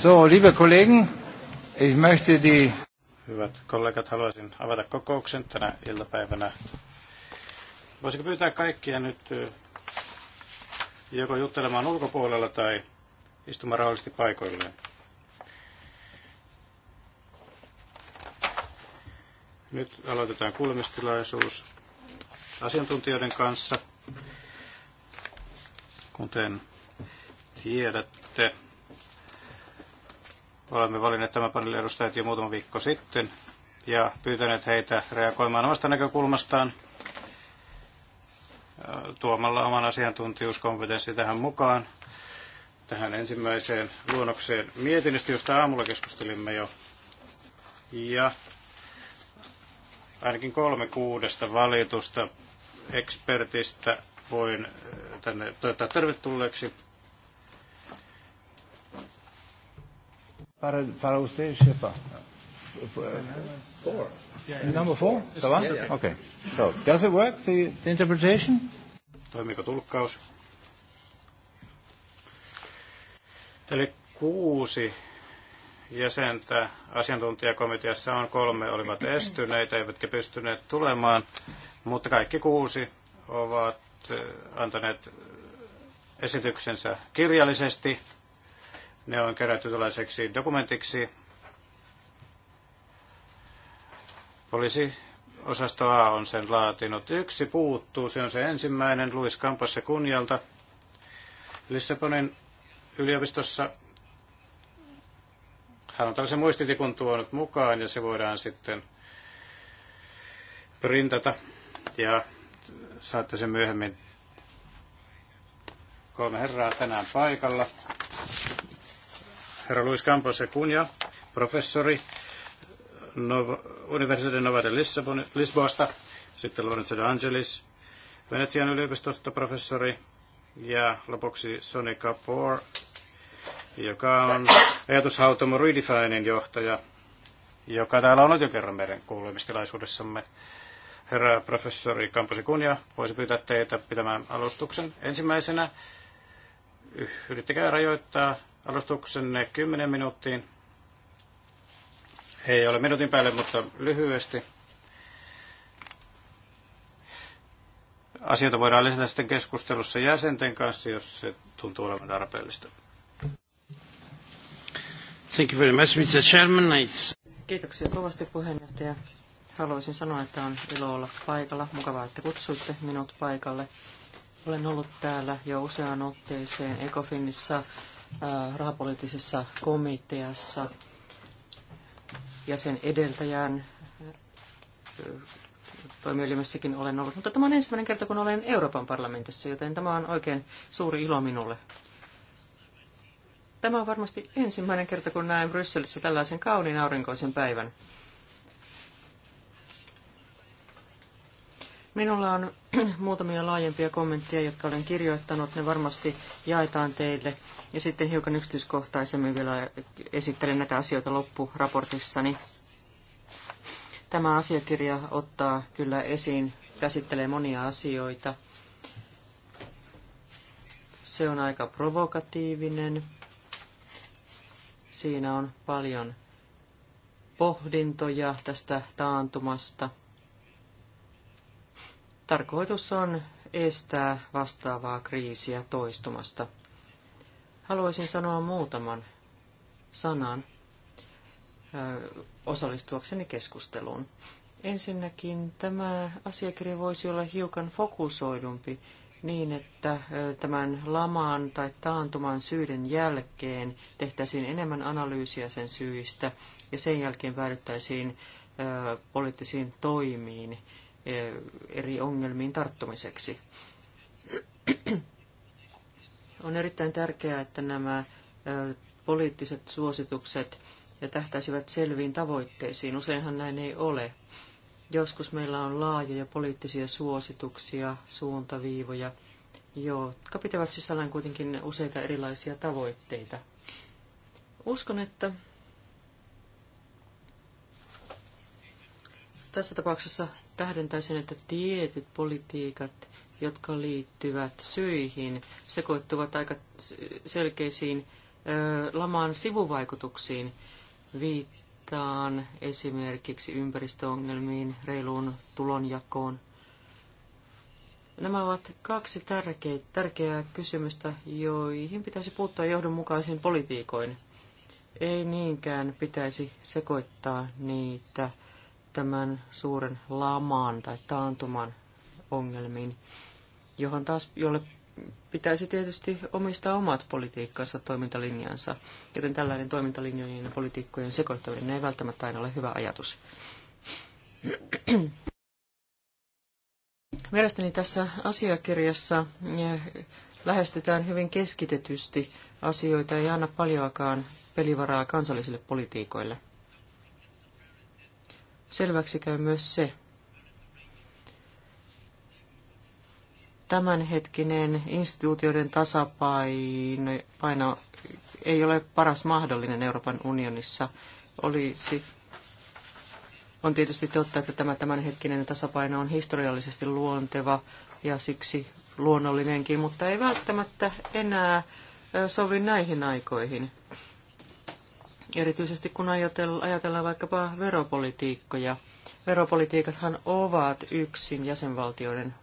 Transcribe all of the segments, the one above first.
So, liebe Kollegen, ich möchte die... Hyvät kollegat, haluaisin avata kokouksen tänä iltapäivänä. Voisiko pyytää kaikkia nyt joko juttelemaan ulkopuolella tai istumaan rauhallisesti paikoilleen? Nyt aloitetaan kuulemistilaisuus asiantuntijoiden kanssa. Kuten tiedätte, Olemme valinneet tämän paneelin edustajat jo muutama viikko sitten ja pyytäneet heitä reagoimaan omasta näkökulmastaan äh, tuomalla oman asiantuntijuuskompetenssi tähän mukaan, tähän ensimmäiseen luonnokseen mietinnöstä, josta aamulla keskustelimme jo. Ja ainakin kolme kuudesta valitusta ekspertistä voin äh, tänne toivottaa tervetulleeksi. Para, para usted, Shepa. Four. Yeah, number four? Ça va? yeah. Okay. So, does it work, the, the interpretation? Toimiiko tulkkaus? Eli kuusi jäsentä asiantuntijakomiteassa on kolme olivat estyneitä, eivätkä pystyneet tulemaan, mutta kaikki kuusi ovat eh, antaneet eh, esityksensä kirjallisesti ne on kerätty tällaiseksi dokumentiksi. Poliisi osasto A on sen laatinut. Yksi puuttuu, se on se ensimmäinen Luis Campos Kunjalta Lissabonin yliopistossa. Hän on tällaisen muistitikun tuonut mukaan ja se voidaan sitten printata ja saatte sen myöhemmin kolme herraa tänään paikalla herra Luis Campos Cunha, professori Novo, de Nova de Lissabon, Lisboasta, sitten Lorenzo de Angelis, Venetsian yliopistosta professori ja lopuksi Sonny Kapoor, joka on ajatushautomo Redefinen johtaja, joka täällä on ollut jo kerran meidän kuulemistilaisuudessamme. Herra professori Kamposi Kunja, voisi pyytää teitä pitämään alustuksen ensimmäisenä. Yrittäkää rajoittaa alustuksenne 10 minuuttiin. Ei ole minuutin päälle, mutta lyhyesti. Asioita voidaan lisätä sitten keskustelussa jäsenten kanssa, jos se tuntuu olevan tarpeellista. Thank you very much, Mr. Chairman. It's... Kiitoksia kovasti puheenjohtaja. Haluaisin sanoa, että on ilo olla paikalla. Mukavaa, että kutsuitte minut paikalle. Olen ollut täällä jo useaan otteeseen Ecofinissa Äh, rahapoliittisessa komiteassa ja sen edeltäjän äh, toimielimessäkin olen ollut. Mutta tämä on ensimmäinen kerta, kun olen Euroopan parlamentissa, joten tämä on oikein suuri ilo minulle. Tämä on varmasti ensimmäinen kerta, kun näen Brysselissä tällaisen kauniin aurinkoisen päivän. Minulla on muutamia laajempia kommentteja, jotka olen kirjoittanut. Ne varmasti jaetaan teille ja sitten hiukan yksityiskohtaisemmin vielä esittelen näitä asioita loppuraportissani. Tämä asiakirja ottaa kyllä esiin, käsittelee monia asioita. Se on aika provokatiivinen. Siinä on paljon pohdintoja tästä taantumasta. Tarkoitus on estää vastaavaa kriisiä toistumasta Haluaisin sanoa muutaman sanan osallistuakseni keskusteluun. Ensinnäkin tämä asiakirja voisi olla hiukan fokusoidumpi niin, että tämän lamaan tai taantuman syiden jälkeen tehtäisiin enemmän analyysiä sen syistä ja sen jälkeen päädyttäisiin poliittisiin toimiin eri ongelmiin tarttumiseksi. On erittäin tärkeää, että nämä poliittiset suositukset ja tähtäisivät selviin tavoitteisiin. Useinhan näin ei ole. Joskus meillä on laajoja poliittisia suosituksia, suuntaviivoja, jotka pitävät sisällään kuitenkin useita erilaisia tavoitteita. Uskon, että tässä tapauksessa tähdentäisin, että tietyt politiikat jotka liittyvät syihin, sekoittuvat aika selkeisiin ö, lamaan sivuvaikutuksiin. Viittaan esimerkiksi ympäristöongelmiin, reiluun tulonjakoon. Nämä ovat kaksi tärkeitä, tärkeää kysymystä, joihin pitäisi puuttua johdonmukaisin politiikoin. Ei niinkään pitäisi sekoittaa niitä tämän suuren lamaan tai taantuman ongelmiin johon taas, jolle pitäisi tietysti omistaa omat politiikkansa, toimintalinjansa, joten tällainen toimintalinjojen ja politiikkojen sekoittaminen ei välttämättä aina ole hyvä ajatus. Mielestäni tässä asiakirjassa eh, lähestytään hyvin keskitetysti asioita, ei anna paljoakaan pelivaraa kansallisille politiikoille. Selväksi käy myös se, tämänhetkinen instituutioiden tasapaino ei ole paras mahdollinen Euroopan unionissa. Olisi, on tietysti totta, että tämä tämänhetkinen tasapaino on historiallisesti luonteva ja siksi luonnollinenkin, mutta ei välttämättä enää sovi näihin aikoihin. Erityisesti kun ajatellaan vaikkapa veropolitiikkoja. Veropolitiikathan ovat yksin jäsenvaltioiden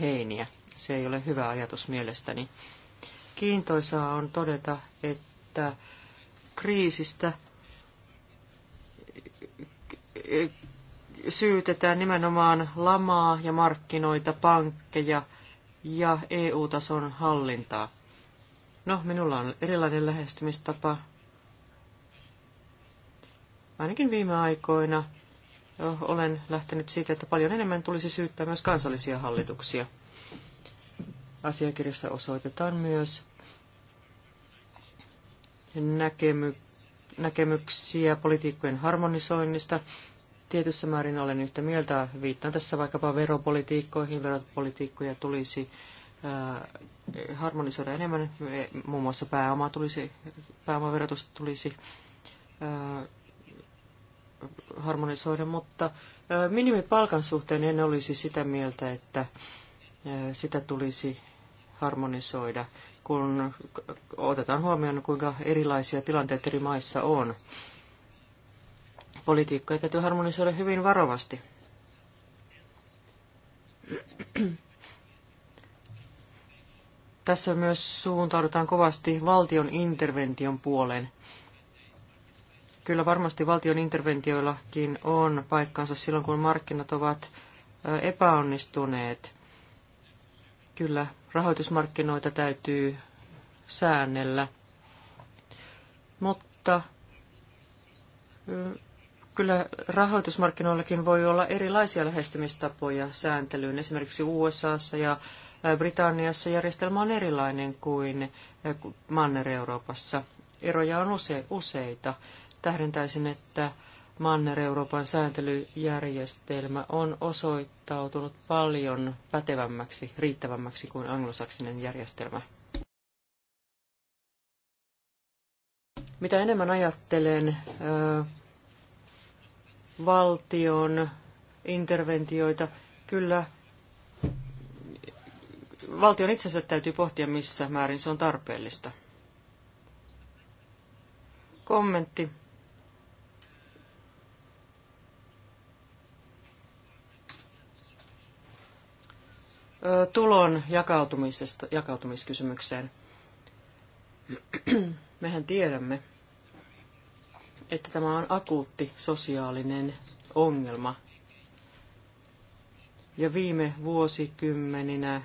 heiniä. Se ei ole hyvä ajatus mielestäni. Kiintoisaa on todeta, että kriisistä eh, syytetään nimenomaan lamaa ja markkinoita, pankkeja ja EU-tason hallintaa. No, minulla on erilainen lähestymistapa. Ainakin viime aikoina eh, olen lähtenyt siitä, että paljon enemmän tulisi syyttää myös kansallisia hallituksia – Asiakirjassa osoitetaan myös näkemy, näkemyksiä politiikkojen harmonisoinnista. Tietyssä määrin olen yhtä mieltä. Viittaan tässä vaikkapa veropolitiikkoihin. Veropolitiikkoja tulisi harmonisoida enemmän. Muun muassa pääoma tulisi, pääomaverotus tulisi harmonisoida, mutta minimipalkan suhteen en olisi sitä mieltä, että sitä tulisi harmonisoida, kun otetaan huomioon, kuinka erilaisia tilanteet eri maissa on. Politiikkaa täytyy harmonisoida hyvin varovasti. Tässä myös suuntaudutaan kovasti valtion intervention puoleen. Kyllä varmasti valtion interventioillakin on paikkansa silloin, kun markkinat ovat epäonnistuneet – kyllä rahoitusmarkkinoita täytyy säännellä. Mutta kyllä rahoitusmarkkinoillakin voi olla erilaisia lähestymistapoja sääntelyyn. Esimerkiksi USAssa ja Britanniassa järjestelmä on erilainen kuin Manner-Euroopassa. Eroja on use, useita. Tähdentäisin, että Manner-Euroopan sääntelyjärjestelmä on osoittautunut paljon pätevämmäksi, riittävämmäksi kuin anglosaksinen järjestelmä. Mitä enemmän ajattelen ö, valtion interventioita, kyllä valtion itsensä täytyy pohtia, missä määrin se on tarpeellista. Kommentti tulon jakautumisesta, jakautumiskysymykseen. Mehän tiedämme, että tämä on akuutti sosiaalinen ongelma. Ja viime vuosikymmeninä,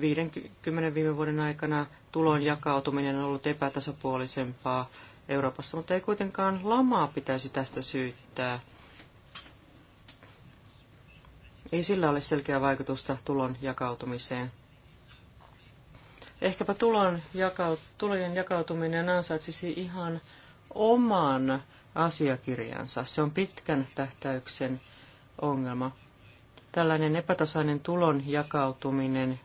50 viime vuoden aikana, tulon jakautuminen on ollut epätasapuolisempaa Euroopassa, mutta ei kuitenkaan lamaa pitäisi tästä syyttää – ei sillä ole selkeää vaikutusta tulon jakautumiseen. Ehkäpä tulon jakaut, tulojen jakautuminen ansaitsisi ihan oman asiakirjansa. Se on pitkän tähtäyksen ongelma. Tällainen epätasainen tulon jakautuminen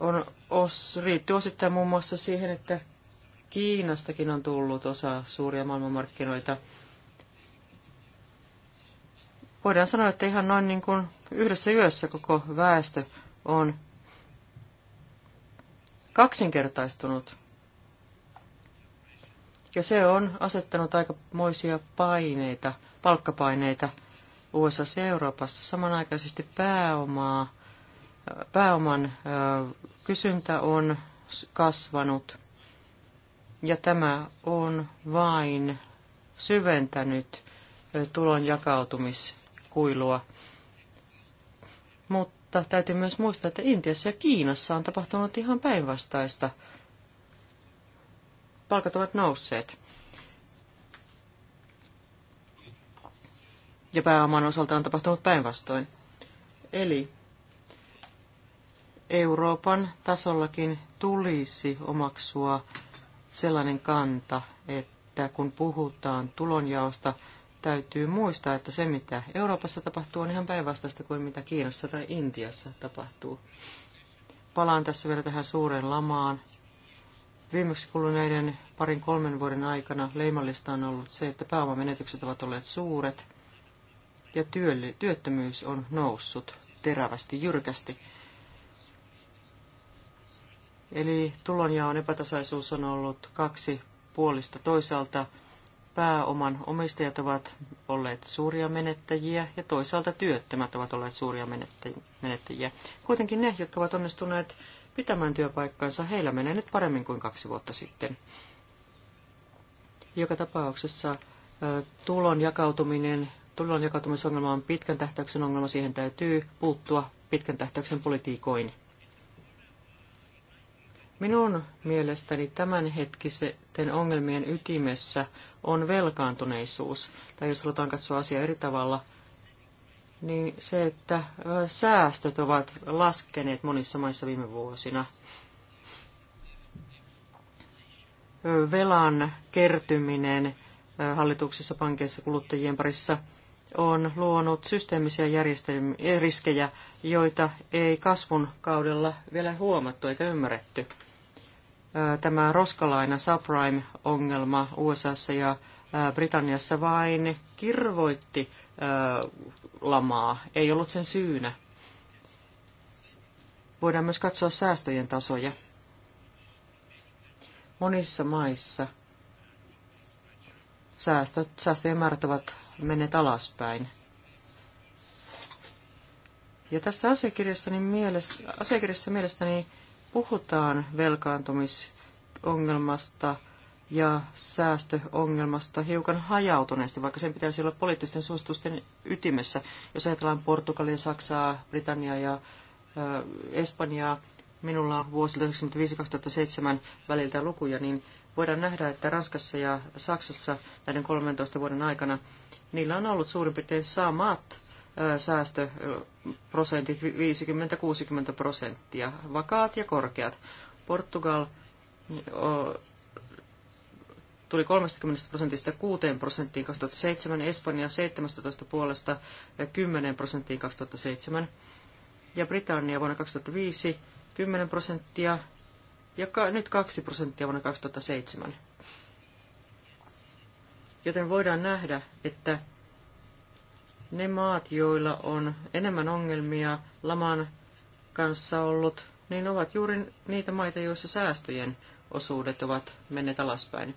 on, os, riittyy osittain muun muassa siihen, että Kiinastakin on tullut osa suuria maailmanmarkkinoita – voidaan sanoa, että ihan noin niin kuin yhdessä yössä koko väestö on kaksinkertaistunut. Ja se on asettanut aikamoisia paineita, palkkapaineita USA ja Euroopassa. Samanaikaisesti pääomaa, pääoman kysyntä on kasvanut. Ja tämä on vain syventänyt tulon jakautumis kuilua. Mutta täytyy myös muistaa, että Intiassa ja Kiinassa on tapahtunut ihan päinvastaista. Palkat ovat nousseet. Ja pääoman osalta on tapahtunut päinvastoin. Eli Euroopan tasollakin tulisi omaksua sellainen kanta, että kun puhutaan tulonjaosta, täytyy muistaa, että se mitä Euroopassa tapahtuu on ihan päinvastaista kuin mitä Kiinassa tai Intiassa tapahtuu. Palaan tässä vielä tähän suureen lamaan. Viimeksi kuluneiden parin kolmen vuoden aikana leimallista on ollut se, että pääomamenetykset ovat olleet suuret ja työttömyys on noussut terävästi, jyrkästi. Eli tulonjaon epätasaisuus on ollut kaksi puolista toisaalta – pääoman omistajat ovat olleet suuria menettäjiä ja toisaalta työttömät ovat olleet suuria menettäjiä. Kuitenkin ne, jotka ovat onnistuneet pitämään työpaikkansa, heillä menee nyt paremmin kuin kaksi vuotta sitten. Joka tapauksessa tulon jakautuminen, tulon jakautumisongelma on pitkän tähtäyksen ongelma, siihen täytyy puuttua pitkän tähtäyksen politiikoin. Minun mielestäni tämänhetkisten ongelmien ytimessä on velkaantuneisuus. Tai jos halutaan katsoa asiaa eri tavalla, niin se, että säästöt ovat laskeneet monissa maissa viime vuosina. Velan kertyminen hallituksissa, pankeissa, kuluttajien parissa on luonut systeemisiä riskejä, joita ei kasvun kaudella vielä huomattu eikä ymmärretty tämä roskalaina subprime-ongelma USAssa ja Britanniassa vain kirvoitti lamaa, ei ollut sen syynä. Voidaan myös katsoa säästöjen tasoja. Monissa maissa säästöt, säästöjen määrät ovat menneet alaspäin. Ja tässä asiakirjassa, niin mielestä, asiakirjassa mielestäni puhutaan velkaantumisongelmasta ja säästöongelmasta hiukan hajautuneesti, vaikka sen pitäisi olla poliittisten suositusten ytimessä. Jos ajatellaan Portugalia, Saksaa, Britanniaa ja Espanjaa, minulla on vuosilta 1995-2007 väliltä lukuja, niin voidaan nähdä, että Ranskassa ja Saksassa näiden 13 vuoden aikana niillä on ollut suurin piirtein samat säästöprosentit 50-60 prosenttia, vakaat ja korkeat. Portugal tuli 30 prosentista 6 prosenttiin 2007, Espanja 17 puolesta 10 prosenttiin 2007 ja Britannia vuonna 2005 10 prosenttia ja nyt 2 prosenttia vuonna 2007. Joten voidaan nähdä, että ne maat, joilla on enemmän ongelmia laman kanssa ollut, niin ovat juuri niitä maita, joissa säästöjen osuudet ovat menneet alaspäin.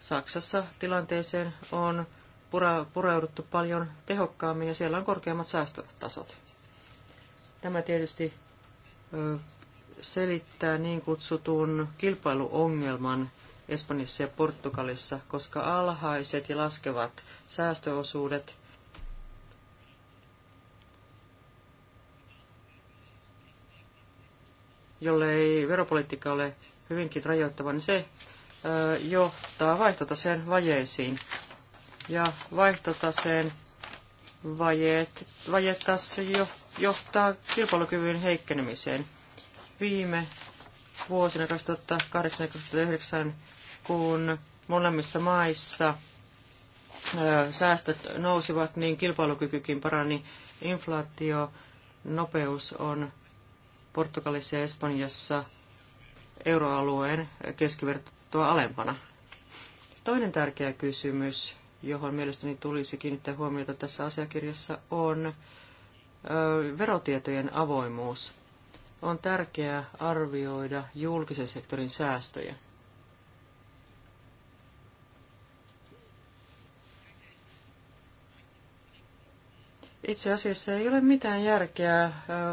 Saksassa tilanteeseen on pura, pureuduttu paljon tehokkaammin ja siellä on korkeammat säästötasot. Tämä tietysti ö, selittää niin kutsutun kilpailuongelman Espanjassa ja Portugalissa, koska alhaiset ja laskevat säästöosuudet jollei veropolitiikka ole hyvinkin rajoittava, niin se ö, johtaa vaihtotaseen vajeisiin. Ja vaihtotaseen vajeet, vajeet taas jo, johtaa kilpailukyvyn heikkenemiseen. Viime vuosina 2008 kun molemmissa maissa säästöt nousivat, niin kilpailukykykin parani. Inflaatio, nopeus on Portugalissa ja Espanjassa euroalueen keskivertoa alempana. Toinen tärkeä kysymys, johon mielestäni tulisi kiinnittää huomiota tässä asiakirjassa, on verotietojen avoimuus. On tärkeää arvioida julkisen sektorin säästöjä. Itse asiassa ei ole mitään järkeä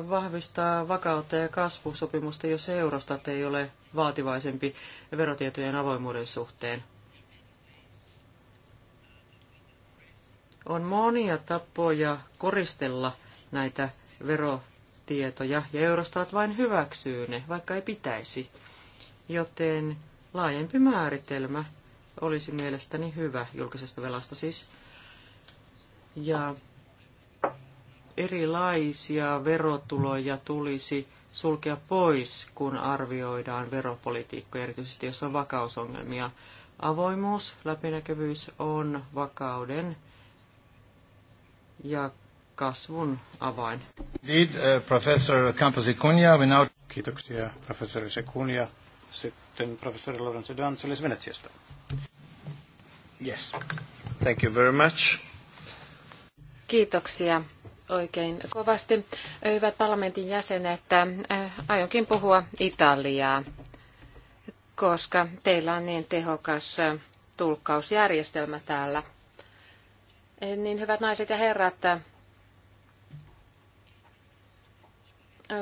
vahvistaa vakautta ja kasvusopimusta, jos Eurostat ei ole vaativaisempi verotietojen avoimuuden suhteen. On monia tapoja koristella näitä verotietoja ja Eurostat vain hyväksyy ne, vaikka ei pitäisi. Joten laajempi määritelmä olisi mielestäni hyvä julkisesta velasta siis. Ja erilaisia verotuloja tulisi sulkea pois, kun arvioidaan veropolitiikkoja, erityisesti jos on vakausongelmia. Avoimuus, läpinäkyvyys on vakauden ja kasvun avain. Indeed, uh, professor campos we now... Kiitoksia, professori Sekunia. Sitten professori Lorenzo Danzelis Venetsiasta. Yes. Thank you very much. Kiitoksia oikein kovasti. Hyvät parlamentin jäsenet, äh, aionkin puhua Italiaa, koska teillä on niin tehokas äh, tulkkausjärjestelmä täällä. Äh, niin hyvät naiset ja herrat,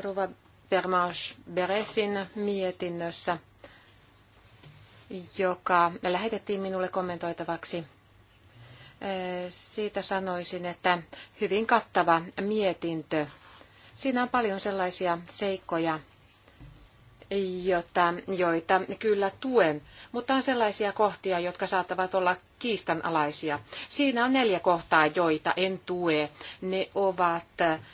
Ruva Bermange Beresin mietinnössä, joka lähetettiin minulle kommentoitavaksi siitä sanoisin, että hyvin kattava mietintö. Siinä on paljon sellaisia seikkoja, jota, joita kyllä tuen, mutta on sellaisia kohtia, jotka saattavat olla kiistanalaisia. Siinä on neljä kohtaa, joita en tue. Ne ovat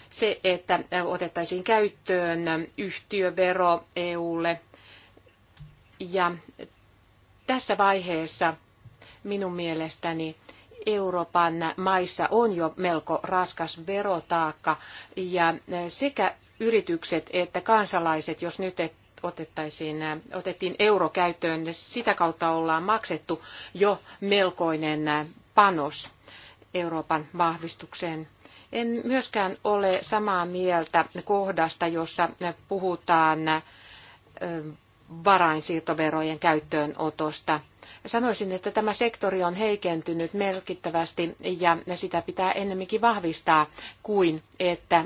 se, että otettaisiin käyttöön yhtiövero EUlle. Ja tässä vaiheessa minun mielestäni Euroopan maissa on jo melko raskas verotaakka ja sekä yritykset että kansalaiset, jos nyt otettaisiin, otettiin euro käyttöön, niin sitä kautta ollaan maksettu jo melkoinen panos Euroopan vahvistukseen. En myöskään ole samaa mieltä kohdasta, jossa puhutaan varainsiirtoverojen käyttöönotosta Sanoisin, että tämä sektori on heikentynyt merkittävästi ja sitä pitää ennemminkin vahvistaa kuin että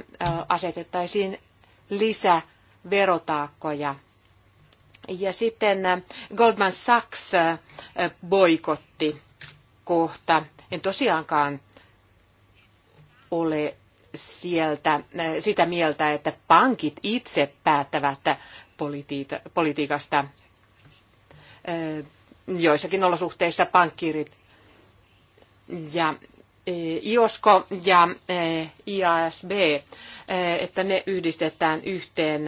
asetettaisiin lisää Ja sitten Goldman Sachs boikotti kohta. En tosiaankaan ole sieltä, sitä mieltä, että pankit itse päättävät politiikasta joissakin olosuhteissa pankkiirit. Ja e, IOSKO ja e, IASB, e, että ne yhdistetään yhteen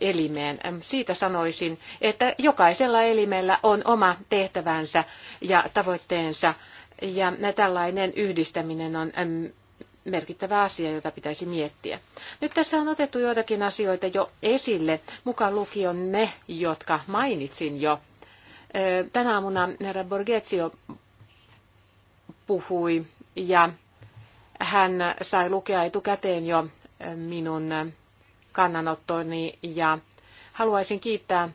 elimeen. Siitä sanoisin, että jokaisella elimellä on oma tehtävänsä ja tavoitteensa, ja tällainen yhdistäminen on merkittävä asia, jota pitäisi miettiä. Nyt tässä on otettu joitakin asioita jo esille, mukaan lukion ne, jotka mainitsin jo. Tänä aamuna herra Borgetsio puhui ja hän sai lukea etukäteen jo minun kannanottoni ja haluaisin kiittää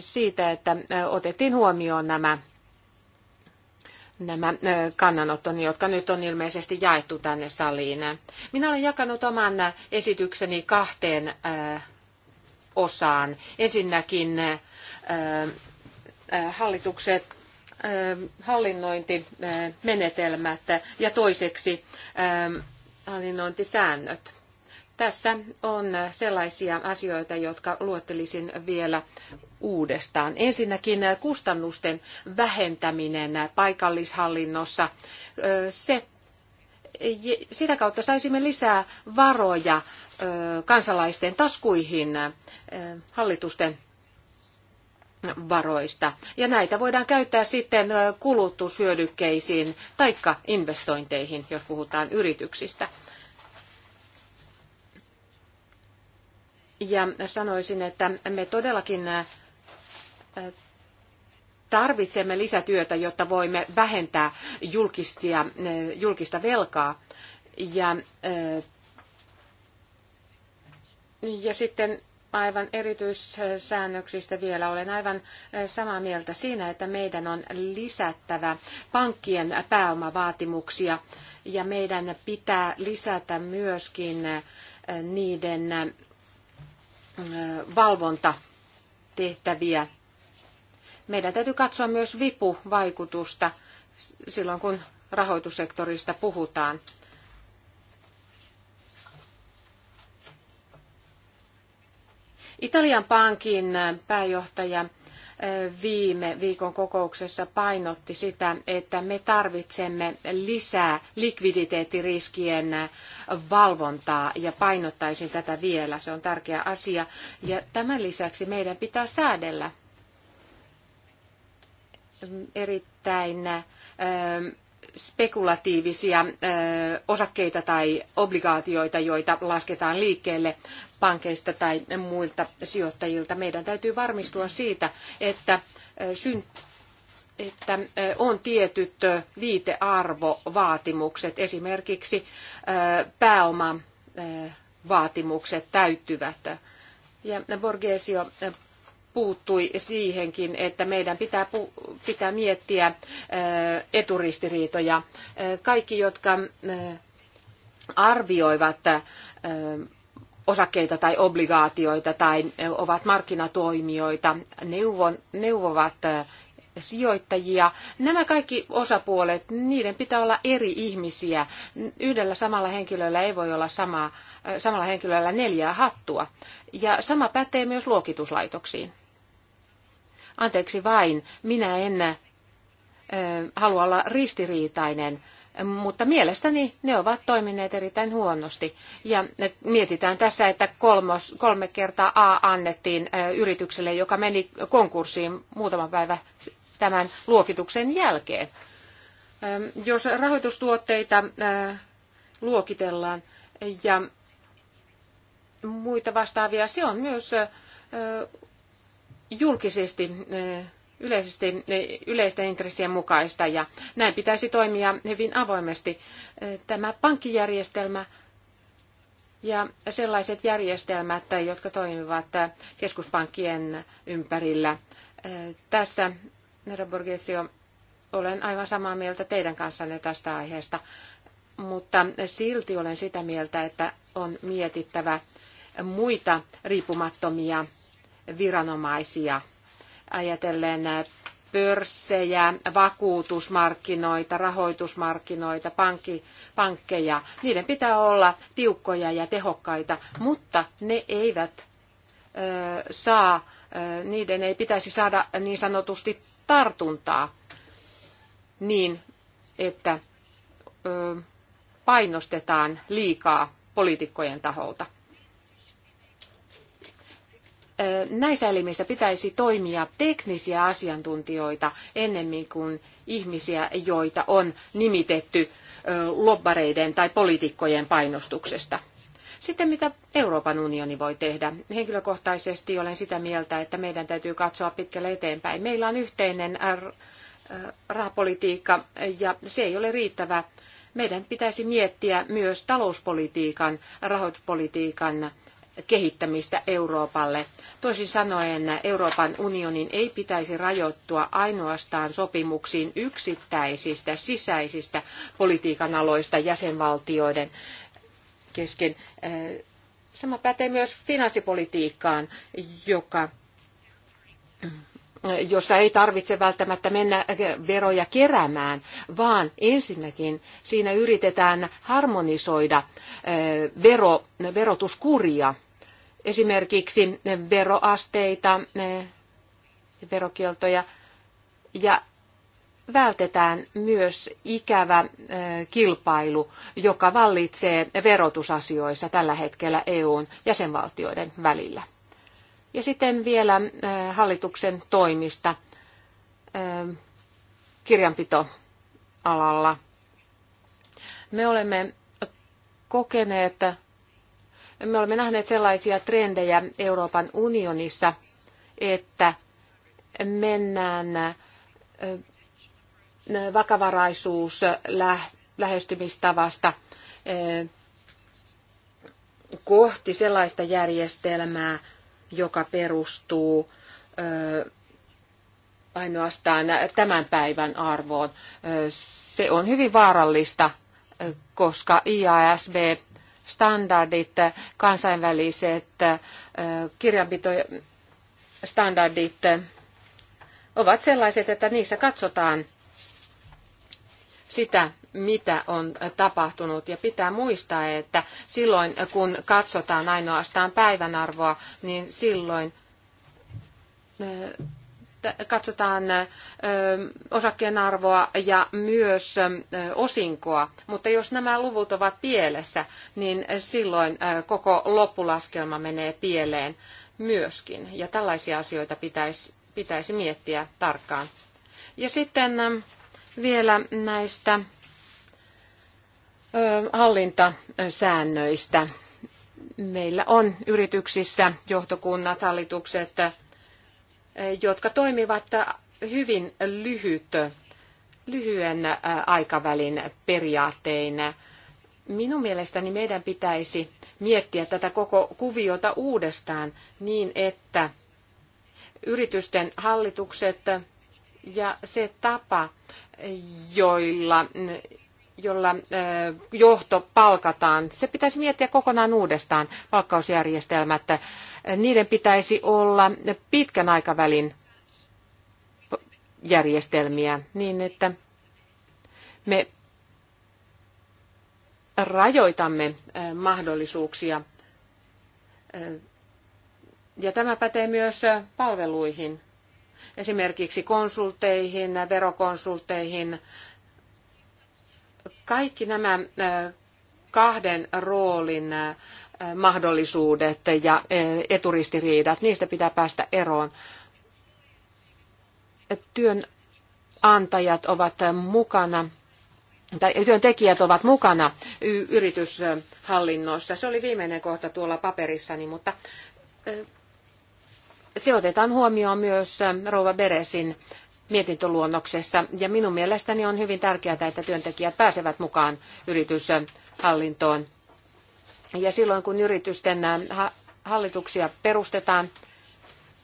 siitä, että otettiin huomioon nämä, nämä kannanottoni, jotka nyt on ilmeisesti jaettu tänne saliin. Minä olen jakanut oman esitykseni kahteen osaan. Ensinnäkin hallitukset hallinnointimenetelmät ja toiseksi hallinnointisäännöt. Tässä on sellaisia asioita, jotka luettelisin vielä uudestaan. Ensinnäkin kustannusten vähentäminen paikallishallinnossa. Se, sitä kautta saisimme lisää varoja kansalaisten taskuihin hallitusten varoista. Ja näitä voidaan käyttää sitten kulutushyödykkeisiin tai investointeihin, jos puhutaan yrityksistä. Ja sanoisin, että me todellakin tarvitsemme lisätyötä, jotta voimme vähentää julkistia, julkista velkaa. Ja, ja sitten aivan erityissäännöksistä vielä olen aivan eh, samaa mieltä siinä, että meidän on lisättävä pankkien pääomavaatimuksia ja meidän pitää lisätä myöskin eh, niiden eh, valvontatehtäviä. Meidän täytyy katsoa myös vipuvaikutusta silloin, kun rahoitussektorista puhutaan. Italian pankin pääjohtaja viime viikon kokouksessa painotti sitä, että me tarvitsemme lisää likviditeettiriskien valvontaa ja painottaisin tätä vielä. Se on tärkeä asia ja tämän lisäksi meidän pitää säädellä erittäin spekulatiivisia osakkeita tai obligaatioita, joita lasketaan liikkeelle pankeista tai muilta sijoittajilta. Meidän täytyy varmistua siitä, että, että on tietyt viitearvovaatimukset, esimerkiksi pääoma vaatimukset täyttyvät. Ja Borgesio puuttui siihenkin, että meidän pitää, pitää miettiä eturistiriitoja. Kaikki, jotka arvioivat osakkeita tai obligaatioita tai ovat markkinatoimijoita, neuvo neuvovat sijoittajia. Nämä kaikki osapuolet, niiden pitää olla eri ihmisiä. Yhdellä samalla henkilöllä ei voi olla sama, samalla henkilöllä neljää hattua. Ja sama pätee myös luokituslaitoksiin. Anteeksi vain, minä en halua olla ristiriitainen, mutta mielestäni ne ovat toimineet erittäin huonosti. Ja mietitään tässä, että kolmos, kolme kertaa A annettiin yritykselle, joka meni konkurssiin muutaman päivän tämän luokituksen jälkeen. Jos rahoitustuotteita luokitellaan ja muita vastaavia, se on myös julkisesti eh, yleisesti, eh, yleisten intressien mukaista ja näin pitäisi toimia hyvin avoimesti. Eh, tämä pankkijärjestelmä ja sellaiset järjestelmät, jotka toimivat keskuspankkien ympärillä. Tässä, herra Borgesio, olen aivan samaa mieltä teidän kanssanne tästä aiheesta, mutta silti olen sitä mieltä, että on mietittävä muita riippumattomia viranomaisia ajatellen pörssejä, vakuutusmarkkinoita, rahoitusmarkkinoita, pankki, pankkeja. Niiden pitää olla tiukkoja ja tehokkaita, mutta ne eivät ö, saa, ö, niiden ei pitäisi saada niin sanotusti tartuntaa niin, että ö, painostetaan liikaa poliitikkojen taholta näissä elimissä pitäisi toimia teknisiä asiantuntijoita ennemmin kuin ihmisiä, joita on nimitetty lobbareiden tai poliitikkojen painostuksesta. Sitten mitä Euroopan unioni voi tehdä? Henkilökohtaisesti olen sitä mieltä, että meidän täytyy katsoa pitkälle eteenpäin. Meillä on yhteinen rahapolitiikka ja se ei ole riittävä. Meidän pitäisi miettiä myös talouspolitiikan, rahoituspolitiikan kehittämistä Euroopalle. Toisin sanoen Euroopan unionin ei pitäisi rajoittua ainoastaan sopimuksiin yksittäisistä sisäisistä politiikan aloista jäsenvaltioiden kesken. Sama pätee myös finanssipolitiikkaan, joka jossa ei tarvitse välttämättä mennä veroja keräämään, vaan ensinnäkin siinä yritetään harmonisoida vero, verotuskuria, esimerkiksi veroasteita, verokieltoja ja vältetään myös ikävä kilpailu, joka vallitsee verotusasioissa tällä hetkellä EUn jäsenvaltioiden välillä. Ja sitten vielä äh, hallituksen toimista äh, kirjanpitoalalla. Me olemme kokeneet, me olemme nähneet sellaisia trendejä Euroopan unionissa, että mennään äh, vakavaraisuus lähestymistavasta kohti sellaista järjestelmää, joka perustuu ainoastaan tämän päivän arvoon. Se on hyvin vaarallista, koska IASB standardit, kansainväliset kirjanpitostandardit ovat sellaiset, että niissä katsotaan sitä, mitä on tapahtunut. Ja pitää muistaa, että silloin kun katsotaan ainoastaan päivänarvoa, niin silloin äh, katsotaan äh, osakkeen arvoa ja myös äh, osinkoa. Mutta jos nämä luvut ovat pielessä, niin silloin koko loppulaskelma menee pieleen myöskin. Ja tällaisia asioita pitäisi, pitäisi miettiä tarkkaan. Ja sitten vielä näistä hallintasäännöistä. Meillä on yrityksissä johtokunnat, hallitukset, jotka toimivat hyvin lyhyt, lyhyen aikavälin periaattein. Minun mielestäni meidän pitäisi miettiä tätä koko kuviota uudestaan niin, että yritysten hallitukset ja se tapa, joilla jolla eh, johto palkataan, se pitäisi miettiä kokonaan uudestaan palkkausjärjestelmät. Niiden pitäisi olla pitkän aikavälin järjestelmiä niin, että me rajoitamme eh, mahdollisuuksia. Eh, ja tämä pätee myös palveluihin, esimerkiksi konsulteihin, verokonsulteihin, kaikki nämä kahden roolin mahdollisuudet ja eturistiriidat, niistä pitää päästä eroon. Työnantajat ovat mukana tai työntekijät ovat mukana yrityshallinnossa. Se oli viimeinen kohta tuolla paperissani, mutta se otetaan huomioon myös Rouva Beresin mietintöluonnoksessa. Ja minun mielestäni on hyvin tärkeää, että työntekijät pääsevät mukaan yrityshallintoon. Ja silloin kun yritysten äh, hallituksia perustetaan,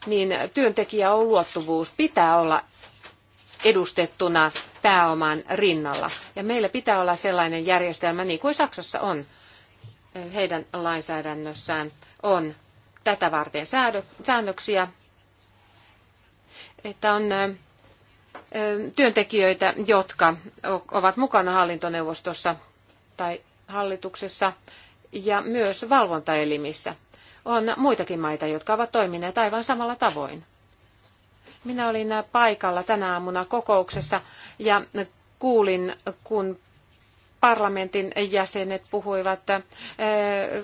niin työntekijäoluottuvuus pitää olla edustettuna pääoman rinnalla. Ja meillä pitää olla sellainen järjestelmä, niin kuin Saksassa on, äh, heidän lainsäädännössään on tätä varten säännöksiä, että on äh, työntekijöitä, jotka ovat mukana hallintoneuvostossa tai hallituksessa ja myös valvontaelimissä. On muitakin maita, jotka ovat toimineet aivan samalla tavoin. Minä olin paikalla tänä aamuna kokouksessa ja kuulin, kun parlamentin jäsenet puhuivat,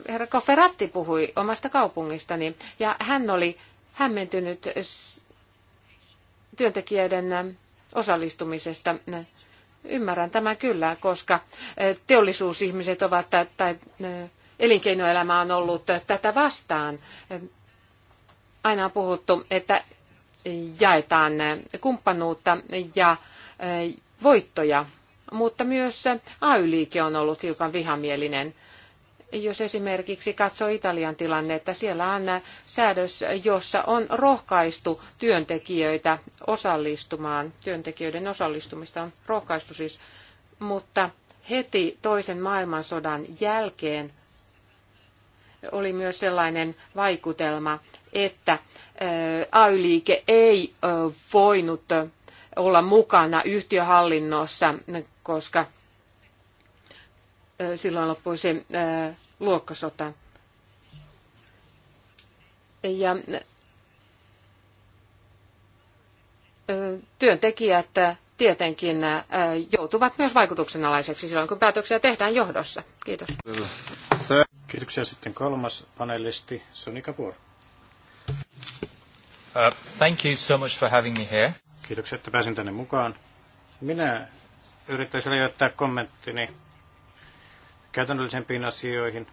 herra Kofferatti puhui omasta kaupungistani ja hän oli hämmentynyt työntekijöiden osallistumisesta. Ymmärrän tämän kyllä, koska eh, teollisuusihmiset ovat tai eh, elinkeinoelämä on ollut tätä vastaan. Eh, aina on puhuttu, että jaetaan kumppanuutta ja voittoja, mutta myös AY-liike on ollut hiukan vihamielinen – jos esimerkiksi katsoo Italian tilannetta, siellä on säädös, jossa on rohkaistu työntekijöitä osallistumaan. Työntekijöiden osallistumista on rohkaistu siis, mutta heti toisen maailmansodan jälkeen oli myös sellainen vaikutelma, että AY-liike ei voinut olla mukana yhtiöhallinnossa, koska silloin loppui se luokkasota. Ja työntekijät tietenkin joutuvat myös vaikutuksen alaiseksi silloin, kun päätöksiä tehdään johdossa. Kiitos. Kiitoksia. Sitten kolmas panelisti, Soni Kapoor. Uh, thank you so much for having me here. Kiitoksia, että pääsin tänne mukaan. Minä yrittäisin rajoittaa kommenttini käytännöllisempiin asioihin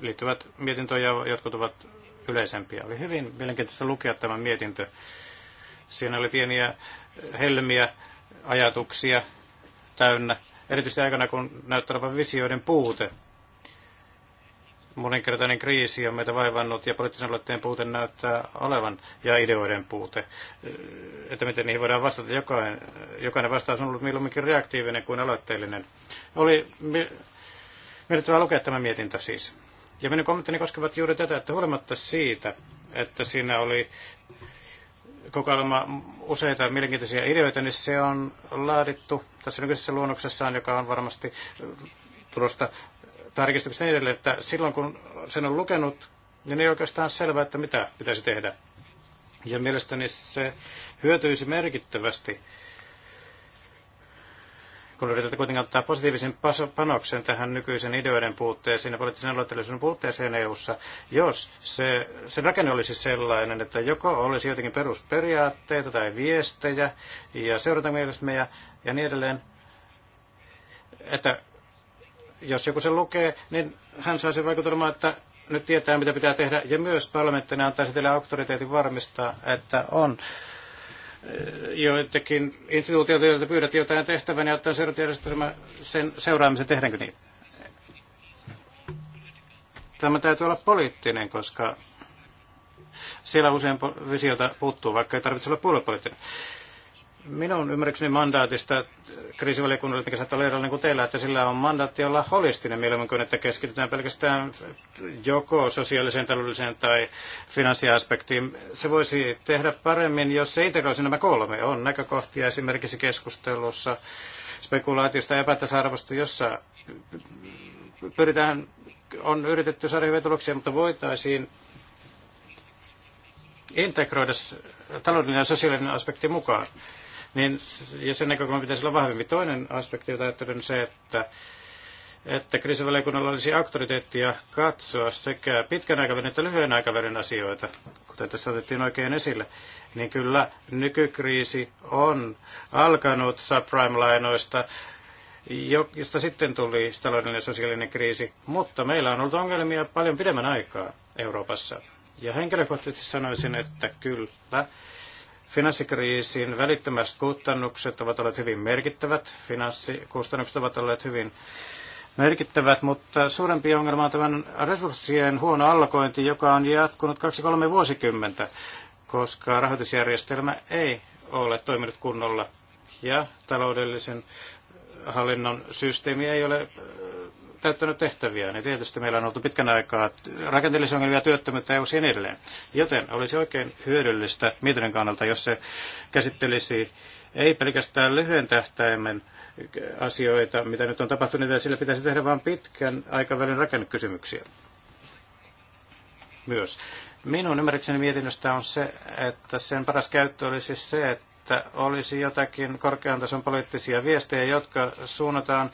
liittyvät mietintöjä, ja jotkut ovat yleisempiä. Oli hyvin mielenkiintoista lukea tämä mietintö. Siinä oli pieniä helmiä, ajatuksia täynnä, erityisesti aikana kun näyttää olevan visioiden puute moninkertainen kriisi on meitä vaivannut ja poliittisen aloitteen puute näyttää olevan ja ideoiden puute. Että miten niihin voidaan vastata. Jokainen, jokainen vastaus on ollut mieluumminkin reaktiivinen kuin aloitteellinen. Oli merkittävää lukea tämä mietintä siis. Ja minun kommenttini koskevat juuri tätä, että huolimatta siitä, että siinä oli kokoelma useita mielenkiintoisia ideoita, niin se on laadittu tässä nykyisessä luonnoksessaan, joka on varmasti tulosta tarkistukset niin edelleen, että silloin kun sen on lukenut, niin ei oikeastaan selvää, että mitä pitäisi tehdä. Ja mielestäni se hyötyisi merkittävästi, kun yritetään kuitenkin ottaa positiivisen panoksen tähän nykyisen ideoiden puutteeseen ja poliittisen aloitteellisuuden puutteeseen EU-ssa, jos se, sen rakenne olisi sellainen, että joko olisi jotenkin perusperiaatteita tai viestejä ja seurantamielisiä ja niin edelleen, että jos joku sen lukee, niin hän saa sen vaikutelman, että nyt tietää, mitä pitää tehdä. Ja myös parlamenttina antaisi teille auktoriteetin varmistaa, että on eh, joitakin instituutioita, joita pyydät jotain tehtävän ja ottaa seurantajärjestelmä sen seuraamisen, tehdäänkö niin? Tämä täytyy olla poliittinen, koska siellä usein visiota puuttuu, vaikka ei tarvitse olla puoluepoliittinen minun ymmärrykseni mandaatista kriisivaliokunnalle, mikä saattaa olla niin kuin teillä, että sillä on mandaatti olla holistinen mieluummin kuin, että keskitytään pelkästään joko sosiaaliseen, taloudelliseen tai finanssiaspektiin. Se voisi tehdä paremmin, jos se integroisi nämä kolme. On näkökohtia esimerkiksi keskustelussa spekulaatiosta ja epätasa-arvosta, jossa pyritään, on yritetty saada hyviä tuloksia, mutta voitaisiin integroida taloudellinen ja sosiaalinen aspekti mukaan. Niin, ja sen näkökulma pitäisi olla vahvempi. Toinen aspekti, jota ajattelen, on se, että että kriisivaliokunnalla olisi auktoriteettia katsoa sekä pitkän aikavälin että lyhyen aikavälin asioita, kuten tässä otettiin oikein esille, niin kyllä nykykriisi on alkanut subprime-lainoista, josta sitten tuli taloudellinen ja sosiaalinen kriisi, mutta meillä on ollut ongelmia paljon pidemmän aikaa Euroopassa. Ja henkilökohtaisesti sanoisin, että kyllä Finanssikriisin välittömät kustannukset ovat olleet hyvin merkittävät, finanssikustannukset ovat olleet hyvin merkittävät, mutta suurempi ongelma on tämän resurssien huono allokointi, joka on jatkunut 2-3 vuosikymmentä, koska rahoitusjärjestelmä ei ole toiminut kunnolla ja taloudellisen hallinnon systeemi ei ole täyttänyt tehtäviä, niin tietysti meillä on ollut pitkän aikaa rakenteellisia ongelmia, työttömyyttä ja usein edelleen. Joten olisi oikein hyödyllistä mietinnön kannalta, jos se käsittelisi ei pelkästään lyhyen tähtäimen asioita, mitä nyt on tapahtunut, ja sillä pitäisi tehdä vain pitkän aikavälin rakennekysymyksiä myös. Minun ymmärrykseni mietinnöstä on se, että sen paras käyttö olisi se, että että olisi jotakin korkean tason poliittisia viestejä, jotka suunnataan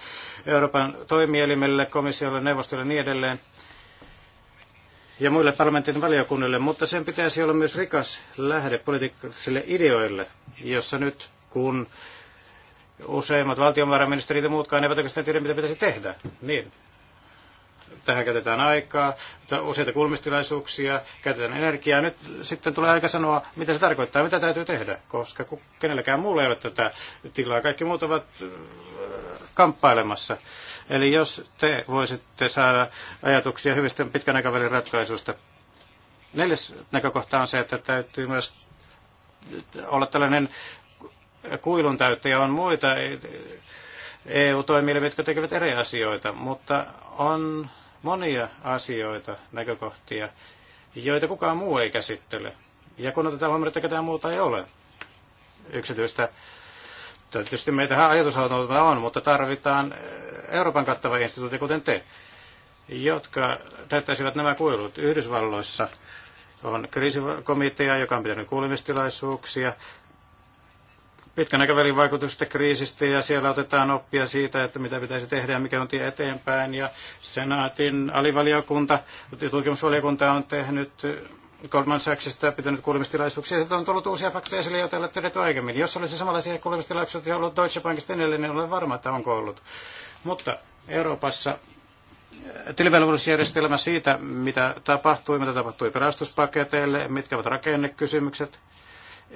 Euroopan toimielimelle, komissiolle, neuvostolle ja niin edelleen ja muille parlamentin valiokunnille, mutta sen pitäisi olla myös rikas lähde poliittisille ideoille, jossa nyt kun useimmat valtionvarainministerit ja muutkaan eivät oikeastaan tiedä, mitä pitäisi tehdä, niin tähän käytetään aikaa, useita kulmistilaisuuksia, käytetään energiaa. Nyt sitten tulee aika sanoa, mitä se tarkoittaa, mitä täytyy tehdä, koska kenelläkään muulla ei ole tätä tilaa. Kaikki muut ovat äh, kamppailemassa. Eli jos te voisitte saada ajatuksia hyvistä pitkän aikavälin ratkaisuista. Neljäs näkökohta on se, että täytyy myös olla tällainen kuilun täyttäjä. On muita eu toimijoita jotka tekevät eri asioita, mutta on monia asioita, näkökohtia, joita kukaan muu ei käsittele. Ja kun otetaan huomioon, että ketään muuta ei ole yksityistä, tietysti meitä ajatushautoita on, mutta tarvitaan eh, Euroopan kattava instituutio, kuten te, jotka täyttäisivät nämä kuilut Yhdysvalloissa on kriisikomitea, joka on pitänyt kuulemistilaisuuksia pitkän aikavälin vaikutusta kriisistä ja siellä otetaan oppia siitä, että mitä pitäisi tehdä ja mikä on tie eteenpäin. Ja senaatin alivaliokunta, tutkimusvaliokunta on tehnyt Goldman Sachsista pitänyt kuulemistilaisuuksia. että on tullut uusia faktoja esille, joita ei ole tiedetty aiemmin. Jos olisi samanlaisia kuulemistilaisuuksia ollut Deutsche Bankista niin edelleen, niin olen varma, että onko ollut. Mutta Euroopassa eh, tilivelvollisuusjärjestelmä siitä, mitä tapahtui, mitä tapahtui pelastuspaketeille, mitkä ovat rakennekysymykset,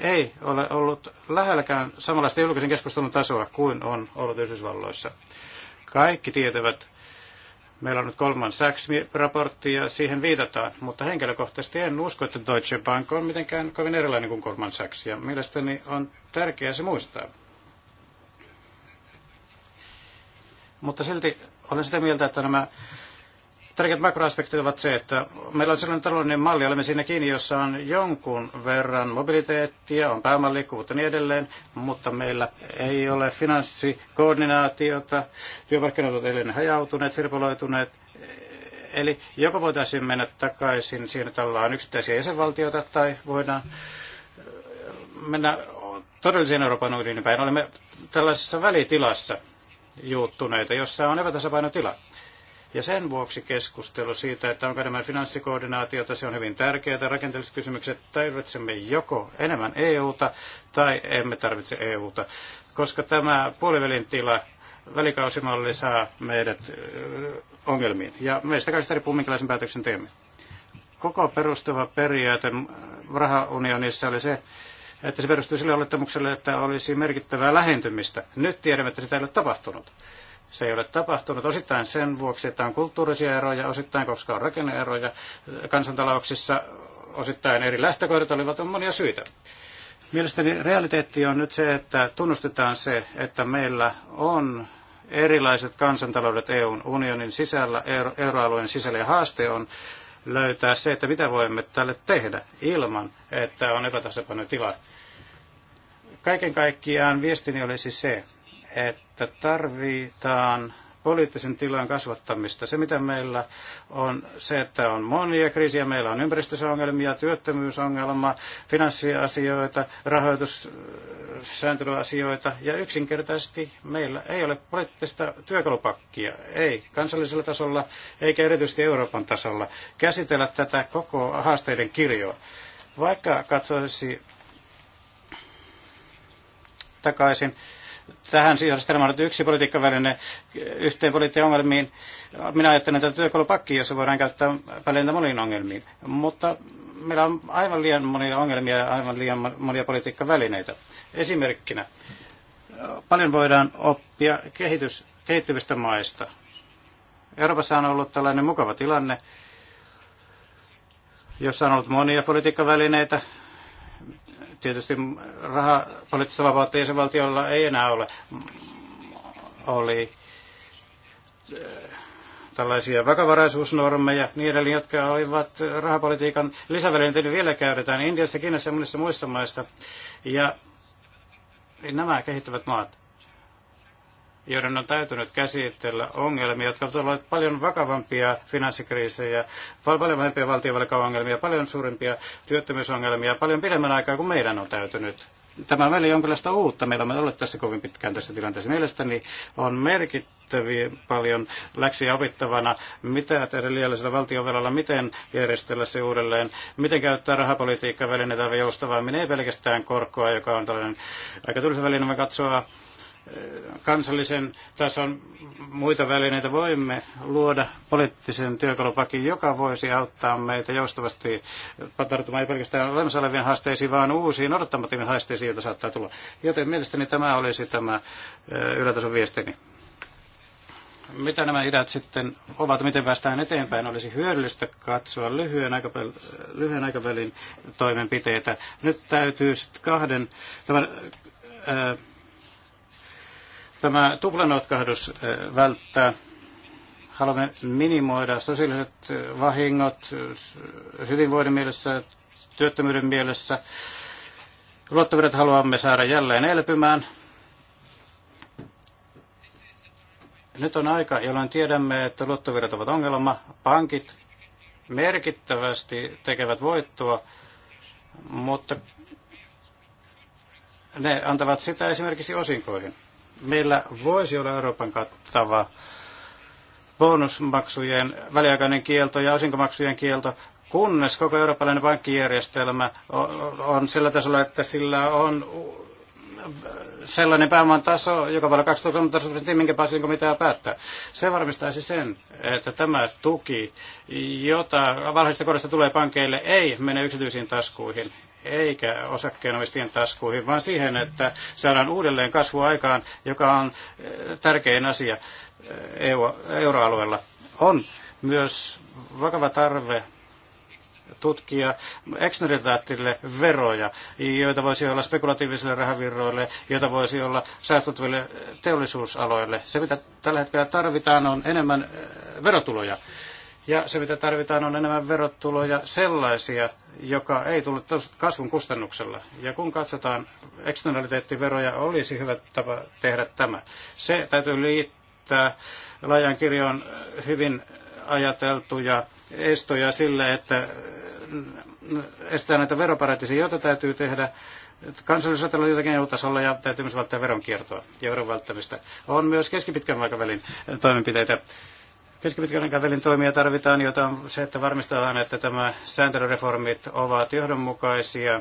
ei ole ollut lähelläkään samanlaista julkisen keskustelun tasoa kuin on ollut Yhdysvalloissa. Kaikki tietävät, meillä on nyt kolman Sachs-raportti ja siihen viitataan, mutta henkilökohtaisesti en usko, että Deutsche Bank on mitenkään kovin erilainen kuin kolman Sachs ja mielestäni on tärkeää se muistaa. Mutta silti olen sitä mieltä, että nämä Tärkeät makroaspektit ovat se, että meillä on sellainen taloudellinen malli, olemme siinä kiinni, jossa on jonkun verran mobiliteettia, on pääoman liikkuvuutta ja niin edelleen, mutta meillä ei ole finanssikoordinaatiota, työmarkkinat ovat edelleen hajautuneet, sirpaloituneet, Eli joko voitaisiin mennä takaisin siihen, että ollaan yksittäisiä jäsenvaltioita, tai voidaan äh, mennä todelliseen Euroopan unionin päin. Olemme tällaisessa välitilassa juuttuneita, jossa on epätasapainotila. tila ja sen vuoksi keskustelu siitä, että onko enemmän finanssikoordinaatiota, se on hyvin tärkeää. Rakenteelliset kysymykset tarvitsemme joko enemmän EUta tai emme tarvitse EUta, koska tämä puolivälin tila välikausimalli saa meidät ongelmiin. Ja meistä kaikista riippuu, minkälaisen päätöksen teemme. Koko perustuva periaate rahaunionissa oli se, että se perustui sille olettamukselle, että olisi merkittävää lähentymistä. Nyt tiedämme, että sitä ei ole tapahtunut. Se ei ole tapahtunut osittain sen vuoksi, että on kulttuurisia eroja, osittain koska on rakenneeroja kansantalouksissa, osittain eri lähtökohdat olivat on monia syitä. Mielestäni realiteetti on nyt se, että tunnustetaan se, että meillä on erilaiset kansantaloudet EUn unionin sisällä, euro- euroalueen sisällä ja haaste on löytää se, että mitä voimme tälle tehdä ilman, että on epätasapainotila. Kaiken kaikkiaan viestini olisi se, että tarvitaan poliittisen tilan kasvattamista. Se, mitä meillä on, se, että on monia kriisiä, meillä on ympäristöongelmia, työttömyysongelma, finanssiasioita, rahoitussääntelyasioita. ja yksinkertaisesti meillä ei ole poliittista työkalupakkia, ei kansallisella tasolla, eikä erityisesti Euroopan tasolla, käsitellä tätä koko haasteiden kirjoa. Vaikka katsoisi takaisin tähän sijoitustelmaan nyt yksi politiikkaväline yhteen poliittien ongelmiin. Minä ajattelen tätä työkalupakkia, jossa voidaan käyttää välineitä moniin ongelmiin. Mutta meillä on aivan liian monia ongelmia ja aivan liian monia politiikkavälineitä. Esimerkkinä paljon voidaan oppia kehitys, kehittyvistä maista. Euroopassa on ollut tällainen mukava tilanne, jossa on ollut monia politiikkavälineitä, tietysti rahapoliittista vapautta jäsenvaltiolla ei enää ole. Oli äh, tällaisia vakavaraisuusnormeja niin edelleen, jotka olivat rahapolitiikan lisävälineitä, niin vielä käytetään Indiassa, Kiinassa ja monissa muissa maissa. Ja nämä kehittävät maat joiden on täytynyt käsitellä ongelmia, jotka ovat olleet paljon vakavampia finanssikriisejä, paljon vähempiä valtionvelkaongelmia, paljon suurimpia työttömyysongelmia, paljon pidemmän aikaa kuin meidän on täytynyt. Tämä on meille jonkinlaista uutta. Meillä on ollut tässä kovin pitkään tässä tilanteessa. Mielestäni on merkittäviä paljon läksiä opittavana, mitä tehdä liiallisella valtionvelalla, miten järjestellä se uudelleen, miten käyttää rahapolitiikkaa välineitä joustavaa, ei pelkästään korkoa, joka on tällainen aika tylsä väline, katsoa kansallisen tason muita välineitä voimme luoda poliittisen työkalupakin, joka voisi auttaa meitä joustavasti tarttumaan ei pelkästään olemassa olevien haasteisiin, vaan uusiin odottamattomiin haasteisiin, joita saattaa tulla. Joten mielestäni tämä olisi tämä ylätason viestini. Mitä nämä ideat sitten ovat, miten päästään eteenpäin, olisi hyödyllistä katsoa lyhyen, aikavälin, lyhyen aikavälin toimenpiteitä. Nyt täytyy sitten kahden, tämän, ää, tämä tuplanotkahdus eh, välttää. Haluamme minimoida sosiaaliset eh, vahingot eh, hyvinvoinnin mielessä, työttömyyden mielessä. Luottavuudet haluamme saada jälleen elpymään. Nyt on aika, jolloin tiedämme, että luottovirrat ovat ongelma. Pankit merkittävästi tekevät voittoa, mutta ne antavat sitä esimerkiksi osinkoihin meillä voisi olla Euroopan kattava bonusmaksujen väliaikainen kielto ja osinkomaksujen kielto, kunnes koko eurooppalainen pankkijärjestelmä on sillä tasolla, että sillä on sellainen pääoman taso, joka voi olla 2013 prosenttia, minkä pääsinkö mitä päättää. Se varmistaisi sen, että tämä tuki, jota varhaisesta korosta tulee pankeille, ei mene yksityisiin taskuihin eikä osakkeenomistajien taskuihin, vaan siihen, että saadaan uudelleen kasvu aikaan, joka on eh, tärkein asia eh, euroalueella. On myös vakava tarve tutkia eksneritaattille veroja, joita voisi olla spekulatiivisille rahavirroille, joita voisi olla säästettäville teollisuusaloille. Se, mitä tällä hetkellä tarvitaan, on enemmän eh, verotuloja. Ja se, mitä tarvitaan, on enemmän verotuloja sellaisia, joka ei tule kasvun kustannuksella. Ja kun katsotaan, eksternaliteettiveroja olisi hyvä tapa tehdä tämä. Se täytyy liittää laajan kirjoon hyvin ajateltuja estoja sille, että estää näitä veroparatiisia, joita täytyy tehdä kansallisessa tasolla jotakin EU-tasolla ja täytyy myös välttää veronkiertoa ja veron välttämistä. On myös keskipitkän aikavälin toimenpiteitä Keskipitkän aikavälin toimia tarvitaan, jota on se, että varmistetaan, että tämä sääntelyreformit ovat johdonmukaisia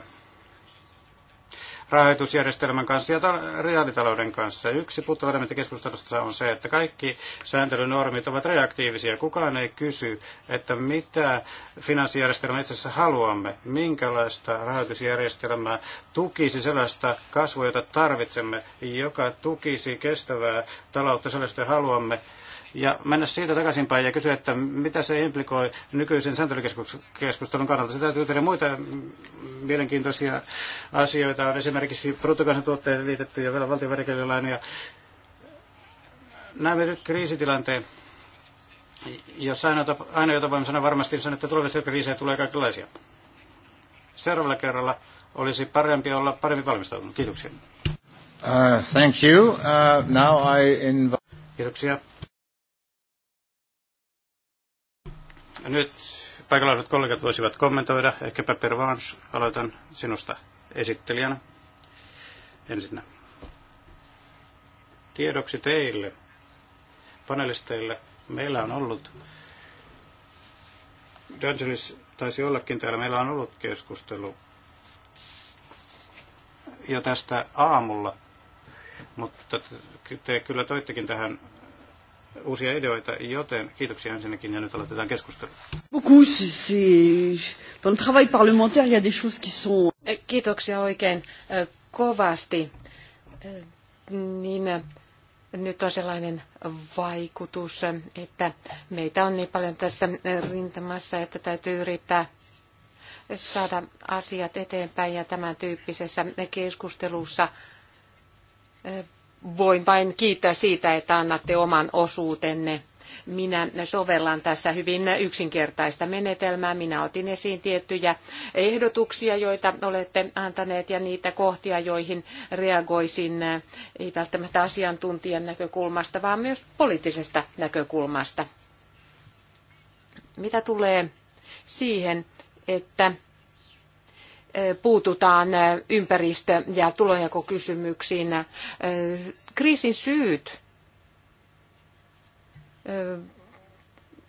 rahoitusjärjestelmän kanssa ja reaalitalouden kanssa. Yksi puuttuva elementti keskustelusta on se, että kaikki sääntelynormit ovat reaktiivisia. Kukaan ei kysy, että mitä finanssijärjestelmä itse asiassa haluamme, minkälaista rahoitusjärjestelmää tukisi sellaista kasvua, jota tarvitsemme, joka tukisi kestävää taloutta, sellaista haluamme, ja mennä siitä takaisinpäin ja kysyä, että mitä se implikoi nykyisen sääntelykeskustelun kannalta. Se täytyy tehdä muita mielenkiintoisia asioita. On esimerkiksi bruttokansantuotteiden liitetty ja vielä valtionverkelilainen. Ja näemme nyt kriisitilanteen. Jos aina, aina jota voimme sanoa varmasti, niin että tulevissa kriisejä tulee kaikenlaisia. Seuraavalla kerralla olisi parempi olla paremmin valmistautunut. Kiitoksia. Uh, thank you. Uh, now I invite. Kiitoksia. Nyt paikalliset kollegat voisivat kommentoida. Pepper Pervans, aloitan sinusta esittelijänä ensinnä. Tiedoksi teille, panelisteille, meillä on ollut, D'Angelis taisi ollakin täällä, meillä on ollut keskustelu jo tästä aamulla, mutta te kyllä toittekin tähän uusia ideoita, joten kiitoksia ensinnäkin ja nyt aloitetaan keskustelu. Beaucoup, c'est dans le travail parlementaire, il y a des choses qui sont... Eh, kiitoksia oikein eh, kovasti. Eh, niin nyt on sellainen vaikutus, että meitä on niin paljon tässä rintamassa, että täytyy yrittää saada asiat eteenpäin ja tämän tyyppisessä keskustelussa voin vain kiittää siitä, että annatte oman osuutenne. Minä sovellan tässä hyvin yksinkertaista menetelmää. Minä otin esiin tiettyjä ehdotuksia, joita olette antaneet ja niitä kohtia, joihin reagoisin ei välttämättä asiantuntijan näkökulmasta, vaan myös poliittisesta näkökulmasta. Mitä tulee siihen, että puututaan eh, ympäristö- ja tulonjakokysymyksiin. Eh, kriisin syyt eh,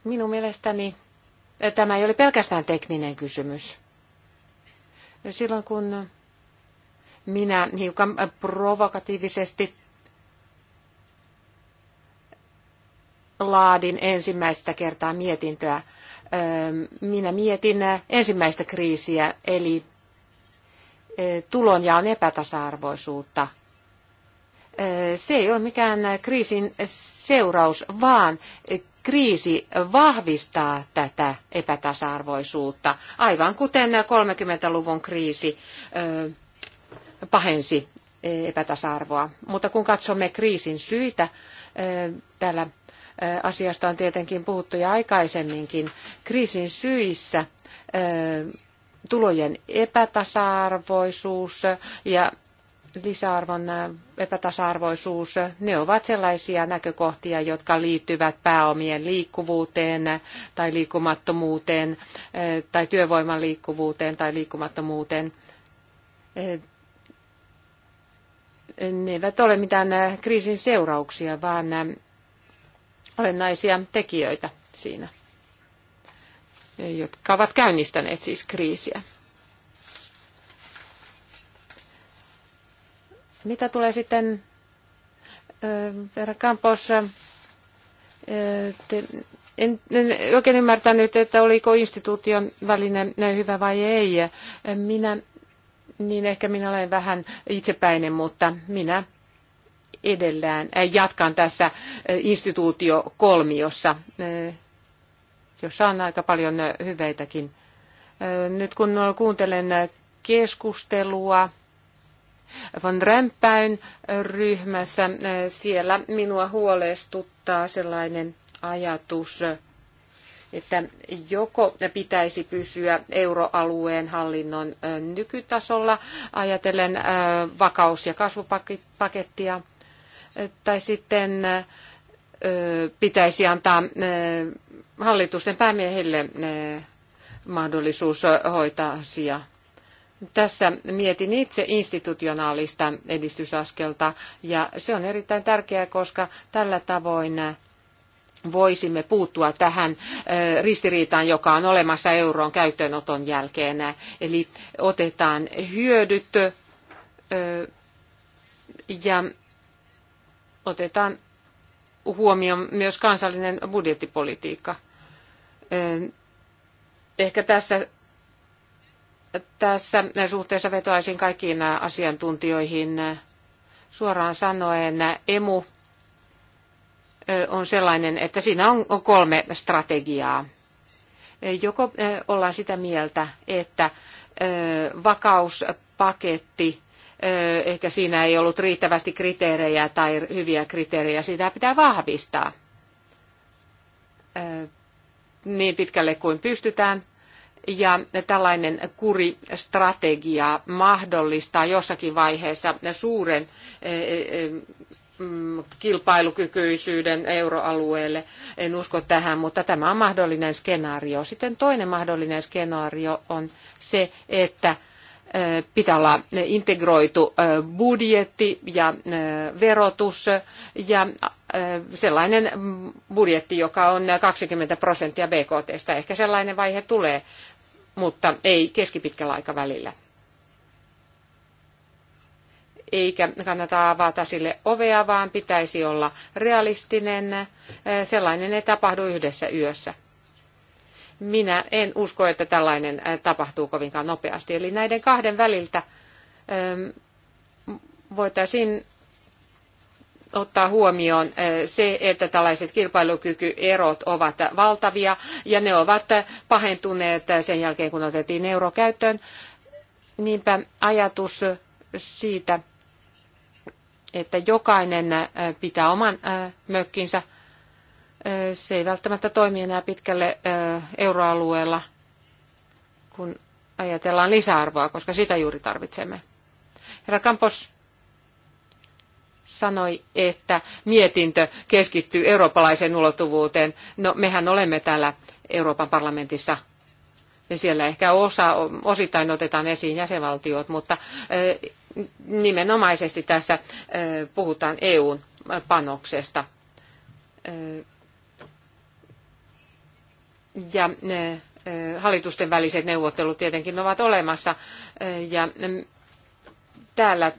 minun mielestäni tämä ei ole pelkästään tekninen kysymys. Silloin kun minä hiukan provokatiivisesti laadin ensimmäistä kertaa mietintöä, minä mietin ensimmäistä kriisiä, eli Eh, tulonjaon epätasa-arvoisuutta. Eh, se ei ole mikään kriisin seuraus, vaan kriisi vahvistaa tätä epätasa-arvoisuutta, aivan kuten 30-luvun kriisi eh, pahensi epätasa-arvoa. Mutta kun katsomme kriisin syitä, täällä asiasta on tietenkin puhuttu jo aikaisemminkin, kriisin syissä tulojen epätasa-arvoisuus ja lisäarvon epätasa-arvoisuus, ne ovat sellaisia näkökohtia, jotka liittyvät pääomien liikkuvuuteen tai liikkumattomuuteen eh, tai työvoiman liikkuvuuteen tai liikkumattomuuteen. Eh, ne eivät ole mitään eh, kriisin seurauksia, vaan olennaisia tekijöitä siinä jotka ovat käynnistäneet siis kriisiä. Mitä tulee sitten, Vera Campos, te, en, en oikein ymmärtänyt, että oliko instituution välinen hyvä vai ei. Minä, niin ehkä minä olen vähän itsepäinen, mutta minä edellään jatkan tässä instituutiokolmiossa jossa on aika paljon hyveitäkin. Nyt kun kuuntelen keskustelua Van Rämpäyn ryhmässä, siellä minua huolestuttaa sellainen ajatus, että joko pitäisi pysyä euroalueen hallinnon nykytasolla, ajatellen vakaus- ja kasvupakettia, tai sitten pitäisi antaa hallitusten päämiehille eh, mahdollisuus hoitaa asia. Tässä mietin itse institutionaalista edistysaskelta ja se on erittäin tärkeää, koska tällä tavoin voisimme puuttua tähän eh, ristiriitaan, joka on olemassa euron käyttöönoton jälkeen. Eli otetaan hyödyt eh, ja otetaan huomioon myös kansallinen budjettipolitiikka. Ehkä tässä, tässä suhteessa vetoaisin kaikkiin asiantuntijoihin suoraan sanoen. Emu on sellainen, että siinä on kolme strategiaa. E, joko ollaan sitä mieltä, että vakauspaketti, ehkä siinä ei ollut riittävästi kriteerejä tai hyviä kriteerejä, sitä pitää vahvistaa niin pitkälle kuin pystytään. Ja tällainen kuristrategia mahdollistaa jossakin vaiheessa suuren eh, eh, mm, kilpailukykyisyyden euroalueelle. En usko tähän, mutta tämä on mahdollinen skenaario. Sitten toinen mahdollinen skenaario on se, että eh, pitää olla integroitu budjetti ja verotus ja sellainen budjetti, joka on 20 prosenttia BKTstä. Ehkä sellainen vaihe tulee, mutta ei keskipitkällä aikavälillä. Eikä kannata avata sille ovea, vaan pitäisi olla realistinen. Sellainen ei tapahdu yhdessä yössä. Minä en usko, että tällainen tapahtuu kovinkaan nopeasti. Eli näiden kahden väliltä voitaisiin ottaa huomioon eh, se, että tällaiset kilpailukykyerot ovat valtavia ja ne ovat pahentuneet sen jälkeen, kun otettiin euro käyttöön. Niinpä ajatus siitä, että jokainen eh, pitää oman eh, mökkinsä, se ei välttämättä toimi enää pitkälle euroalueella, kun ajatellaan lisäarvoa, koska sitä juuri tarvitsemme. Herra Kampos, sanoi, että mietintö keskittyy eurooppalaiseen ulottuvuuteen. No mehän olemme täällä Euroopan parlamentissa ja siellä ehkä osa, osittain otetaan esiin jäsenvaltiot, mutta nimenomaisesti tässä puhutaan EUn panoksesta. Ja hallitusten väliset neuvottelut tietenkin ovat olemassa. Ja täällä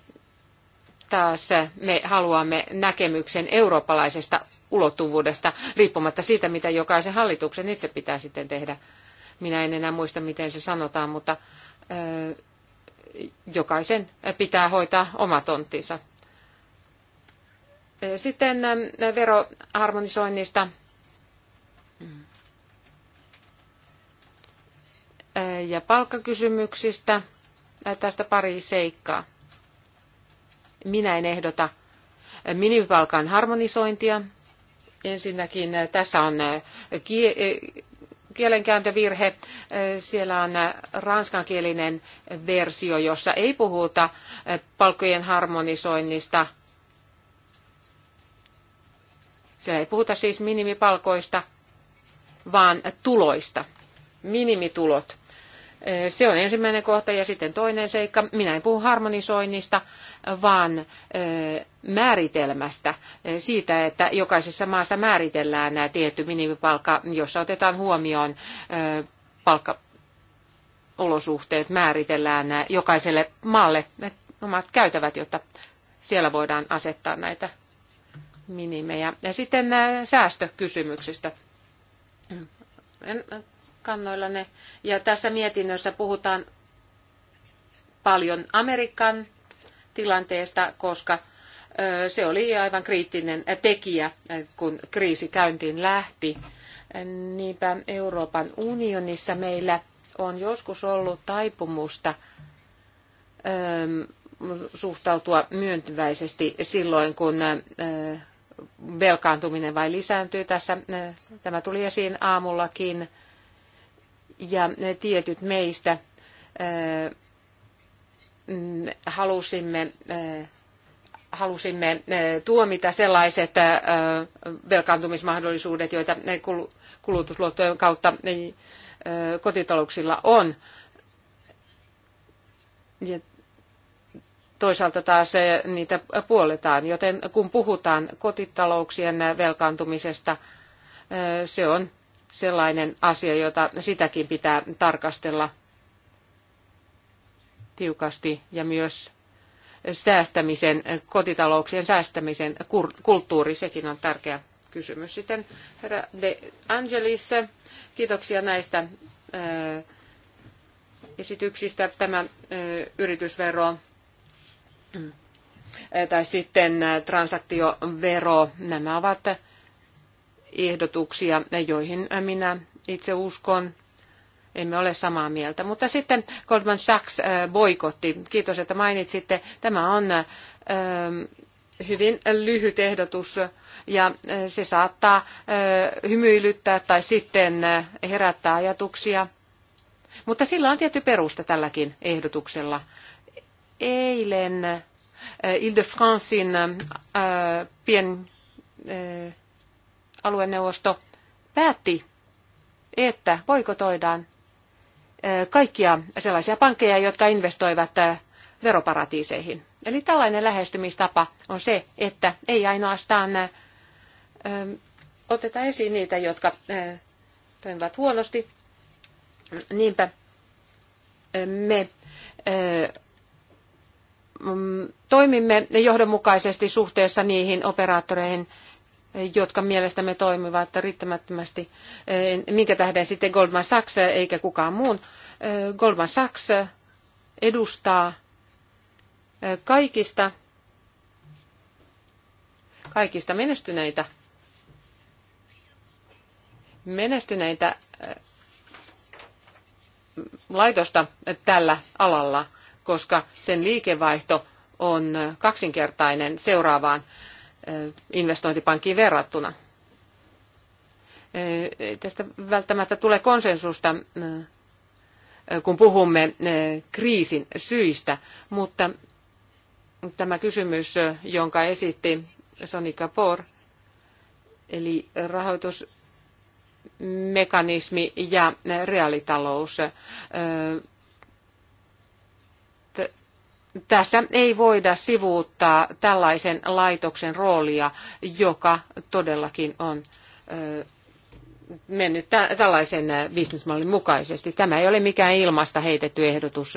taas me haluamme näkemyksen eurooppalaisesta ulottuvuudesta, riippumatta siitä, mitä jokaisen hallituksen itse pitää sitten tehdä. Minä en enää muista, miten se sanotaan, mutta jokaisen pitää hoitaa oma tonttinsa. Sitten veroharmonisoinnista ja palkkakysymyksistä. Tästä pari seikkaa. Minä en ehdota minimipalkan harmonisointia. Ensinnäkin eh, tässä on eh, eh, kielenkääntövirhe. Siellä on ranskankielinen versio, jossa ei puhuta palkkojen harmonisoinnista. Siellä ei puhuta siis minimipalkoista, vaan tuloista, minimitulot. Se on ensimmäinen kohta ja sitten toinen seikka. Minä en puhu harmonisoinnista, vaan määritelmästä siitä, että jokaisessa maassa määritellään nämä tietty minimipalkka, jossa otetaan huomioon palkkaolosuhteet, määritellään jokaiselle maalle omat käytävät, jotta siellä voidaan asettaa näitä minimejä. Ja sitten säästökysymyksistä kannoillanne. Ja tässä mietinnössä puhutaan paljon Amerikan tilanteesta, koska se oli aivan kriittinen tekijä, kun kriisi käyntiin lähti. Niinpä Euroopan unionissa meillä on joskus ollut taipumusta suhtautua myöntyväisesti silloin, kun velkaantuminen vain lisääntyy. Tässä tämä tuli esiin aamullakin ja tietyt meistä äh, mm, halusimme, äh, halusimme äh, tuomita sellaiset velkaantumismahdollisuudet, joita kulutusluottojen kautta kotitalouksilla on. Ja toisaalta taas niitä puoletaan, joten kun puhutaan kotitalouksien velkaantumisesta, se on sellainen asia, jota sitäkin pitää tarkastella tiukasti ja myös säästämisen, kotitalouksien säästämisen kulttuuri, sekin on tärkeä kysymys. Sitten herra De Angelis, kiitoksia näistä äh, esityksistä. Tämä äh, yritysvero äh, tai sitten transaktiovero, nämä ovat ehdotuksia, joihin minä itse uskon. Emme ole samaa mieltä. Mutta sitten Goldman Sachs äh, boikotti. Kiitos, että mainitsitte. Tämä on äh, hyvin lyhyt ehdotus ja äh, se saattaa hymyilyttää tai sitten herättää ajatuksia. Mutta sillä on tietty perusta tälläkin ehdotuksella. Eilen Ile-de-Francein pien alueneuvosto päätti, että boikotoidaan kaikkia sellaisia pankkeja, jotka investoivat veroparatiiseihin. Eli tällainen lähestymistapa on se, että ei ainoastaan oteta esiin niitä, jotka toimivat huonosti. Niinpä me toimimme johdonmukaisesti suhteessa niihin operaattoreihin, jotka mielestämme toimivat riittämättömästi, minkä tähden sitten Goldman Sachs eikä kukaan muun. Goldman Sachs edustaa kaikista, kaikista menestyneitä, menestyneitä laitosta tällä alalla, koska sen liikevaihto on kaksinkertainen seuraavaan investointipankkiin verrattuna. Tästä välttämättä tulee konsensusta, kun puhumme kriisin syistä, mutta tämä kysymys, jonka esitti Sonny Kapoor, eli rahoitusmekanismi ja reaalitalous, tässä ei voida sivuuttaa tällaisen laitoksen roolia, joka todellakin on mennyt tällaisen bisnesmallin mukaisesti. Tämä ei ole mikään ilmasta heitetty ehdotus.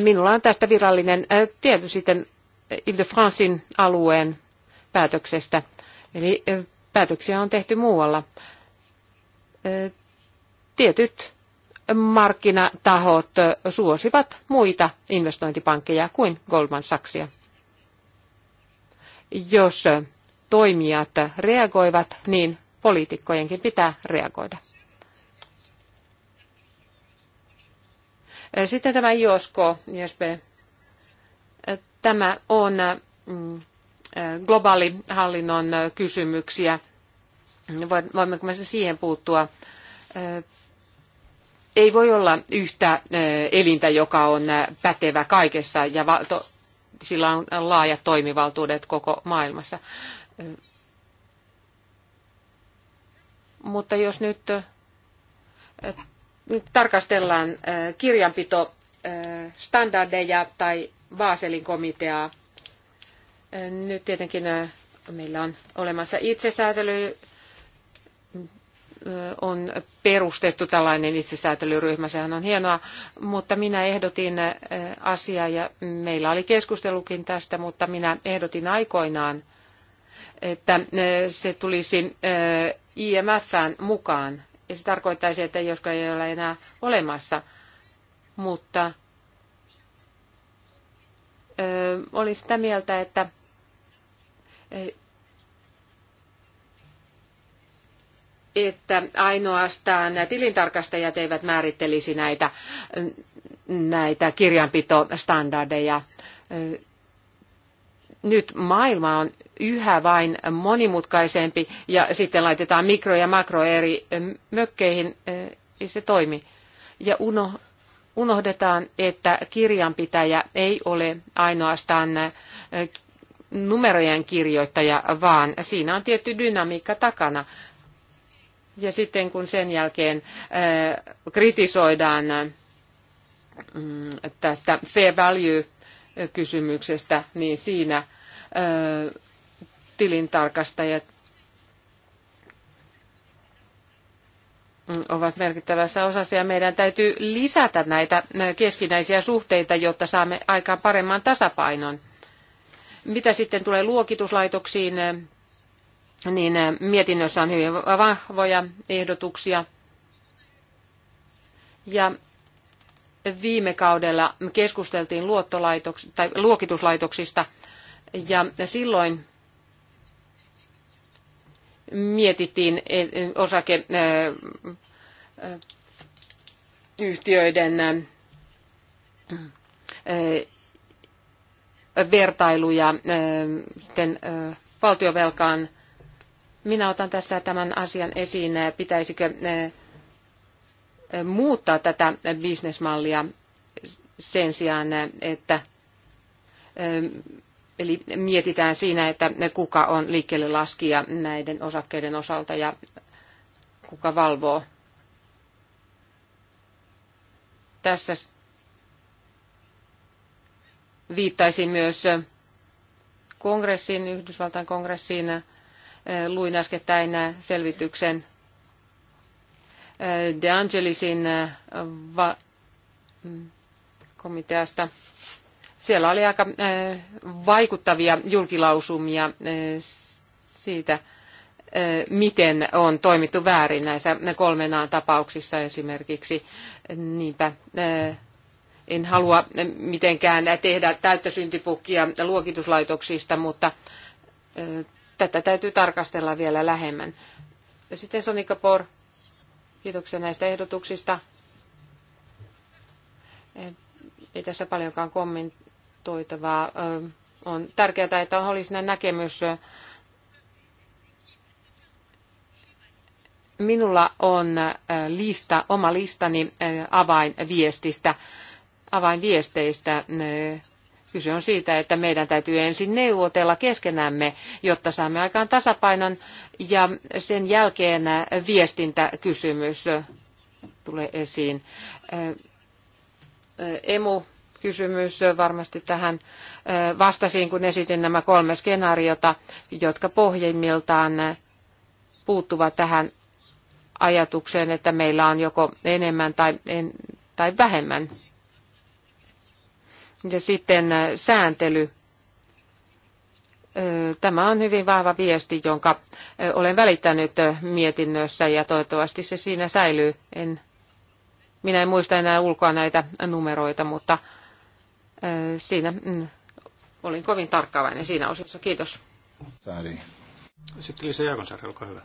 Minulla on tästä virallinen tieto sitten Ile-Francin alueen päätöksestä. Eli päätöksiä on tehty muualla. Tietyt markkinatahot suosivat muita investointipankkeja kuin Goldman Sachsia. Jos toimijat reagoivat, niin poliitikkojenkin pitää reagoida. Sitten tämä IOSK, ISB, tämä on mm, globaali hallinnon kysymyksiä. Voimmeko me siihen puuttua? Ei voi olla yhtä elintä, joka on pätevä kaikessa ja sillä on laajat toimivaltuudet koko maailmassa. Mutta jos nyt tarkastellaan kirjanpito standardeja tai Vaaselin komiteaa, nyt tietenkin meillä on olemassa itsesäätely, on perustettu tällainen itsesäätelyryhmä, sehän on hienoa, mutta minä ehdotin asiaa ja meillä oli keskustelukin tästä, mutta minä ehdotin aikoinaan, että se tulisi IMFään mukaan. Ja se tarkoittaisi, että joskaan ei ole enää olemassa, mutta olin sitä mieltä, että että ainoastaan tilintarkastajat eivät määrittelisi näitä, näitä kirjanpitostandardeja. Nyt maailma on yhä vain monimutkaisempi ja sitten laitetaan mikro- ja makro eri mökkeihin, ei se toimi. Ja uno, unohdetaan, että kirjanpitäjä ei ole ainoastaan numerojen kirjoittaja, vaan siinä on tietty dynamiikka takana. Ja sitten kun sen jälkeen äh, kritisoidaan mm, tästä fair value-kysymyksestä, niin siinä äh, tilintarkastajat ovat merkittävässä osassa ja meidän täytyy lisätä näitä äh, keskinäisiä suhteita, jotta saamme aikaan paremman tasapainon. Mitä sitten tulee luokituslaitoksiin, niin mietinnössä on hyvin vahvoja ehdotuksia. Ja viime kaudella keskusteltiin luottolaitoks- tai luokituslaitoksista ja silloin mietittiin e, osakeyhtiöiden vertailuja sitten valtiovelkaan minä otan tässä tämän asian esiin, pitäisikö muuttaa tätä bisnesmallia sen sijaan, että Eli mietitään siinä, että kuka on liikkeelle laskija näiden osakkeiden osalta ja kuka valvoo. Tässä viittaisin myös kongressiin, Yhdysvaltain kongressiin, Luin äskettäin selvityksen eh, De Angelisin eh, va- komiteasta. Siellä oli aika eh, vaikuttavia julkilausumia siitä, miten on toimittu väärin näissä kolmenaan tapauksissa esimerkiksi. Niinpä en halua mitenkään tehdä täyttä syntipukkia luokituslaitoksista, mutta tätä täytyy tarkastella vielä lähemmän. Ja sitten Sonika Por, kiitoksia näistä ehdotuksista. Ei tässä paljonkaan kommentoitavaa. On tärkeää, että olisi näkemys minulla on lista, oma listani avainviestistä, avainviesteistä Kyse on siitä, että meidän täytyy ensin neuvotella keskenämme, jotta saamme aikaan tasapainon ja sen jälkeen viestintäkysymys tulee esiin. Emu kysymys varmasti tähän vastasin, kun esitin nämä kolme skenaariota, jotka pohjimmiltaan puuttuvat tähän ajatukseen, että meillä on joko enemmän tai, en, tai vähemmän ja sitten äh, sääntely. Tämä on hyvin vahva viesti, jonka olen välittänyt mietinnössä ja toivottavasti se siinä säilyy. En, minä en muista enää ulkoa näitä numeroita, mutta siinä mm, olin kovin tarkkaavainen siinä osassa. Kiitos. Sääri. Sitten Liisa Jaakonsaari, olkaa hyvä.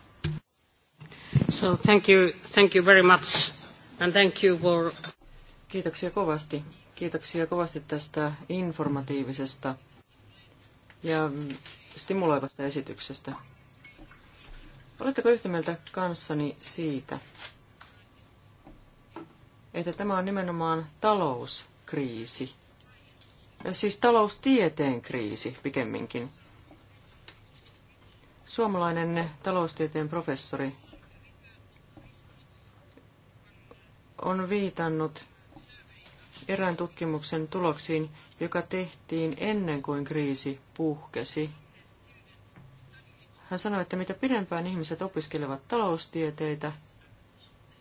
So thank you, thank you very much and thank you for... Kiitoksia kovasti Kiitoksia kovasti tästä informatiivisesta ja stimuloivasta esityksestä. Oletteko yhtä mieltä kanssani siitä, että tämä on nimenomaan talouskriisi? Siis taloustieteen kriisi pikemminkin. Suomalainen taloustieteen professori on viitannut erään tutkimuksen tuloksiin, joka tehtiin ennen kuin kriisi puhkesi. Hän sanoi, että mitä pidempään ihmiset opiskelevat taloustieteitä,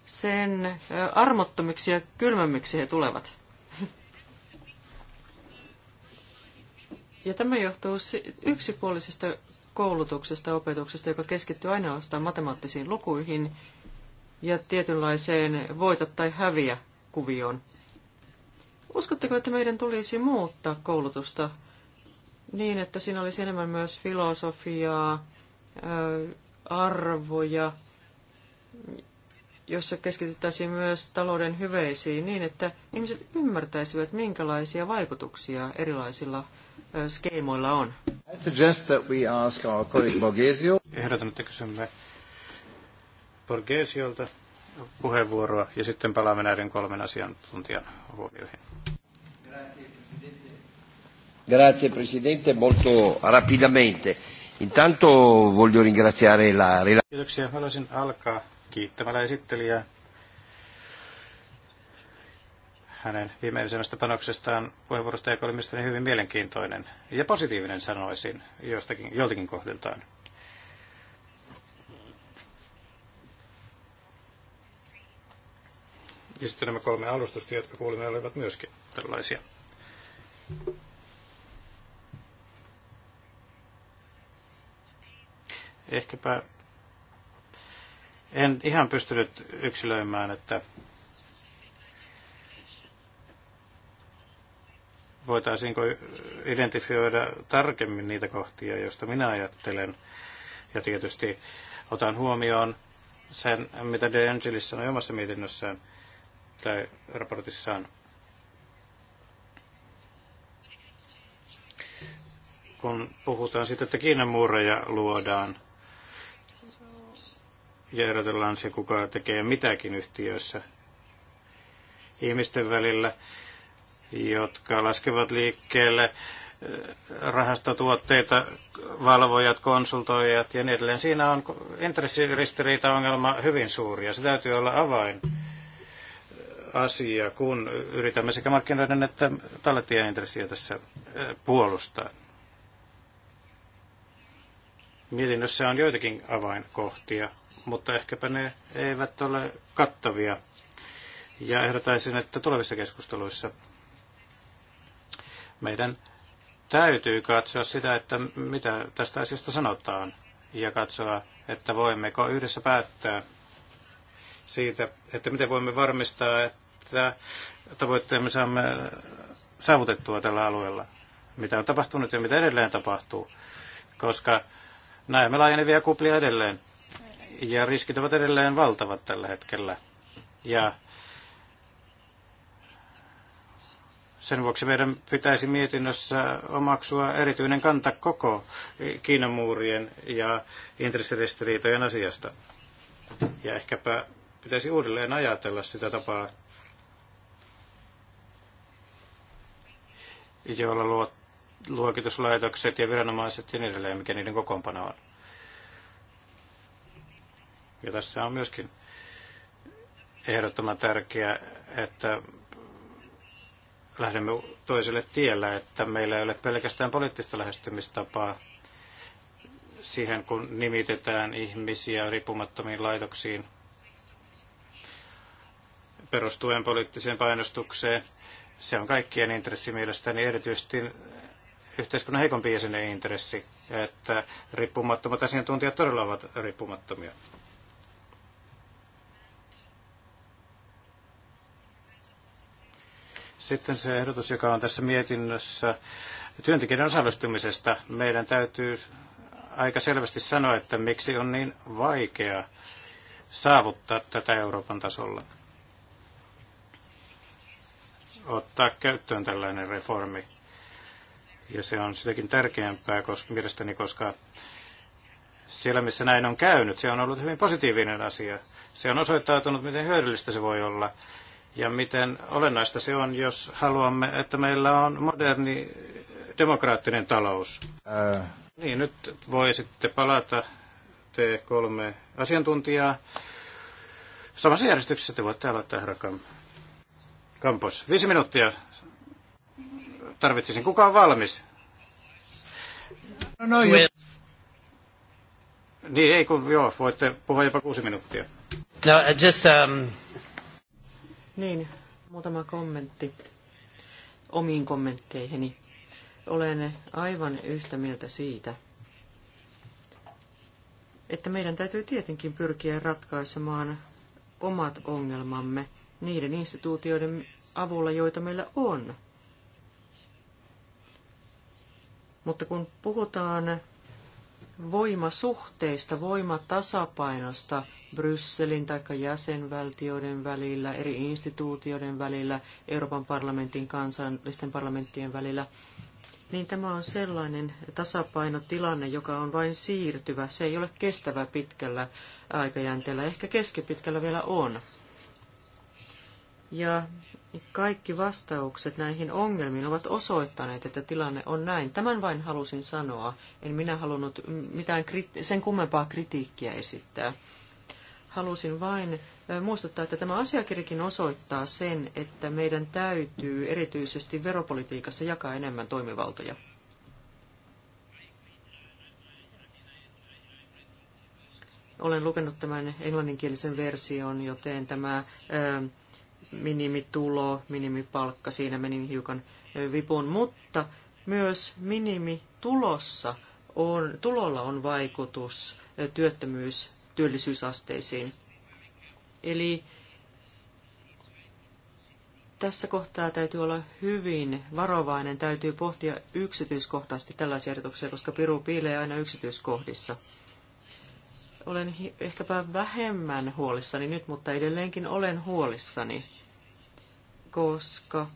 sen armottomiksi ja kylmämmiksi he tulevat. Ja tämä johtuu yksipuolisesta koulutuksesta ja opetuksesta, joka keskittyy ainoastaan matemaattisiin lukuihin ja tietynlaiseen voita tai häviä kuvioon. Uskotteko, että meidän tulisi muuttaa koulutusta niin, että siinä olisi enemmän myös filosofiaa, arvoja, jossa keskityttäisiin myös talouden hyveisiin niin, että ihmiset ymmärtäisivät, minkälaisia vaikutuksia erilaisilla skeemoilla on. Ehdotan, että kysymme Borgesiolta puheenvuoroa ja sitten palaamme näiden kolmen asiantuntijan huomioihin. Grazie Presidente, molto rapidamente. Intanto voglio ringraziare la Kiitoksia. Haluaisin alkaa kiittämällä esittelijää hänen viimeisemmästä panoksestaan puheenvuorosta, joka oli mielestäni hyvin mielenkiintoinen ja positiivinen sanoisin jostakin, joltakin kohdiltaan. Ja sitten nämä kolme alustusta, jotka kuulimme, olivat myöskin tällaisia. Ehkäpä en ihan pystynyt yksilöimään, että voitaisiinko identifioida tarkemmin niitä kohtia, joista minä ajattelen. Ja tietysti otan huomioon sen, mitä De Angelis sanoi omassa mietinnössään, tai raportissaan. Kun puhutaan siitä, että Kiinan muureja luodaan ja erotellaan se, kuka tekee mitäkin yhtiöissä ihmisten välillä, jotka laskevat liikkeelle eh, rahastotuotteita, valvojat, konsultoijat ja niin edelleen. Siinä on intressiristiriita-ongelma hyvin suuri ja se täytyy olla avain asia, kun yritämme sekä markkinoiden että talletien intressiä tässä puolustaa. Mietinnössä on joitakin avainkohtia, mutta ehkäpä ne eivät ole kattavia. Ja ehdotaisin, että tulevissa keskusteluissa meidän täytyy katsoa sitä, että mitä tästä asiasta sanotaan, ja katsoa, että voimmeko yhdessä päättää siitä, että miten voimme varmistaa, että tavoitteemme saamme saavutettua tällä alueella, mitä on tapahtunut ja mitä edelleen tapahtuu, koska näemme laajenevia kuplia edelleen ja riskit ovat edelleen valtavat tällä hetkellä. Ja sen vuoksi meidän pitäisi mietinnössä omaksua erityinen kanta koko Kiinan muurien ja intressiristiriitojen asiasta. Ja ehkäpä Pitäisi uudelleen ajatella sitä tapaa, joilla luokituslaitokset ja viranomaiset ja niin edelleen, mikä niiden kokoonpano on. Ja tässä on myöskin ehdottoman tärkeää, että lähdemme toiselle tielle, että meillä ei ole pelkästään poliittista lähestymistapaa siihen, kun nimitetään ihmisiä riippumattomiin laitoksiin – perustuen poliittiseen painostukseen. Se on kaikkien intressi mielestäni, erityisesti yhteiskunnan heikompi jäsenen intressi, että riippumattomat asiantuntijat todella ovat riippumattomia. Sitten se ehdotus, joka on tässä mietinnössä työntekijän osallistumisesta. Meidän täytyy aika selvästi sanoa, että miksi on niin vaikea saavuttaa tätä Euroopan tasolla ottaa käyttöön tällainen reformi. Ja se on sitäkin tärkeämpää koska, mielestäni, koska siellä missä näin on käynyt, se on ollut hyvin positiivinen asia. Se on osoittautunut, miten hyödyllistä se voi olla ja miten olennaista se on, jos haluamme, että meillä on moderni demokraattinen talous. Ää... Äh. Niin, nyt voi sitten palata te kolme asiantuntijaa. Samassa järjestyksessä te voitte aloittaa, herra Kamm. Kampos, viisi minuuttia tarvitsisin. Kuka on valmis? No, no, jo. Niin, ei kun joo, voitte puhua jopa kuusi minuuttia. No, just, um... Niin, muutama kommentti omiin kommentteihini. Olen aivan yhtä mieltä siitä, että meidän täytyy tietenkin pyrkiä ratkaisemaan omat ongelmamme – niiden instituutioiden avulla, joita meillä on. Mutta kun puhutaan voimasuhteista, voimatasapainosta Brysselin tai jäsenvaltioiden välillä, eri instituutioiden välillä, Euroopan parlamentin kansallisten parlamenttien välillä, niin tämä on sellainen tasapainotilanne, joka on vain siirtyvä. Se ei ole kestävä pitkällä aikajänteellä. Ehkä keskipitkällä vielä on. Ja kaikki vastaukset näihin ongelmiin ovat osoittaneet, että tilanne on näin. Tämän vain halusin sanoa. En minä halunnut mitään sen kummempaa kritiikkiä esittää. Halusin vain muistuttaa, että tämä asiakirjakin osoittaa sen, että meidän täytyy erityisesti veropolitiikassa jakaa enemmän toimivaltoja. Olen lukenut tämän englanninkielisen version, joten tämä minimitulo, minimipalkka, siinä menin hiukan vipun, mutta myös minimitulossa on, tulolla on vaikutus työttömyys, työllisyysasteisiin. Eli tässä kohtaa täytyy olla hyvin varovainen, täytyy pohtia yksityiskohtaisesti tällaisia ehdotuksia, koska piru piilee aina yksityiskohdissa. Olen ehkäpä vähemmän huolissani nyt, mutta edelleenkin olen huolissani koska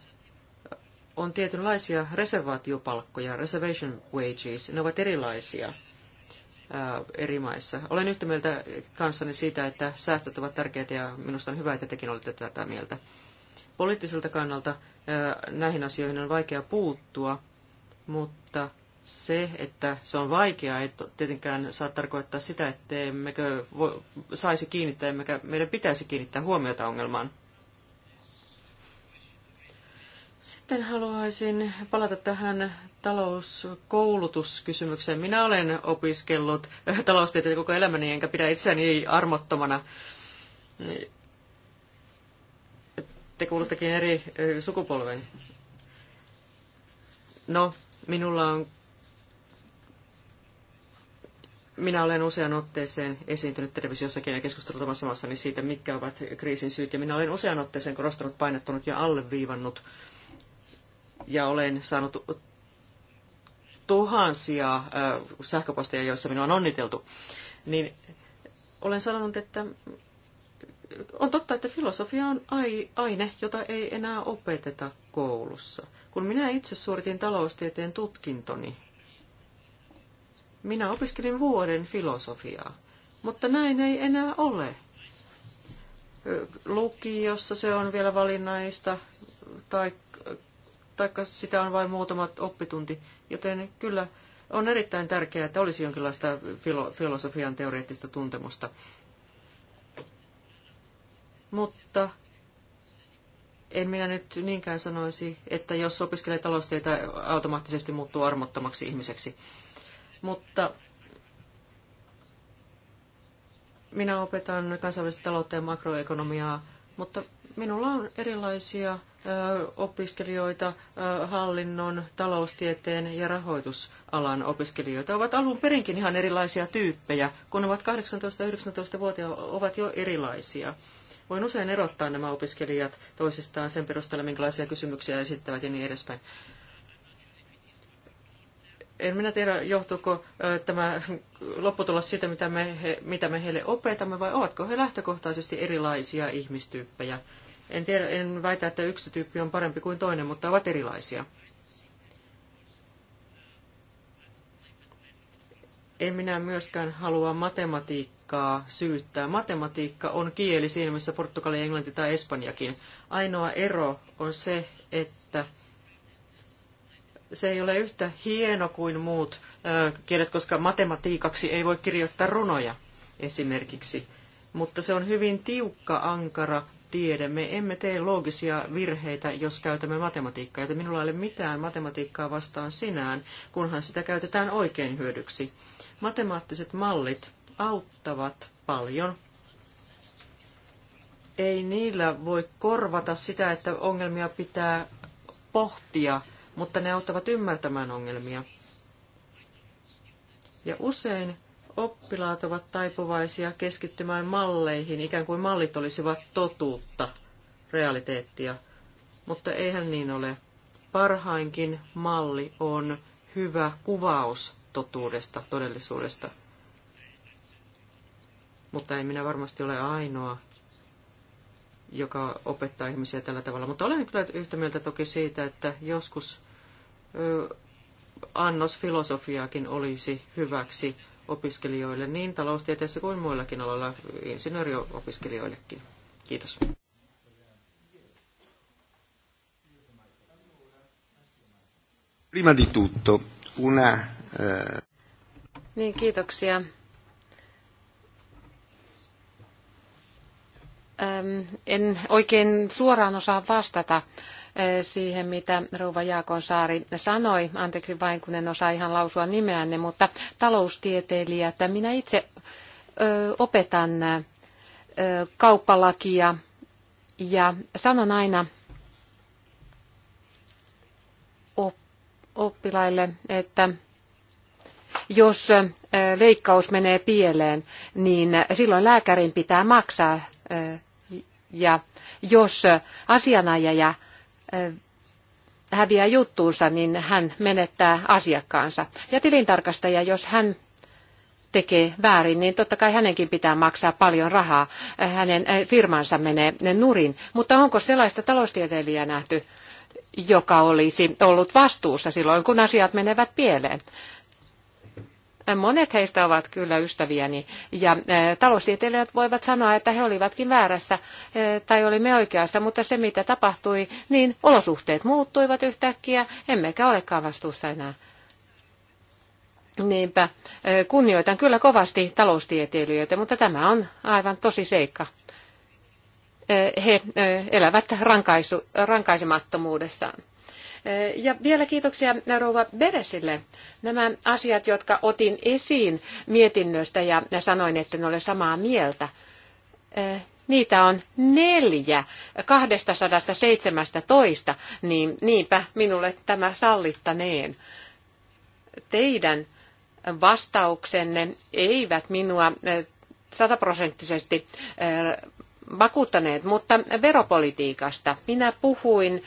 on tietynlaisia reservaatiopalkkoja, reservation wages, ne ovat erilaisia äh, eri maissa. Olen yhtä mieltä kanssani siitä, että säästöt ovat tärkeitä ja minusta on hyvä, että tekin olette tätä mieltä. Poliittiselta kannalta äh, näihin asioihin on vaikea puuttua, mutta se, että se on vaikeaa, ei tietenkään saa tarkoittaa sitä, että emmekö saisi kiinnittää, emmekä meidän pitäisi kiinnittää huomiota ongelmaan. Sitten haluaisin palata tähän talouskoulutuskysymykseen. Minä olen opiskellut taloustieteitä koko elämäni, enkä pidä itseäni armottomana. Te kuuluttekin eri sukupolven. No, minulla on... Minä olen usean otteeseen esiintynyt televisiossakin ja keskustellut omassa maassani siitä, mitkä ovat kriisin syyt. Ja minä olen usean otteeseen korostanut, painottanut ja alleviivannut ja olen saanut tuhansia sähköposteja, joissa minua on onniteltu, niin olen sanonut, että on totta, että filosofia on aine, jota ei enää opeteta koulussa. Kun minä itse suoritin taloustieteen tutkintoni, minä opiskelin vuoden filosofiaa, mutta näin ei enää ole. Lukiossa se on vielä valinnaista, tai taikka sitä on vain muutamat oppitunti, joten kyllä on erittäin tärkeää, että olisi jonkinlaista filo- filosofian teoreettista tuntemusta. Mutta en minä nyt niinkään sanoisi, että jos opiskelee talousteita, automaattisesti muuttuu armottomaksi ihmiseksi. Mutta minä opetan kansainvälistä taloutta ja makroekonomiaa, mutta minulla on erilaisia opiskelijoita, hallinnon, taloustieteen ja rahoitusalan opiskelijoita ovat alun perinkin ihan erilaisia tyyppejä. Kun ovat 18-19-vuotiaat, ovat jo erilaisia. Voin usein erottaa nämä opiskelijat toisistaan sen perusteella, minkälaisia kysymyksiä esittävät ja niin edespäin. En minä tiedä, johtuuko tämä lopputulos siitä, mitä me, he, mitä me heille opetamme, vai ovatko he lähtökohtaisesti erilaisia ihmistyyppejä. En, tiedä, en väitä, että yksi tyyppi on parempi kuin toinen, mutta ovat erilaisia. En minä myöskään halua matematiikkaa syyttää. Matematiikka on kieli siinä, missä Portugali, Englanti tai Espanjakin. Ainoa ero on se, että se ei ole yhtä hieno kuin muut kielet, koska matematiikaksi ei voi kirjoittaa runoja esimerkiksi. Mutta se on hyvin tiukka, ankara tiede. Me emme tee loogisia virheitä, jos käytämme matematiikkaa, joten minulla ei ole mitään matematiikkaa vastaan sinään, kunhan sitä käytetään oikein hyödyksi. Matemaattiset mallit auttavat paljon. Ei niillä voi korvata sitä, että ongelmia pitää pohtia, mutta ne auttavat ymmärtämään ongelmia. Ja usein oppilaat ovat taipuvaisia keskittymään malleihin, ikään kuin mallit olisivat totuutta, realiteettia. Mutta eihän niin ole. Parhainkin malli on hyvä kuvaus totuudesta, todellisuudesta. Mutta ei minä varmasti ole ainoa, joka opettaa ihmisiä tällä tavalla. Mutta olen kyllä yhtä mieltä toki siitä, että joskus annos filosofiaakin olisi hyväksi opiskelijoille niin taloustieteessä kuin muillakin aloilla insinööriopiskelijoillekin. Kiitos. Prima di tutto, una... Eh... Niin, kiitoksia. En oikein suoraan osaa vastata siihen, mitä Rouva Jaakonsaari sanoi. Anteeksi vain, kun en osaa ihan lausua nimeänne, mutta taloustieteilijä, että minä itse opetan kauppalakia ja sanon aina oppilaille, että jos leikkaus menee pieleen, niin silloin lääkärin pitää maksaa. Ja jos asianajaja häviää juttuunsa, niin hän menettää asiakkaansa. Ja tilintarkastaja, jos hän tekee väärin, niin totta kai hänenkin pitää maksaa paljon rahaa. Hänen firmansa menee nurin. Mutta onko sellaista taloustieteilijää nähty, joka olisi ollut vastuussa silloin, kun asiat menevät pieleen? Monet heistä ovat kyllä ystäviäni ja eh, taloustieteilijät voivat sanoa, että he olivatkin väärässä eh, tai olimme oikeassa, mutta se mitä tapahtui, niin olosuhteet muuttuivat yhtäkkiä, emmekä olekaan vastuussa enää. Niinpä, eh, kunnioitan kyllä kovasti taloustieteilijöitä, mutta tämä on aivan tosi seikka. He elävät rankaisu, rankaisemattomuudessaan. Eh, ja vielä kiitoksia rouva Beresille. Nämä asiat, jotka otin esiin mietinnöstä ja sanoin, että en ole samaa mieltä. Eh, niitä on neljä 217, niin niinpä minulle tämä sallittaneen. Teidän vastauksenne eivät minua eh, sataprosenttisesti vakuuttaneet, mutta veropolitiikasta. Minä puhuin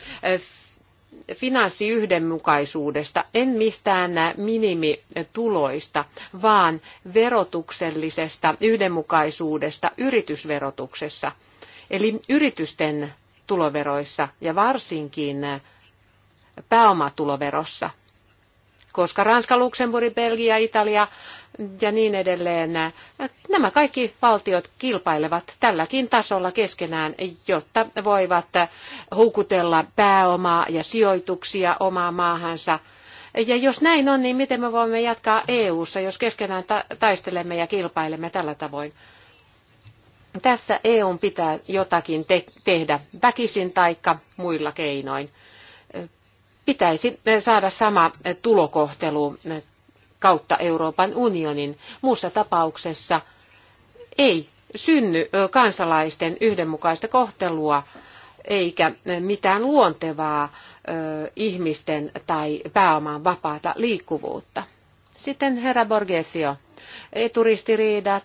finanssiyhdenmukaisuudesta, en mistään minimituloista, vaan verotuksellisesta yhdenmukaisuudesta yritysverotuksessa, eli yritysten tuloveroissa ja varsinkin pääomatuloverossa koska Ranska, Luxemburg, Belgia, Italia ja niin edelleen. Nämä kaikki valtiot kilpailevat tälläkin tasolla keskenään, jotta voivat houkutella pääomaa ja sijoituksia omaan maahansa. Ja jos näin on, niin miten me voimme jatkaa EU-ssa, jos keskenään taistelemme ja kilpailemme tällä tavoin? Tässä EUn pitää jotakin te- tehdä väkisin taikka muilla keinoin. Pitäisi saada sama tulokohtelu kautta Euroopan unionin. Muussa tapauksessa ei synny kansalaisten yhdenmukaista kohtelua eikä mitään luontevaa ihmisten tai pääoman vapaata liikkuvuutta. Sitten herra Borgesio, eturistiriidat,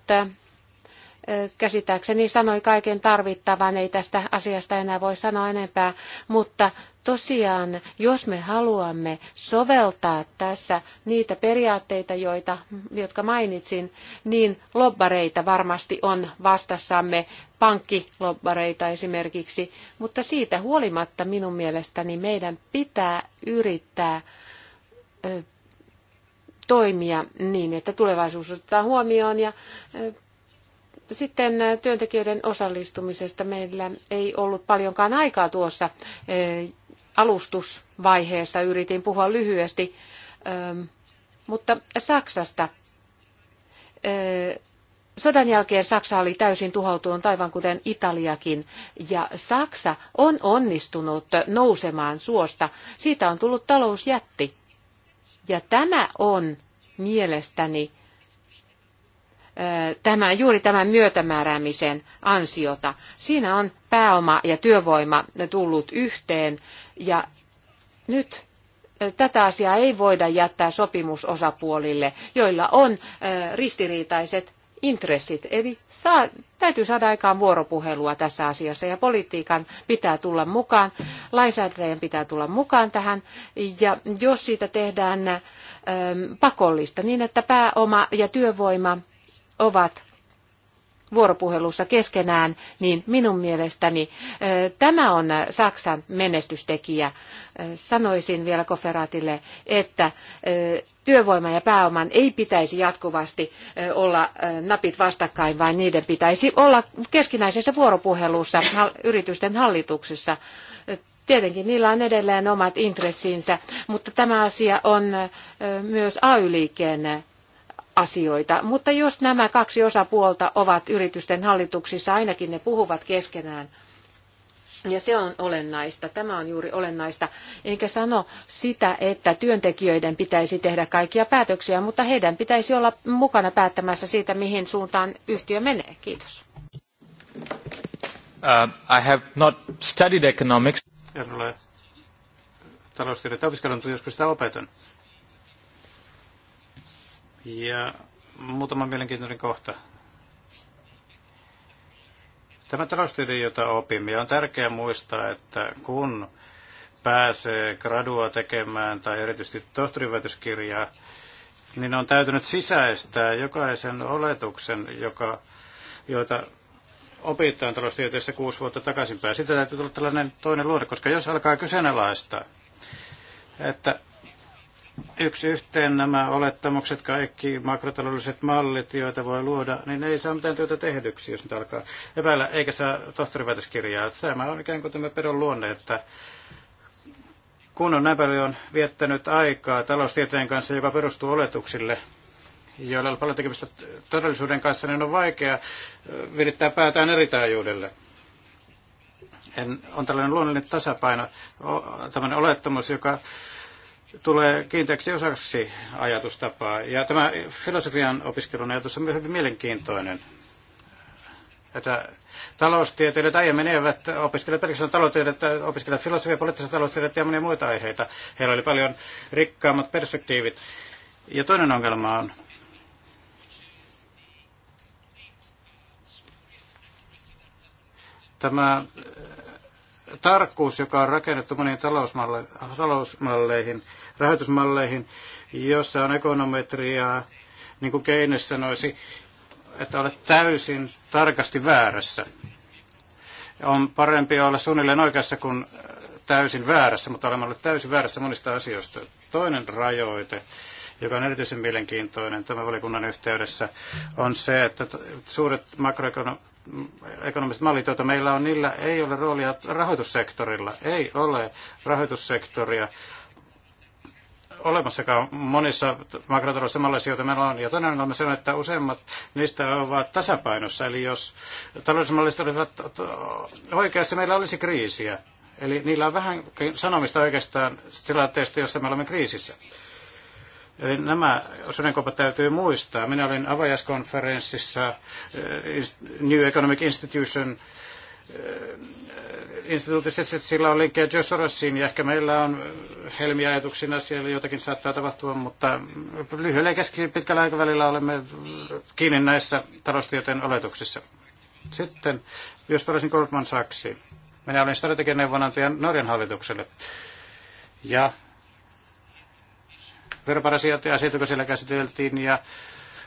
käsittääkseni sanoi kaiken tarvittavan, ei tästä asiasta enää voi sanoa enempää, mutta tosiaan, jos me haluamme soveltaa tässä niitä periaatteita, joita, jotka mainitsin, niin lobbareita varmasti on vastassamme, pankkilobbareita esimerkiksi, mutta siitä huolimatta minun mielestäni meidän pitää yrittää ö, toimia niin, että tulevaisuus otetaan huomioon ja ö, sitten työntekijöiden osallistumisesta meillä ei ollut paljonkaan aikaa tuossa alustusvaiheessa yritin puhua lyhyesti, ähm, mutta Saksasta. Äh, sodan jälkeen Saksa oli täysin tuhoutunut, aivan kuten Italiakin, ja Saksa on onnistunut nousemaan suosta. Siitä on tullut talousjätti. Ja tämä on mielestäni tämä, juuri tämän myötämääräämisen ansiota. Siinä on pääoma ja työvoima tullut yhteen ja nyt tätä asiaa ei voida jättää sopimusosapuolille, joilla on ristiriitaiset intressit. Eli saa, täytyy saada aikaan vuoropuhelua tässä asiassa ja politiikan pitää tulla mukaan, lainsäätäjän pitää tulla mukaan tähän. Ja jos siitä tehdään pakollista niin, että pääoma ja työvoima ovat vuoropuhelussa keskenään, niin minun mielestäni tämä on Saksan menestystekijä. Sanoisin vielä Koferaatille, että työvoiman ja pääoman ei pitäisi jatkuvasti olla napit vastakkain, vaan niiden pitäisi olla keskinäisessä vuoropuhelussa yritysten hallituksissa. Tietenkin niillä on edelleen omat intressinsä, mutta tämä asia on myös AY-liikkeen asioita. Mutta jos nämä kaksi osapuolta ovat yritysten hallituksissa, ainakin ne puhuvat keskenään. Ja se on olennaista, tämä on juuri olennaista. Enkä sano sitä, että työntekijöiden pitäisi tehdä kaikkia päätöksiä, mutta heidän pitäisi olla mukana päättämässä siitä, mihin suuntaan yhtiö menee. Kiitos. Uh, I have not studied economics. En ole taloustiedettä opiskellut, mutta joskus sitä opetan. Ja muutama mielenkiintoinen kohta. Tämä taloustiede, jota opimme, on tärkeää muistaa, että kun pääsee gradua tekemään tai erityisesti tohtoriväitöskirjaa, niin on täytynyt sisäistää jokaisen oletuksen, joka, joita opittaan taloustieteessä kuusi vuotta takaisinpäin. Sitä täytyy tulla tällainen toinen luonne, koska jos alkaa kyseenalaistaa, että yksi yhteen nämä olettamukset, kaikki makrotaloudelliset mallit, joita voi luoda, niin ne ei saa mitään työtä tehdyksi, jos niitä alkaa epäillä, eikä saa tohtoriväitöskirjaa. Tämä on ikään kuin tämä pedon luonne, että kun on näin paljon viettänyt aikaa taloustieteen kanssa, joka perustuu oletuksille, joilla on paljon tekemistä todellisuuden kanssa, niin on vaikea virittää päätään eri taajuudelle. En, on tällainen luonnollinen tasapaino, tämmöinen olettamus, joka tulee kiinteäksi osaksi ajatustapaa. Ja tämä filosofian opiskelun ajatus on myös hyvin mielenkiintoinen. Että taloustieteilijät aiemmin eivät opiskele pelkästään taloustieteilijät, opiskelevat filosofia, poliittista taloustieteilijät ja monia muita aiheita. Heillä oli paljon rikkaammat perspektiivit. Ja toinen ongelma on tämä tarkkuus, joka on rakennettu moniin talousmalle, talousmalleihin, rahoitusmalleihin, jossa on ekonometriaa, niin kuin Keynes sanoisi, että olet täysin tarkasti väärässä. On parempi olla suunnilleen oikeassa kuin täysin väärässä, mutta olemme olleet täysin väärässä monista asioista. Toinen rajoite joka on erityisen mielenkiintoinen tämän valikunnan yhteydessä, on se, että suuret makroekonomiset mallit, joita meillä on, niillä ei ole roolia rahoitussektorilla. Ei ole rahoitussektoria olemassakaan monissa makrotaloudessa malleissa, joita meillä on. Ja toinen on se, että useimmat niistä ovat tasapainossa. Eli jos taloudelliset olisivat oikeasti, meillä olisi kriisiä. Eli niillä on vähän sanomista oikeastaan tilanteesta, jossa me olemme kriisissä. Eli nämä sudenkuopat täytyy muistaa. Minä olin avajaiskonferenssissa eh, New Economic Institution eh, instituutissa, sillä on linkkejä Joe Sorosiin, ja ehkä meillä on helmiajatuksina siellä jotakin saattaa tapahtua, mutta lyhyellä ja pitkällä aikavälillä olemme kiinni näissä taloustieteen oletuksissa. Sitten, jos palasin Goldman Sachsiin. Minä olin strategian neuvonantaja Norjan hallitukselle. Ja ja asioita, siellä käsiteltiin ja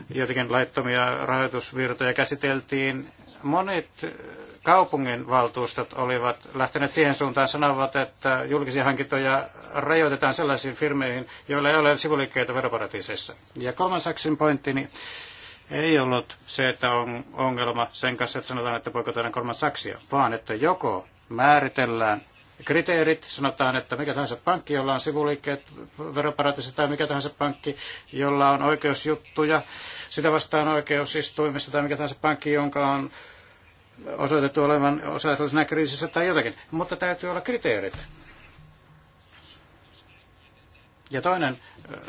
jotenkin laittomia rahoitusvirtoja käsiteltiin. Monet eh, kaupungin valtuustot olivat lähteneet siihen suuntaan sanovat, että julkisia hankintoja rajoitetaan sellaisiin firmeihin, joilla ei ole sivuliikkeitä veroparatiiseissa. Ja kolmansaksin pointtini ei ollut se, että on ongelma sen kanssa, että sanotaan, että poikotetaan kolmas saksia, vaan että joko määritellään kriteerit. Sanotaan, että mikä tahansa pankki, jolla on sivuliikkeet, veroparatiisi tai mikä tahansa pankki, jolla on oikeusjuttuja, sitä vastaan oikeusistuimessa tai mikä tahansa pankki, jonka on osoitettu olevan osallisena kriisissä tai jotakin. Mutta täytyy olla kriteerit. Ja toinen äh,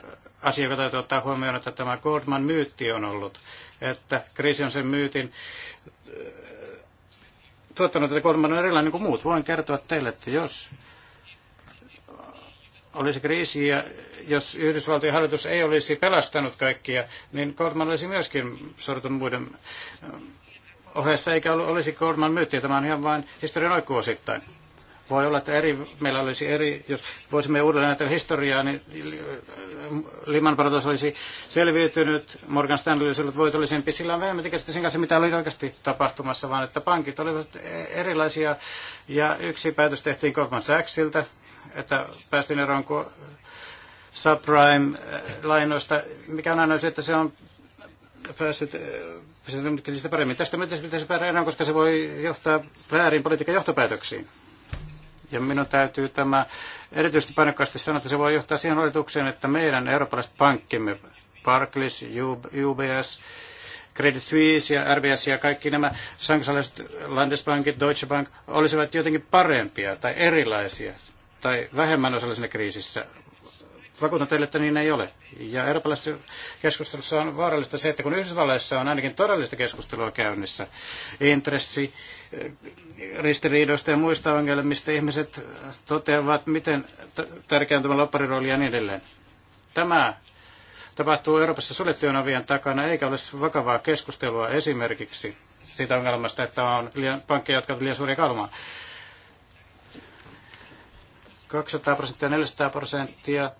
asia, joka täytyy ottaa huomioon, että tämä Goldman myytti on ollut, että kriisi on sen myytin äh, tuottanut tätä kuormaa on erilainen kuin muut. Voin kertoa teille, että jos olisi kriisi ja jos Yhdysvaltojen hallitus ei olisi pelastanut kaikkia, niin Goldman olisi myöskin sortunut muiden ohessa, eikä olisi Goldman myytti. Tämä on ihan vain historian oikku osittain. Voi olla, että eri, meillä olisi eri, jos voisimme uudelleen näitä historiaa, niin Liman Brothers olisi selviytynyt, Morgan Stanley olisi ollut voitollisempi, sillä on vähemmän tekemistä sen kanssa, mitä oli oikeasti tapahtumassa, vaan että pankit olivat erilaisia. Ja yksi päätös tehtiin Goldman Sachsilta, että päästiin eroon subprime-lainoista, eh, mikä on aina se, että se on päässyt eh, sitä paremmin. Tästä pitäisi päästä eroon, koska se voi johtaa väärin politiikan johtopäätöksiin. Ja minun täytyy tämä erityisesti painokkaasti sanoa, että se voi johtaa siihen oletukseen, että meidän eurooppalaiset pankkimme, Barclays, UBS, Credit Suisse ja RBS ja kaikki nämä saksalaiset Landesbankit, Deutsche Bank olisivat jotenkin parempia tai erilaisia tai vähemmän osallisena kriisissä, vakuutan teille, että niin ei ole. Ja eurooppalaisessa keskustelussa on vaarallista se, että kun Yhdysvalloissa on ainakin todellista keskustelua käynnissä, intressi, eh, ristiriidoista ja muista ongelmista, ihmiset toteavat, miten tärkeä on tämä lopparirooli ja niin edelleen. Tämä tapahtuu Euroopassa suljettujen avien takana, eikä ole vakavaa keskustelua esimerkiksi siitä ongelmasta, että on liian, pankkeja, jotka ovat liian suuria kalmaa. 200 prosenttia, 400 prosenttia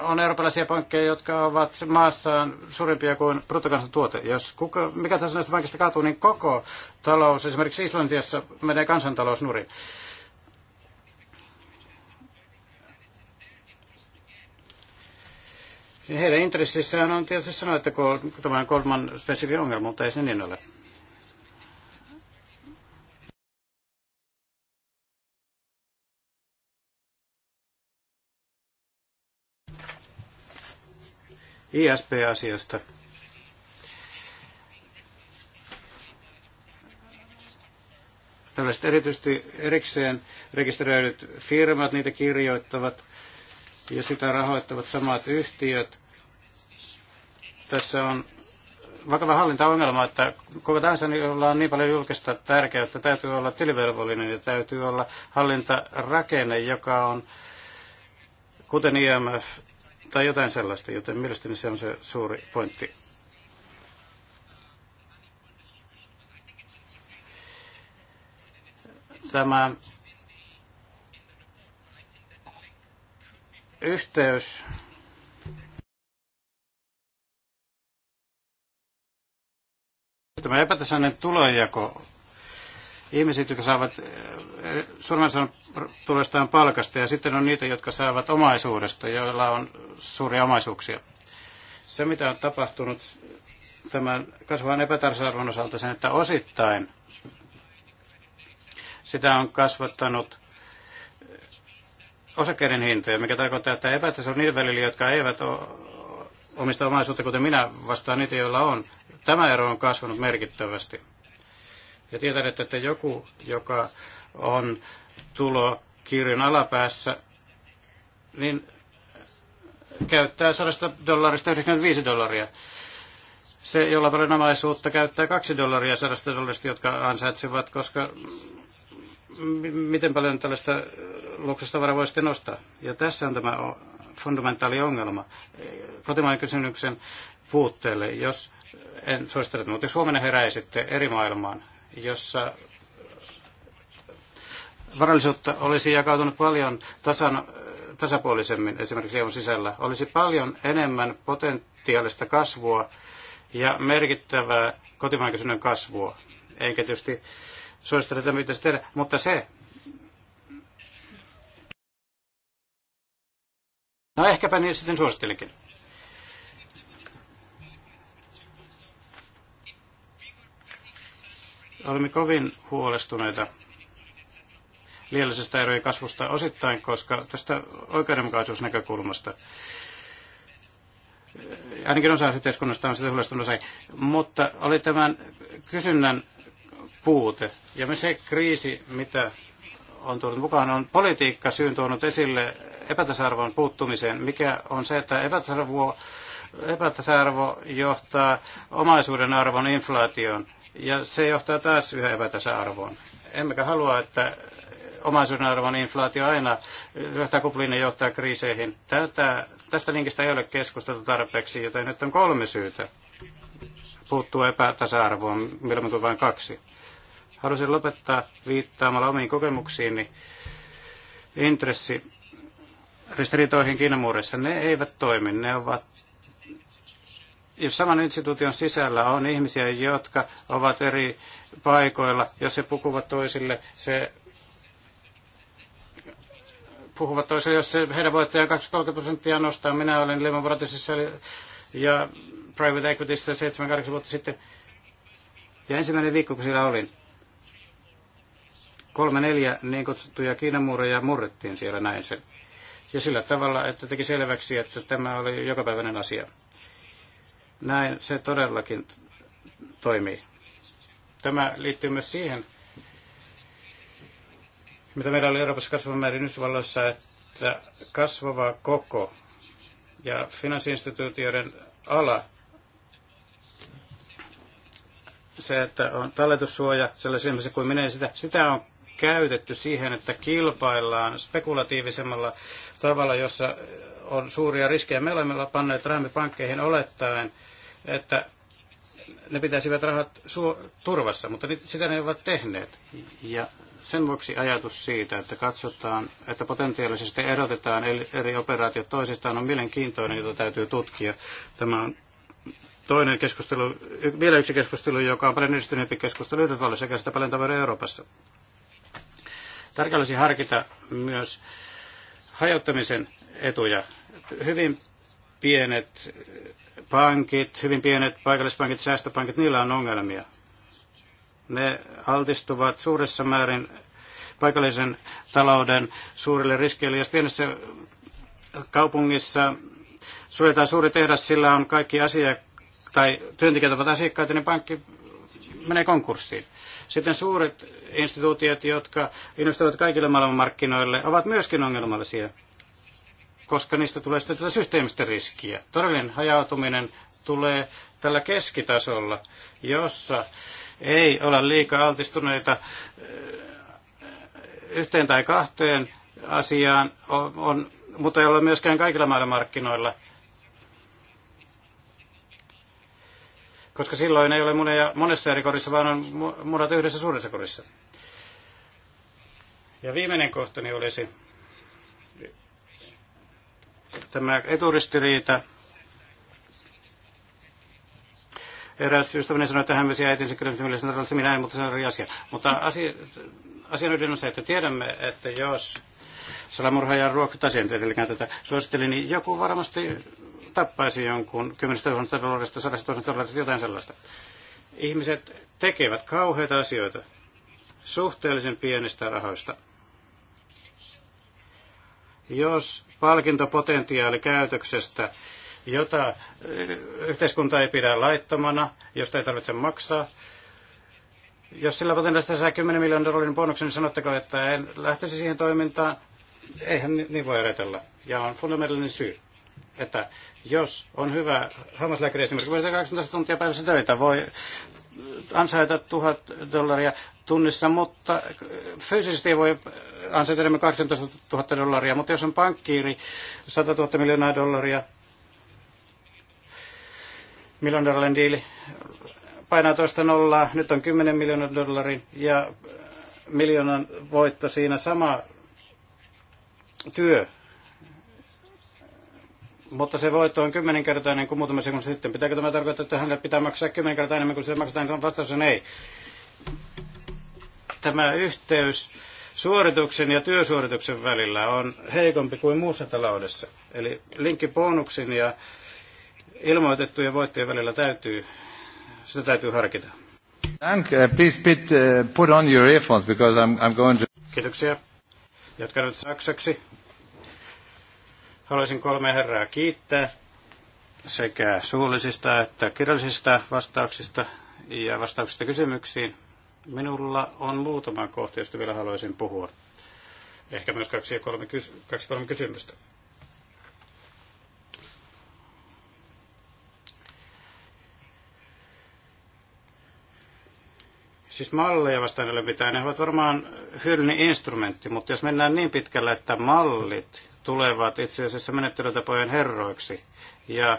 on eurooppalaisia pankkeja, jotka ovat maassaan suurimpia kuin bruttokansantuote. Jos kuka, mikä tässä näistä pankista kaatuu, niin koko talous, esimerkiksi Islantiassa, menee kansantalous nurin. Heidän intressissään on tietysti sanoa, että tämä on kolman spesifi ongelma, mutta ei se niin ole. ISP-asiasta. Tällaiset erityisesti erikseen rekisteröidyt firmat, niitä kirjoittavat ja sitä rahoittavat samat yhtiöt. Tässä on vakava hallintaongelma, että koko tahansa jolla niin on niin paljon julkista tärkeyttä, täytyy olla tilivelvollinen ja täytyy olla hallintarakenne, joka on, kuten IMF tai jotain sellaista, joten mielestäni se on se suuri pointti. Tämä yhteys Tämä epätasainen tulojako ihmiset, jotka saavat eh, surmansa tulostaan palkasta, ja sitten on niitä, jotka saavat omaisuudesta, joilla on suuria omaisuuksia. Se, mitä on tapahtunut tämän kasvavan epätarsarvon osalta, sen, että osittain sitä on kasvattanut eh, osakkeiden hintoja, mikä tarkoittaa, että epätasa niiden välillä, jotka eivät omista omaisuutta, kuten minä vastaan niitä, joilla on. Tämä ero on kasvanut merkittävästi. Ja tiedän, että joku, joka on tulo kirjan alapäässä, niin käyttää 100 dollarista 95 dollaria. Se, jolla paljon omaisuutta, käyttää 2 dollaria 100 dollarista, jotka ansaitsevat, koska miten paljon tällaista varaa voi sitten nostaa. Ja tässä on tämä fundamentaali ongelma kotimaan kysymyksen puutteelle. Jos en suosittele, että jos huomenna heräisitte eri maailmaan, jossa varallisuutta olisi jakautunut paljon tasan, tasapuolisemmin esimerkiksi EUn sisällä. Olisi paljon enemmän potentiaalista kasvua ja merkittävää kotimaan kysynnän kasvua. Eikä tietysti suosittele, että mitä tehdä, mutta se, No ehkäpä niin sitten suosittelikin. Olemme kovin huolestuneita liiallisesta erojen kasvusta osittain, koska tästä oikeudenmukaisuusnäkökulmasta ainakin osa yhteiskunnasta on sitä huolestunut usein, mutta oli tämän kysynnän puute. Ja me se kriisi, mitä on tullut mukaan, on politiikka syyn tuonut esille epätasarvon puuttumiseen, mikä on se, että epätasarvo, epätasarvo johtaa omaisuuden arvon inflaatioon ja se johtaa taas yhä epätasa-arvoon. Emmekä halua, että omaisuuden arvon inflaatio aina johtaa kuplinen johtaa kriiseihin. Tätä, tästä linkistä ei ole keskusteltu tarpeeksi, joten nyt on kolme syytä puuttua epätasa-arvoon, milloin kuin vain kaksi. Haluaisin lopettaa viittaamalla omiin kokemuksiini intressi ristiriitoihin Kiinan muurissa. Ne eivät toimi, ne ovat jos saman instituution sisällä on ihmisiä, jotka ovat eri paikoilla, jos he puhuvat toisille, se puhuvat toisille, jos se heidän voittajan 20-30 prosenttia nostaa. Minä olen Lehman Brothersissa ja Private Equityssä 7-8 vuotta sitten. Ja ensimmäinen viikko, kun siellä olin, kolme neljä niin kutsuttuja Kiinan muureja murrettiin siellä näin sen. Ja sillä tavalla, että teki selväksi, että tämä oli jokapäiväinen asia. Näin se todellakin toimii. Tämä liittyy myös siihen, mitä meillä oli Euroopassa määrin Yhdysvalloissa, että kasvava koko ja finanssiinstituutioiden ala, se, että on talletussuoja sellaisille ihmisille kuin minä, sitä, sitä on käytetty siihen, että kilpaillaan spekulatiivisemmalla tavalla, jossa on suuria riskejä. Me olemme panneet raamipankkeihin olettaen, että ne pitäisivät rahat turvassa, mutta sitä ne ovat tehneet. Ja sen vuoksi ajatus siitä, että katsotaan, että potentiaalisesti erotetaan eri operaatiot toisistaan, on mielenkiintoinen, jota täytyy tutkia. Tämä on toinen keskustelu, vielä yksi keskustelu, joka on paljon edistyneempi keskustelu Yhdysvalloissa sekä sitä paljon tavoin Euroopassa. Tärkeää olisi harkita myös hajottamisen etuja. Hyvin pienet pankit, hyvin pienet paikallispankit, säästöpankit, niillä on ongelmia. Ne altistuvat suuressa määrin paikallisen talouden suurille riskeille. Jos pienessä kaupungissa suljetaan suuri tehdas, sillä on kaikki asia, tai työntekijät ovat asiakkaita, niin pankki menee konkurssiin. Sitten suuret instituutiot, jotka investoivat kaikille maailmanmarkkinoille, ovat myöskin ongelmallisia koska niistä tulee sitten tätä systeemistä riskiä. Todellinen hajautuminen tulee tällä keskitasolla, jossa ei ole liikaa altistuneita eh, yhteen tai kahteen asiaan, on, on, mutta ei ole myöskään kaikilla maailmanmarkkinoilla. Koska silloin ei ole muneja monessa eri korissa, vaan on munat yhdessä suuressa korissa. Ja viimeinen kohtani olisi Tämä eturistiriita eräs ystäväni sanoi, että hän vesi äitinsä kylmässä mielessä, että minä en, mutta se on eri asia. Mutta asia, asian ydin on se, että tiedämme, että jos salamurhaajan ruokkitaisi, en tietenkään tätä suositteli, niin joku varmasti tappaisi jonkun 10 000 dollarista, 100 000 dollarista, jotain sellaista. Ihmiset tekevät kauheita asioita suhteellisen pienistä rahoista. Jos palkintopotentiaali käytöksestä, jota eh, yhteiskunta ei pidä laittomana, josta ei tarvitse maksaa, jos sillä potentiaalista saa 10 miljoonan dollarin bonuksen, niin sanotteko, että en lähtisi siihen toimintaan? Eihän niin voi ajatella. Ja on fundamentaalinen syy että jos on hyvä hammaslääkäri esimerkiksi, voi 18 tuntia päivässä töitä, voi ansaita tuhat dollaria tunnissa, mutta fyysisesti ei voi ansaita enemmän 18 000 dollaria, mutta jos on pankkiiri 100 000 miljoonaa dollaria, miljoonan dollarin diili painaa toista nollaa, nyt on 10 miljoonan dollaria ja miljoonan voitto siinä sama työ mutta se voitto on kymmenenkertainen kuin muutama sekunti sitten. Pitääkö tämä tarkoittaa, että hänelle pitää maksaa kertaa enemmän kuin se maksetaan? Niin vastaus on ei. Tämä yhteys suorituksen ja työsuorituksen välillä on heikompi kuin muussa taloudessa. Eli linkki bonuksin ja ilmoitettujen voittojen välillä täytyy, sitä täytyy harkita. Thank, uh, please put, uh, put on your earphones because I'm, I'm going to... Kiitoksia. Jatkan nyt saksaksi. Haluaisin kolme herraa kiittää sekä suullisista että kirjallisista vastauksista ja vastauksista kysymyksiin. Minulla on muutama kohta, josta vielä haluaisin puhua. Ehkä myös kaksi, kolme, kaksi kolme kysymystä. siis malleja vastaan ei ole mitään. Ne ovat varmaan hyödyllinen instrumentti, mutta jos mennään niin pitkälle, että mallit tulevat itse asiassa menettelytapojen herroiksi ja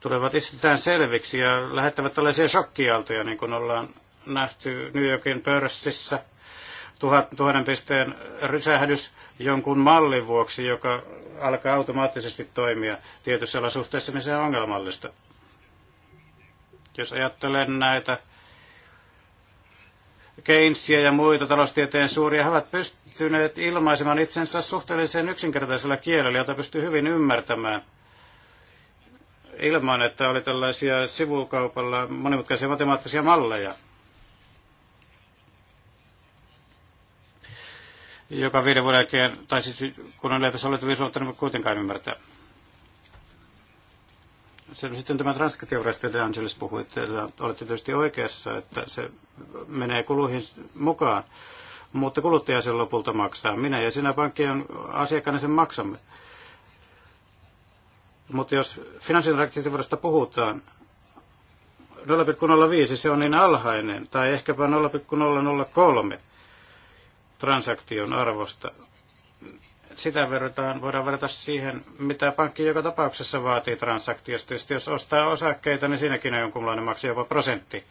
tulevat itsestään selviksi ja lähettävät tällaisia shokkialtoja, niin kuin ollaan nähty New Yorkin pörssissä. Tuhat, tuhannen pisteen rysähdys jonkun mallin vuoksi, joka alkaa automaattisesti toimia tietyssä olosuhteessa, niin se on ongelmallista. Jos ajattelen näitä Keynesia ja muita taloustieteen suuria, he ovat pystyneet ilmaisemaan itsensä suhteellisen yksinkertaisella kielellä, jota pystyy hyvin ymmärtämään ilman, että oli tällaisia sivukaupalla monimutkaisia matemaattisia malleja. joka viiden vuoden jälkeen, tai siis kun on leipässä olet viisi niin kuitenkaan ymmärtää. Sitten tämä transaktioverosta, De Angelis että olette tietysti oikeassa, että se menee kuluihin mukaan, mutta kuluttaja sen lopulta maksaa. Minä ja sinä pankkien asiakkaana sen maksamme. Mutta jos finanssitransaktiivisuudesta puhutaan, 0,05 se on niin alhainen, tai ehkäpä 0,003 transaktion arvosta sitä verrataan, voidaan verrata siihen, mitä pankki joka tapauksessa vaatii transaktiosta. Tietysti jos ostaa osakkeita, niin siinäkin on jonkunlainen maksu jopa prosentti.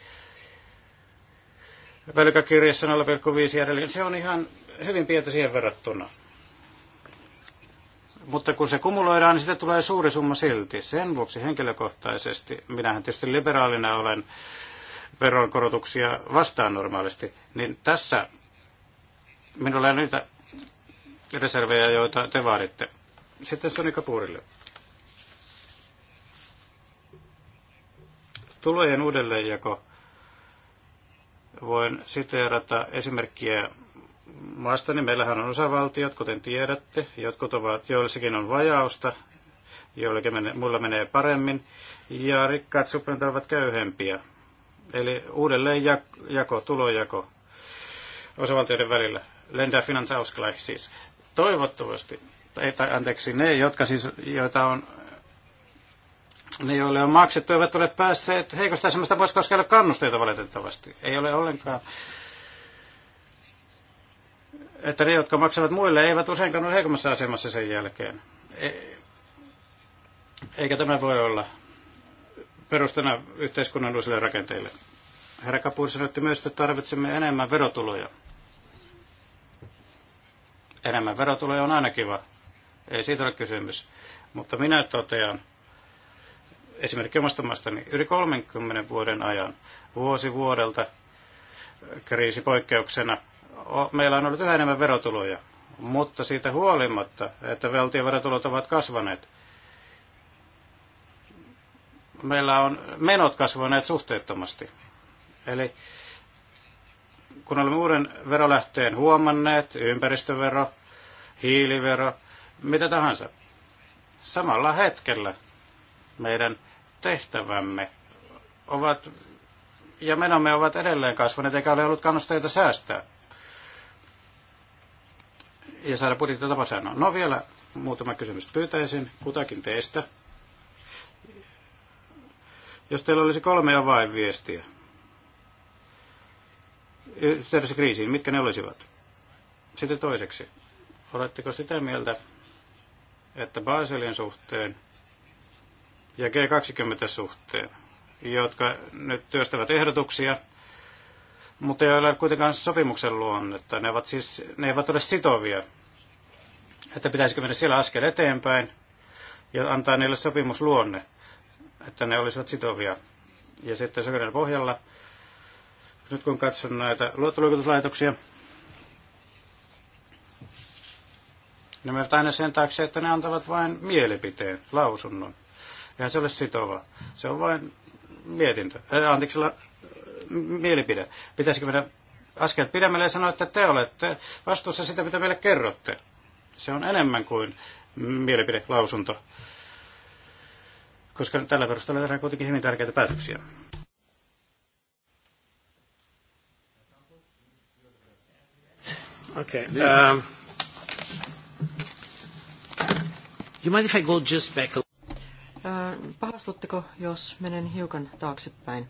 Välikakirjassa 0,5 edelleen. Se on ihan hyvin pientä siihen verrattuna. Mutta kun se kumuloidaan, niin sitä tulee suuri summa silti. Sen vuoksi henkilökohtaisesti, minähän tietysti liberaalina olen veronkorotuksia vastaan normaalisti, niin tässä minulla ei ole niitä reservejä, joita te vaaditte. Sitten Soni Kapurille. Tulojen uudelleenjako. Voin siteerata esimerkkiä maasta, niin meillähän on osavaltiot, kuten tiedätte. Jotkut ovat, joillekin on vajausta, joillekin mene, mulla menee paremmin, ja rikkaat ovat köyhempiä. Eli uudelleen jako, tulojako osavaltioiden välillä. Lendä Finanzausgleich siis. Toivottavasti, tai, tai anteeksi, ne, jotka siis, joita on, ne, joille on maksettu, eivät ole päässeet heikosta asemasta pois, koska ei ole kannusteita valitettavasti. Ei ole ollenkaan että ne, jotka maksavat muille, eivät useinkaan ole heikommassa asemassa sen jälkeen. E- eikä tämä voi olla perustana uusille rakenteille. Herra Kapur sanoi myös, että tarvitsemme enemmän verotuloja. Enemmän verotuloja on aina kiva. Ei siitä ole kysymys. Mutta minä totean, esimerkiksi omasta maastani, yli 30 vuoden ajan, vuosi vuodelta, kriisipoikkeuksena, meillä on ollut yhä enemmän verotuloja. Mutta siitä huolimatta, että valtioverotulot ovat kasvaneet, meillä on menot kasvaneet suhteettomasti. Eli kun olemme uuden verolähteen huomanneet, ympäristövero, hiilivero, mitä tahansa. Samalla hetkellä meidän tehtävämme ovat ja menomme ovat edelleen kasvaneet, eikä ole ollut kannusteita säästää ja saada budjettia tapasäännon. No vielä muutama kysymys pyytäisin kutakin teistä. Jos teillä olisi kolme avainviestiä yhteydessä kriisiin, mitkä ne olisivat? Sitten toiseksi, Oletteko sitä mieltä, että Baselin suhteen ja G20 suhteen, jotka nyt työstävät ehdotuksia, mutta ei ole kuitenkaan sopimuksen luonnetta. Ne, ovat siis, ne eivät ole sitovia. Että pitäisikö mennä siellä askel eteenpäin ja antaa niille sopimusluonne, että ne olisivat sitovia. Ja sitten sokerin pohjalla, nyt kun katson näitä luottoluokituslaitoksia, Ne menevät aina sen taakse, että ne antavat vain mielipiteen, lausunnon. Eihän se ole sitova. Se on vain mietintö. Äh, anteeksi, la, mielipide. Pitäisikö mennä askel pidemmälle ja sanoa, että te olette vastuussa sitä, mitä meille kerrotte. Se on enemmän kuin mielipide lausunto, koska tällä perusteella tehdään kuitenkin hyvin tärkeitä päätöksiä. Okay. Um, niin. ähm, You mind if I go just back a... Pahastutteko, jos menen hiukan taaksepäin?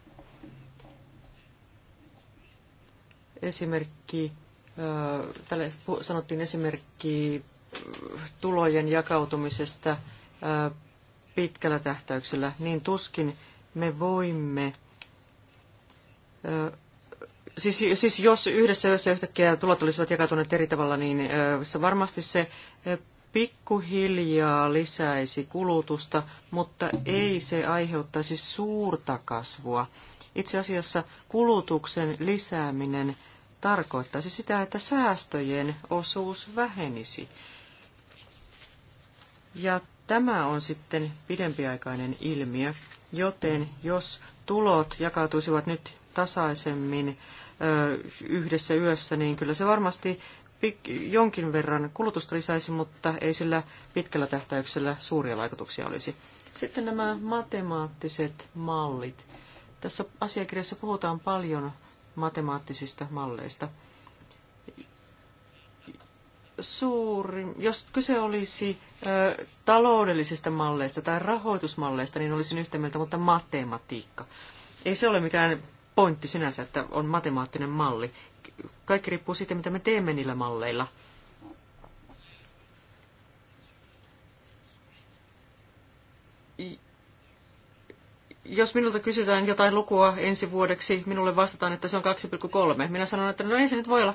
Esimerkki, tälle sanottiin esimerkki tulojen jakautumisesta pitkällä tähtäyksellä, niin tuskin me voimme siis, siis jos yhdessä yössä yhtäkkiä tulot olisivat jakautuneet eri tavalla, niin se varmasti se pikkuhiljaa lisäisi kulutusta, mutta ei se aiheuttaisi suurta kasvua. Itse asiassa kulutuksen lisääminen tarkoittaisi sitä, että säästöjen osuus vähenisi. Ja tämä on sitten pidempiaikainen ilmiö, joten jos tulot jakautuisivat nyt tasaisemmin yhdessä yössä, niin kyllä se varmasti jonkin verran kulutusta lisäisi, mutta ei sillä pitkällä tähtäyksellä suuria vaikutuksia olisi. Sitten nämä matemaattiset mallit. Tässä asiakirjassa puhutaan paljon matemaattisista malleista. Suuri, jos kyse olisi ö, taloudellisista malleista tai rahoitusmalleista, niin olisin yhtä mieltä, mutta matematiikka. Ei se ole mikään pointti sinänsä, että on matemaattinen malli kaikki riippuu siitä, mitä me teemme niillä malleilla. Jos minulta kysytään jotain lukua ensi vuodeksi, minulle vastataan, että se on 2,3. Minä sanon, että no ei se nyt voi olla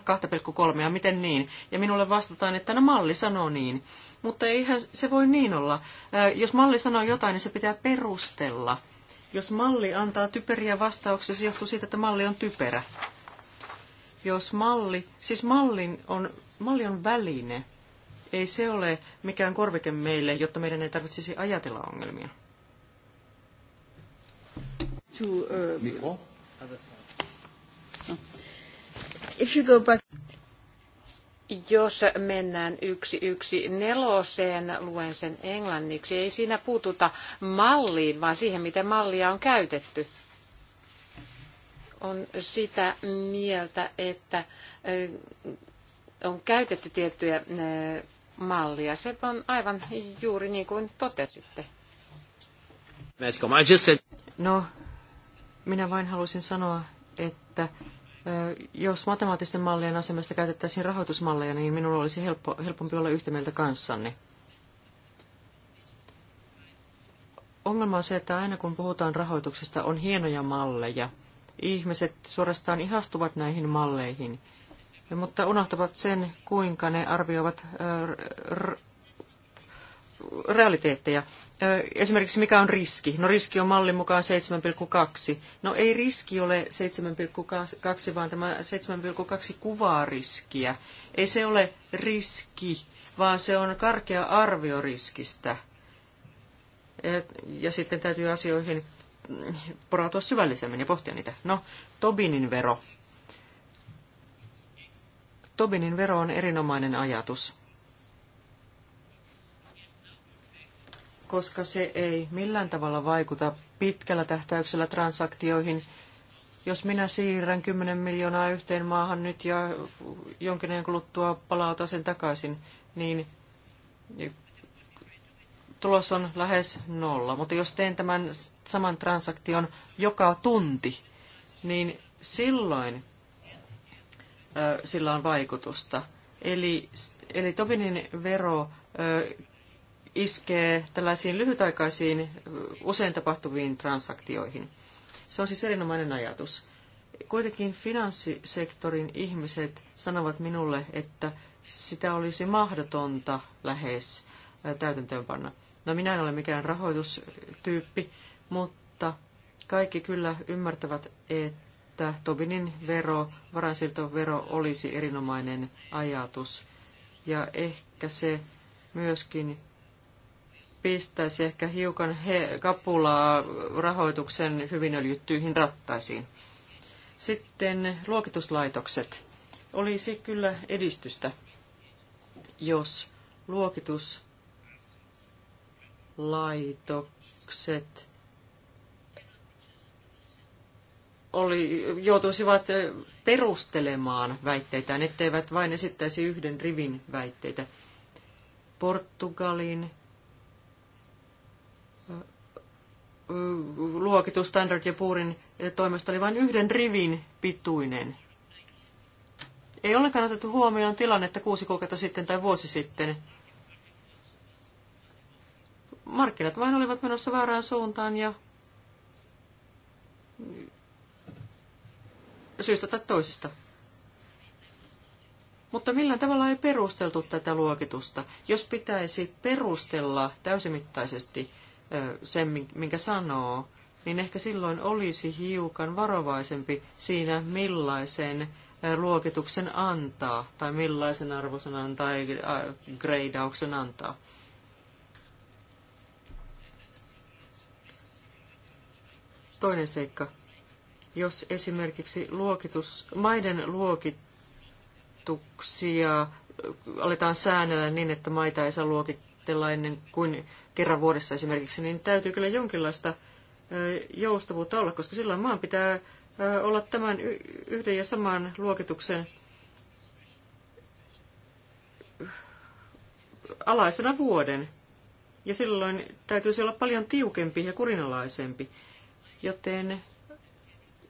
2,3, ja miten niin? Ja minulle vastataan, että no malli sanoo niin. Mutta eihän se voi niin olla. Jos malli sanoo jotain, niin se pitää perustella. Jos malli antaa typeriä vastauksia, se johtuu siitä, että malli on typerä. Jos malli, siis mallin on, malli on väline, ei se ole mikään korvike meille, jotta meidän ei tarvitsisi ajatella ongelmia. To, uh, Mikro? If you go back... Jos mennään yksi yksi neloseen, luen sen englanniksi, ei siinä puututa malliin, vaan siihen, miten mallia on käytetty on sitä mieltä, että on käytetty tiettyjä mallia. Se on aivan juuri niin kuin totesitte. No, minä vain halusin sanoa, että jos matemaattisten mallien asemasta käytettäisiin rahoitusmalleja, niin minulla olisi helppo, helpompi olla yhtä mieltä kanssanne. Ongelma on se, että aina kun puhutaan rahoituksesta, on hienoja malleja – Ihmiset suorastaan ihastuvat näihin malleihin, mutta unohtavat sen, kuinka ne arvioivat realiteetteja. Esimerkiksi mikä on riski? No riski on mallin mukaan 7,2. No ei riski ole 7,2, vaan tämä 7,2 kuvaa riskiä. Ei se ole riski, vaan se on karkea arvio riskistä. Ja sitten täytyy asioihin porautua syvällisemmin ja pohtia niitä. No, Tobinin vero. Tobinin vero on erinomainen ajatus, koska se ei millään tavalla vaikuta pitkällä tähtäyksellä transaktioihin. Jos minä siirrän 10 miljoonaa yhteen maahan nyt ja jonkin ajan kuluttua palautan sen takaisin, niin tulos on lähes nolla. Mutta jos teen tämän saman transaktion joka tunti, niin silloin ö, sillä on vaikutusta. Eli, eli Tobinin vero ö, iskee tällaisiin lyhytaikaisiin, usein tapahtuviin transaktioihin. Se on siis erinomainen ajatus. Kuitenkin finanssisektorin ihmiset sanovat minulle, että sitä olisi mahdotonta lähes täytäntöönpanna. No minä en ole mikään rahoitustyyppi, mutta kaikki kyllä ymmärtävät, että Tobinin vero, varainsiirtovero olisi erinomainen ajatus. Ja ehkä se myöskin pistäisi ehkä hiukan he, kapulaa rahoituksen hyvin öljyttyihin rattaisiin. Sitten luokituslaitokset. Olisi kyllä edistystä, jos luokitus laitokset oli, joutuisivat perustelemaan väitteitään, etteivät vain esittäisi yhden rivin väitteitä. Portugalin luokitus Standard ja Puurin toimesta oli vain yhden rivin pituinen. Ei ollenkaan otettu huomioon tilannetta kuusi kuukautta sitten tai vuosi sitten, markkinat vain olivat menossa väärään suuntaan ja syystä tai toisista. Mutta millään tavalla ei perusteltu tätä luokitusta. Jos pitäisi perustella täysimittaisesti sen, minkä sanoo, niin ehkä silloin olisi hiukan varovaisempi siinä, millaisen luokituksen antaa, tai millaisen arvosanan tai gradeauksen antaa. Toinen seikka. Jos esimerkiksi luokitus, maiden luokituksia aletaan säännellä niin, että maita ei saa luokitella ennen kuin kerran vuodessa esimerkiksi, niin täytyy kyllä jonkinlaista joustavuutta olla, koska silloin maan pitää olla tämän yhden ja saman luokituksen alaisena vuoden. Ja silloin täytyisi olla paljon tiukempi ja kurinalaisempi. Joten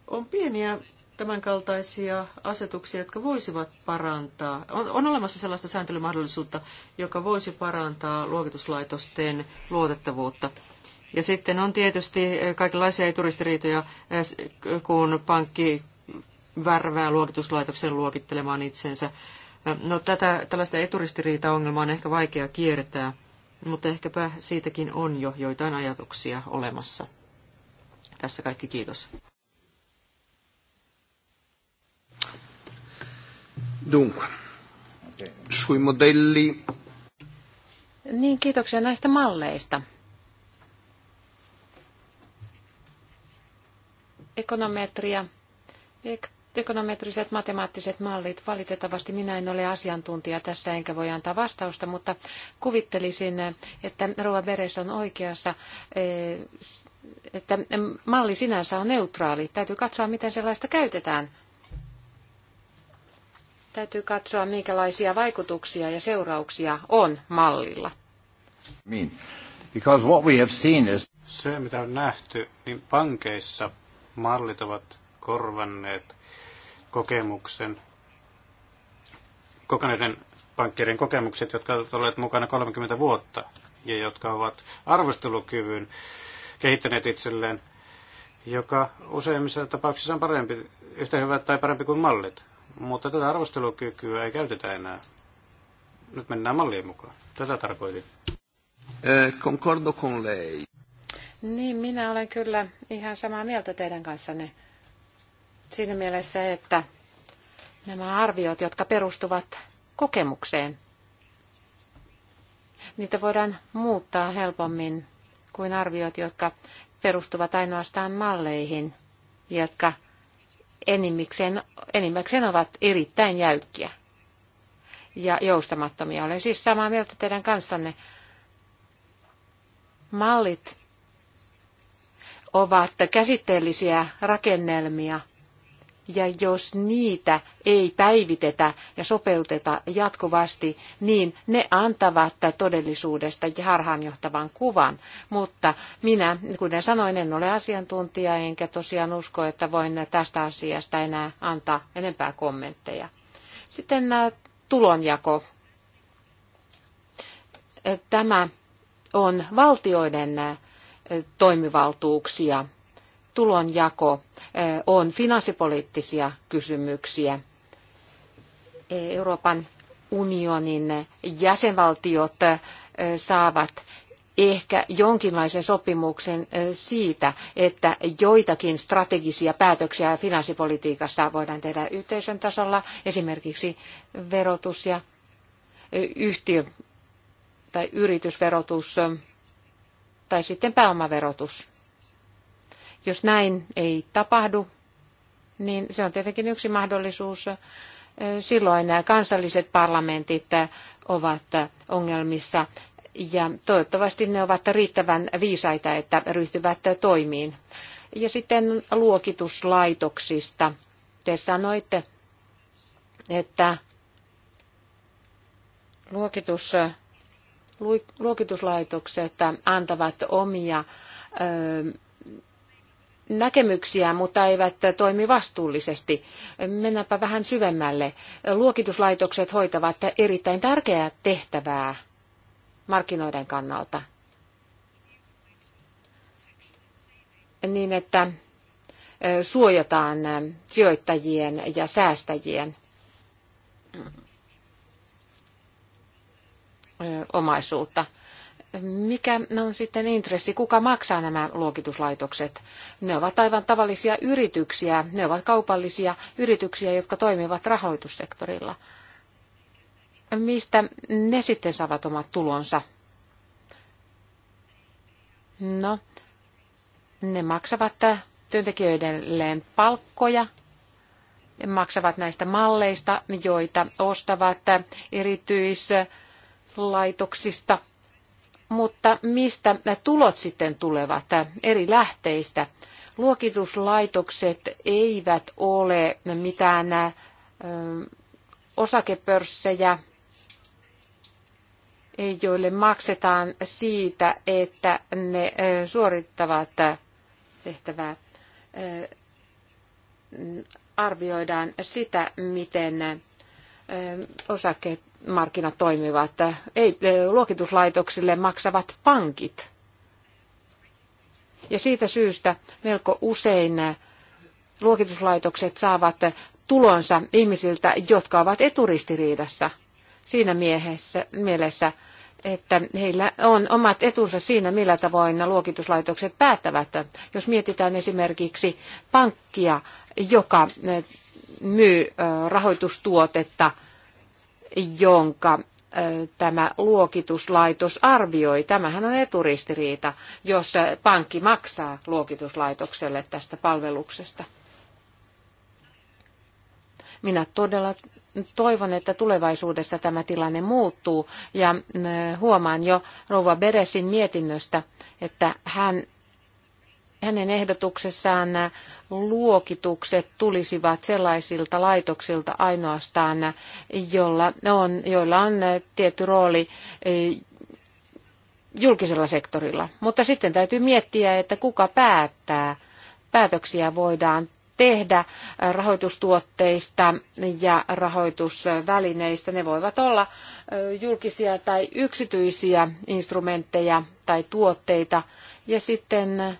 on pieniä tämänkaltaisia asetuksia, jotka voisivat parantaa. On, on olemassa sellaista sääntelymahdollisuutta, joka voisi parantaa luokituslaitosten luotettavuutta. Ja sitten on tietysti eh, kaikenlaisia eturistiriitoja, eh, kun pankki värvää luokituslaitoksen luokittelemaan itsensä. Eh, no tätä, tällaista eturistiriitaongelmaa on ehkä vaikea kiertää, mutta ehkäpä siitäkin on jo joitain ajatuksia olemassa. Tässä kaikki kiitos. Dunque, sui modelli. Niin, kiitoksia näistä malleista. Ekonometria, ek- ekonometriset matemaattiset mallit. Valitettavasti minä en ole asiantuntija tässä enkä voi antaa vastausta, mutta kuvittelisin, että Rova Beres on oikeassa eh, että malli sinänsä on neutraali. Täytyy katsoa, miten sellaista käytetään. Täytyy katsoa, minkälaisia vaikutuksia ja seurauksia on mallilla. Mean. Because what we have seen is... Se, mitä on nähty, niin pankeissa mallit ovat korvanneet kokemuksen, kokeneiden pankkirien kokemukset, jotka ovat olleet mukana 30 vuotta ja jotka ovat arvostelukyvyn kehittäneet itselleen, joka useimmissa tapauksissa on parempi, yhtä hyvä tai parempi kuin mallit. Mutta tätä arvostelukykyä ei käytetä enää. Nyt mennään mallien mukaan. Tätä tarkoitin. Eh, concordo con lei. Niin, minä olen kyllä ihan samaa mieltä teidän kanssanne. Siinä mielessä, että nämä arviot, jotka perustuvat kokemukseen, niitä voidaan muuttaa helpommin kuin arviot, jotka perustuvat ainoastaan malleihin, jotka enimmäkseen, enimmäkseen ovat erittäin jäykkiä ja joustamattomia. Olen siis samaa mieltä teidän kanssanne. Mallit ovat käsitteellisiä rakennelmia – ja jos niitä ei päivitetä ja sopeuteta jatkuvasti, niin ne antavat todellisuudesta harhaanjohtavan kuvan. Mutta minä, kuten sanoin, en ole asiantuntija, enkä tosiaan usko, että voin tästä asiasta enää antaa enempää kommentteja. Sitten äh, tulonjako. Äh, tämä on valtioiden äh, toimivaltuuksia tulonjako eh, on finanssipoliittisia kysymyksiä. Eh, Euroopan unionin jäsenvaltiot eh, saavat ehkä jonkinlaisen sopimuksen siitä, että joitakin strategisia päätöksiä finanssipolitiikassa voidaan tehdä yhteisön tasolla, esimerkiksi verotus ja yhtiö- tai yritysverotus tai sitten pääomaverotus. Jos näin ei tapahdu, niin se on tietenkin yksi mahdollisuus. Silloin nämä kansalliset parlamentit ovat ongelmissa ja toivottavasti ne ovat riittävän viisaita, että ryhtyvät toimiin. Ja sitten luokituslaitoksista. Te sanoitte, että luokitus, luokituslaitokset antavat omia ö, näkemyksiä, mutta eivät toimi vastuullisesti. Mennäänpä vähän syvemmälle. Luokituslaitokset hoitavat erittäin tärkeää tehtävää markkinoiden kannalta. Niin, että suojataan sijoittajien ja säästäjien omaisuutta mikä on sitten intressi, kuka maksaa nämä luokituslaitokset? Ne ovat aivan tavallisia yrityksiä, ne ovat kaupallisia yrityksiä, jotka toimivat rahoitussektorilla. Mistä ne sitten saavat omat tulonsa? No, ne maksavat työntekijöidelleen palkkoja, maksavat näistä malleista, joita ostavat erityislaitoksista – mutta mistä tulot sitten tulevat eri lähteistä? Luokituslaitokset eivät ole mitään osakepörssejä, joille maksetaan siitä, että ne suorittavat tehtävää. Arvioidaan sitä, miten osakemarkkinat toimivat. Ei luokituslaitoksille maksavat pankit. Ja siitä syystä melko usein luokituslaitokset saavat tulonsa ihmisiltä, jotka ovat eturistiriidassa siinä miehessä, mielessä, että heillä on omat etunsa siinä, millä tavoin luokituslaitokset päättävät. Jos mietitään esimerkiksi pankkia, joka myy rahoitustuotetta, jonka tämä luokituslaitos arvioi. Tämähän on eturistiriita, jos pankki maksaa luokituslaitokselle tästä palveluksesta. Minä todella toivon, että tulevaisuudessa tämä tilanne muuttuu ja huomaan jo rouva Beresin mietinnöstä, että hän hänen ehdotuksessaan luokitukset tulisivat sellaisilta laitoksilta ainoastaan, jolla on, joilla on tietty rooli eh, julkisella sektorilla. Mutta sitten täytyy miettiä, että kuka päättää. Päätöksiä voidaan tehdä rahoitustuotteista ja rahoitusvälineistä. Ne voivat olla eh, julkisia tai yksityisiä instrumentteja tai tuotteita. Ja sitten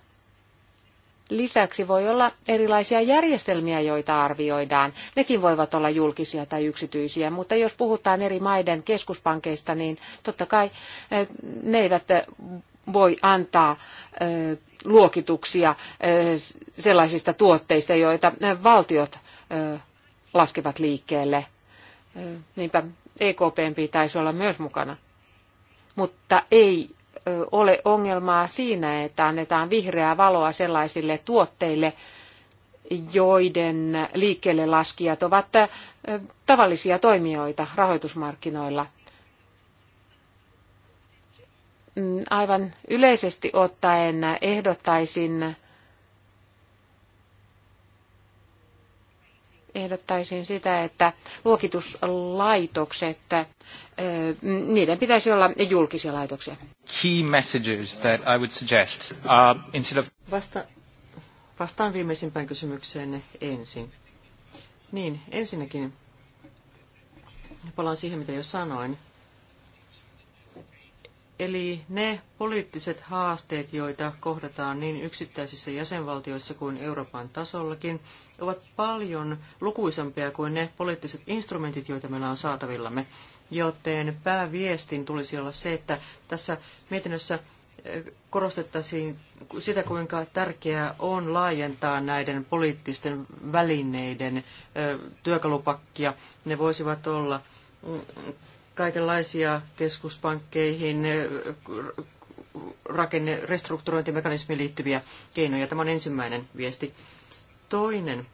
Lisäksi voi olla erilaisia järjestelmiä, joita arvioidaan. Nekin voivat olla julkisia tai yksityisiä, mutta jos puhutaan eri maiden keskuspankeista, niin totta kai eh, ne eivät eh, voi antaa eh, luokituksia sellaisista tuotteista, joita valtiot laskevat liikkeelle. Niinpä EKP pitäisi olla myös mukana, mutta ei ole ongelmaa siinä, että annetaan vihreää valoa sellaisille tuotteille, joiden liikkeelle laskijat ovat tavallisia toimijoita rahoitusmarkkinoilla. Mm, aivan yleisesti ottaen ehdottaisin ehdottaisin sitä, että luokituslaitokset, niiden pitäisi olla julkisia laitoksia. Key messages that I would suggest. Uh, instead of... Vasta, vastaan viimeisimpään kysymykseen ensin. Niin, ensinnäkin palaan siihen, mitä jo sanoin. Eli ne poliittiset haasteet, joita kohdataan niin yksittäisissä jäsenvaltioissa kuin Euroopan tasollakin, ovat paljon lukuisampia kuin ne poliittiset instrumentit, joita meillä on saatavillamme. Joten pääviestin tulisi olla se, että tässä mietinnössä eh, korostettaisiin sitä, kuinka tärkeää on laajentaa näiden poliittisten välineiden eh, työkalupakkia. Ne voisivat olla mm, kaikenlaisia keskuspankkeihin, rakenne, restrukturointimekanismiin liittyviä keinoja. Tämä on ensimmäinen viesti. Toinen,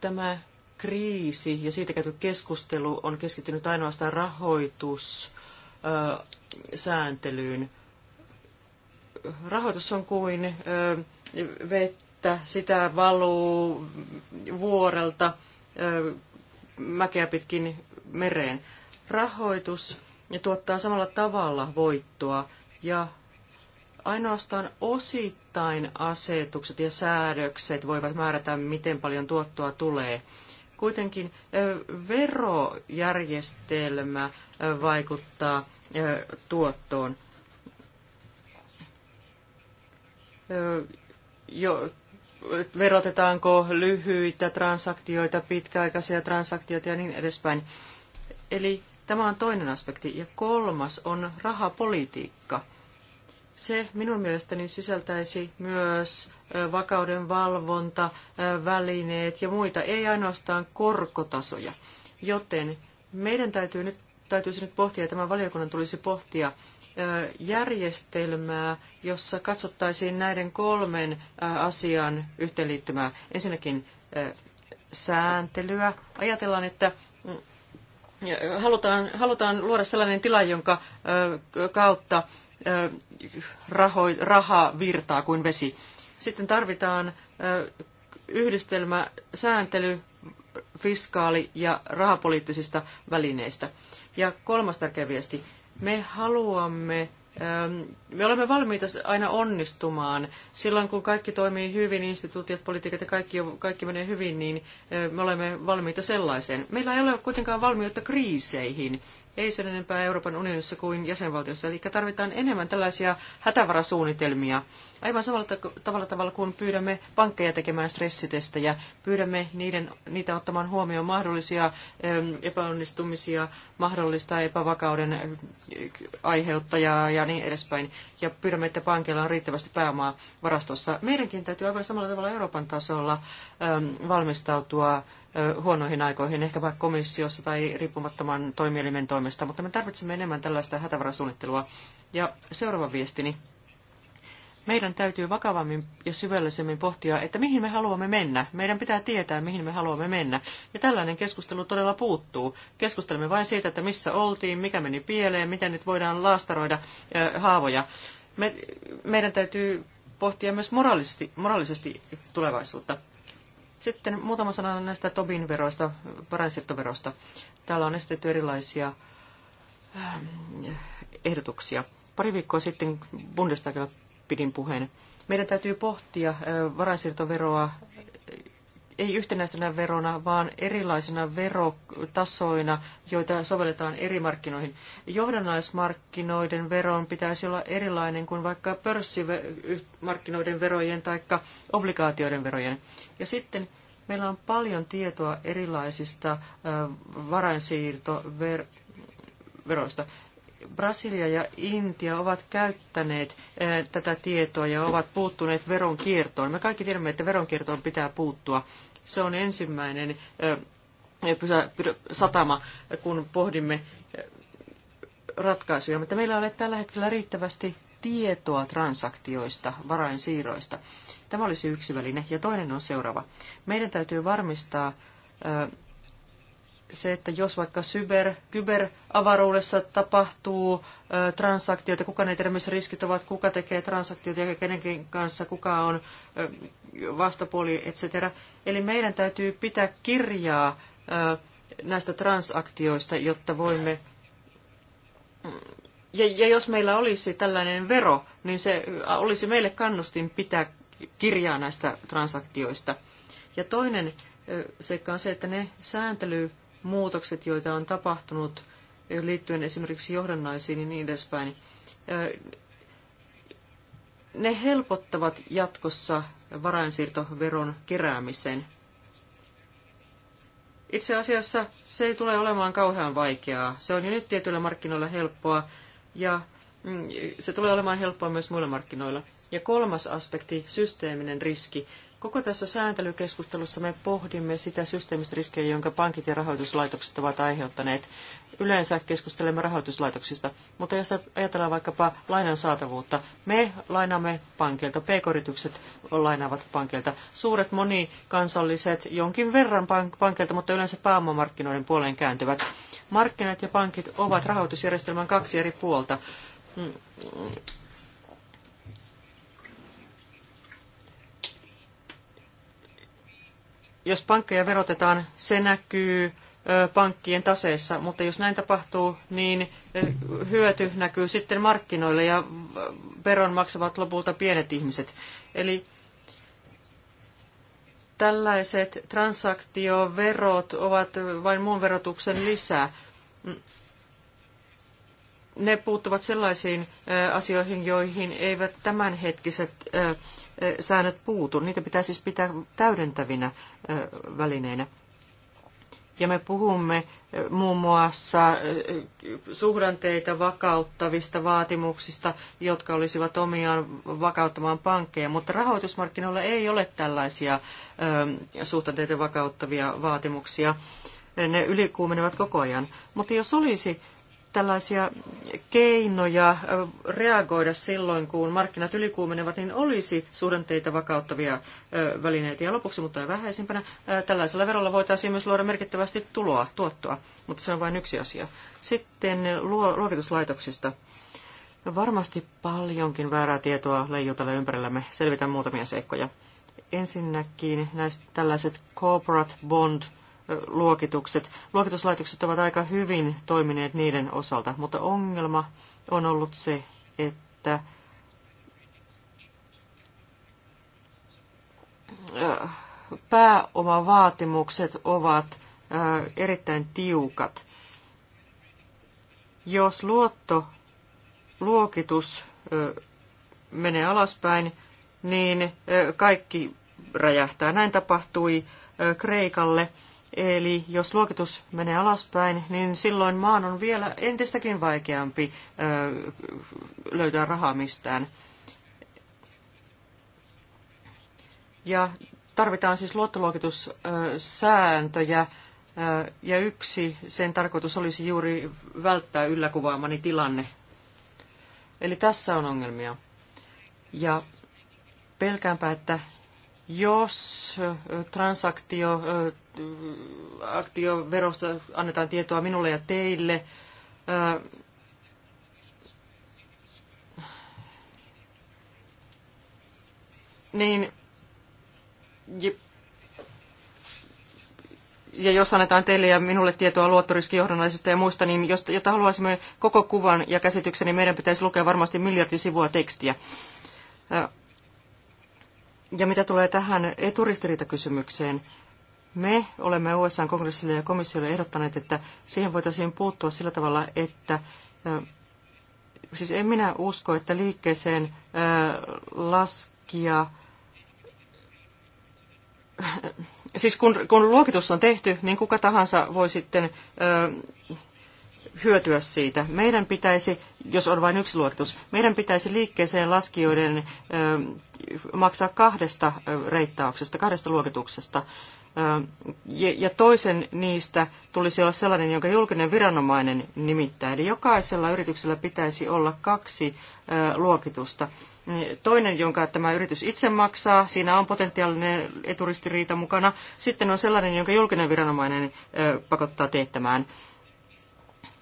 tämä kriisi ja siitä käyty keskustelu on keskittynyt ainoastaan rahoitussääntelyyn. Rahoitus on kuin vettä, sitä valuu vuorelta mäkeä pitkin mereen rahoitus ja tuottaa samalla tavalla voittoa ja ainoastaan osittain asetukset ja säädökset voivat määrätä, miten paljon tuottoa tulee. Kuitenkin verojärjestelmä vaikuttaa tuottoon. Jo, verotetaanko lyhyitä transaktioita, pitkäaikaisia transaktioita ja niin edespäin. Eli Tämä on toinen aspekti. Ja kolmas on rahapolitiikka. Se minun mielestäni sisältäisi myös vakauden valvonta, välineet ja muita, ei ainoastaan korkotasoja. Joten meidän täytyy nyt, täytyisi nyt pohtia, ja tämän valiokunnan tulisi pohtia järjestelmää, jossa katsottaisiin näiden kolmen asian yhteenliittymää. Ensinnäkin sääntelyä. Ajatellaan, että mm, halutaan, halutaan luoda sellainen tila, jonka kautta raho, raha virtaa kuin vesi. Sitten tarvitaan yhdistelmä sääntely, fiskaali- ja rahapoliittisista välineistä. Ja kolmas tärkeä viesti. Me haluamme me olemme valmiita aina onnistumaan. Silloin kun kaikki toimii hyvin, instituutiot, politiikat ja kaikki, kaikki menee hyvin, niin me olemme valmiita sellaiseen. Meillä ei ole kuitenkaan valmiutta kriiseihin ei sen enempää Euroopan unionissa kuin jäsenvaltiossa. Eli tarvitaan enemmän tällaisia hätävarasuunnitelmia. Aivan samalla tavalla, tavalla kuin pyydämme pankkeja tekemään stressitestejä, pyydämme niiden, niitä ottamaan huomioon mahdollisia epäonnistumisia, mahdollista epävakauden eh, aiheuttajaa ja niin edespäin ja pyydämme, että pankeilla on riittävästi pääomaa varastossa. Meidänkin täytyy aivan samalla tavalla Euroopan tasolla ähm, valmistautua äh, huonoihin aikoihin, ehkä vaikka komissiossa tai riippumattoman toimielimen toimesta, mutta me tarvitsemme enemmän tällaista hätävarasuunnittelua. Ja seuraava viestini meidän täytyy vakavammin ja syvällisemmin pohtia, että mihin me haluamme mennä. Meidän pitää tietää, mihin me haluamme mennä. Ja tällainen keskustelu todella puuttuu. Keskustelemme vain siitä, että missä oltiin, mikä meni pieleen, miten nyt voidaan laastaroida haavoja. Me, meidän täytyy pohtia myös moraalisesti, moraalisesti tulevaisuutta. Sitten muutama sana näistä Tobin veroista, varainsiirtoverosta. Täällä on esitetty erilaisia ähm, ehdotuksia. Pari viikkoa sitten Bundestagilla pidin puheen. Meidän täytyy pohtia varainsiirtoveroa ei yhtenäisenä verona, vaan erilaisina verotasoina, joita sovelletaan eri markkinoihin. Johdannaismarkkinoiden veron pitäisi olla erilainen kuin vaikka pörssimarkkinoiden verojen tai obligaatioiden verojen. Ja sitten meillä on paljon tietoa erilaisista varainsiirtoveroista. Brasilia ja Intia ovat käyttäneet eh, tätä tietoa ja ovat puuttuneet veronkiertoon. Me kaikki tiedämme, että veronkiertoon pitää puuttua. Se on ensimmäinen eh, satama, kun pohdimme eh, ratkaisuja, mutta meillä ei ole tällä hetkellä riittävästi tietoa transaktioista, varainsiirroista. Tämä olisi yksi väline. Ja toinen on seuraava. Meidän täytyy varmistaa se, että jos vaikka cyber, kyberavaruudessa tapahtuu ö, transaktioita, kuka ne riskit ovat, kuka tekee transaktioita ja kenenkin kanssa, kuka on ö, vastapuoli, etc. Eli meidän täytyy pitää kirjaa ö, näistä transaktioista, jotta voimme... Ja, ja jos meillä olisi tällainen vero, niin se olisi meille kannustin pitää kirjaa näistä transaktioista. Ja toinen seikka on se, että ne sääntely muutokset, joita on tapahtunut liittyen esimerkiksi johdannaisiin ja niin edespäin, ne helpottavat jatkossa varainsiirtoveron keräämisen. Itse asiassa se ei tule olemaan kauhean vaikeaa. Se on jo nyt tietyillä markkinoilla helppoa ja mm, se tulee olemaan helppoa myös muilla markkinoilla. Ja kolmas aspekti, systeeminen riski. Koko tässä sääntelykeskustelussa me pohdimme sitä systeemistä riskejä, jonka pankit ja rahoituslaitokset ovat aiheuttaneet. Yleensä keskustelemme rahoituslaitoksista, mutta jos ajatellaan vaikkapa lainan saatavuutta, me lainaamme pankilta, pk-yritykset lainaavat pankilta, suuret monikansalliset jonkin verran pankilta, mutta yleensä pääomamarkkinoiden puoleen kääntyvät. Markkinat ja pankit ovat rahoitusjärjestelmän kaksi eri puolta mm. jos pankkeja verotetaan, se näkyy pankkien taseessa, mutta jos näin tapahtuu, niin hyöty näkyy sitten markkinoille ja veron maksavat lopulta pienet ihmiset. Eli tällaiset transaktioverot ovat vain muun verotuksen lisää ne puuttuvat sellaisiin asioihin, joihin eivät tämänhetkiset säännöt puutu. Niitä pitää siis pitää täydentävinä välineinä. Ja me puhumme muun muassa suhdanteita vakauttavista vaatimuksista, jotka olisivat omiaan vakauttamaan pankkeja, mutta rahoitusmarkkinoilla ei ole tällaisia suhdanteita vakauttavia vaatimuksia. Ne ylikuumenevat koko ajan. Mutta jos olisi tällaisia keinoja reagoida silloin, kun markkinat ylikuumenevat, niin olisi suhdanteita vakauttavia välineitä. Ja lopuksi, mutta ei vähäisimpänä, tällaisella verolla voitaisiin myös luoda merkittävästi tuloa, tuottoa, mutta se on vain yksi asia. Sitten luokituslaitoksista. Varmasti paljonkin väärää tietoa leijuu tällä ympärillämme. Selvitän muutamia seikkoja. Ensinnäkin näistä tällaiset corporate bond – luokitukset. Luokituslaitokset ovat aika hyvin toimineet niiden osalta, mutta ongelma on ollut se, että äh, pääomavaatimukset ovat äh, erittäin tiukat. Jos luotto luokitus äh, menee alaspäin, niin kaikki räjähtää. Näin tapahtui Kreikalle Eli jos luokitus menee alaspäin, niin silloin maan on vielä entistäkin vaikeampi ö, löytää rahaa mistään. Ja tarvitaan siis luottoluokitussääntöjä, ja yksi sen tarkoitus olisi juuri välttää ylläkuvaamani tilanne. Eli tässä on ongelmia. Ja pelkäänpä, että jos transaktio, aktioverosta annetaan tietoa minulle ja teille, niin ja jos annetaan teille ja minulle tietoa luottoriskijohdannaisista ja muista, niin jos, jotta haluaisimme koko kuvan ja käsityksen, niin meidän pitäisi lukea varmasti miljardi sivua tekstiä. Ja mitä tulee tähän eturistiriitakysymykseen, me olemme USA kongressille ja komissiolle ehdottaneet, että siihen voitaisiin puuttua sillä tavalla, että siis en minä usko, että liikkeeseen laskia, siis kun, kun luokitus on tehty, niin kuka tahansa voi sitten hyötyä siitä. Meidän pitäisi, jos on vain yksi luokitus, meidän pitäisi liikkeeseen laskijoiden ö, maksaa kahdesta reittauksesta, kahdesta luokituksesta. Ö, ja toisen niistä tulisi olla sellainen, jonka julkinen viranomainen nimittää. Eli jokaisella yrityksellä pitäisi olla kaksi ö, luokitusta. Toinen, jonka tämä yritys itse maksaa, siinä on potentiaalinen eturistiriita mukana. Sitten on sellainen, jonka julkinen viranomainen pakottaa teettämään.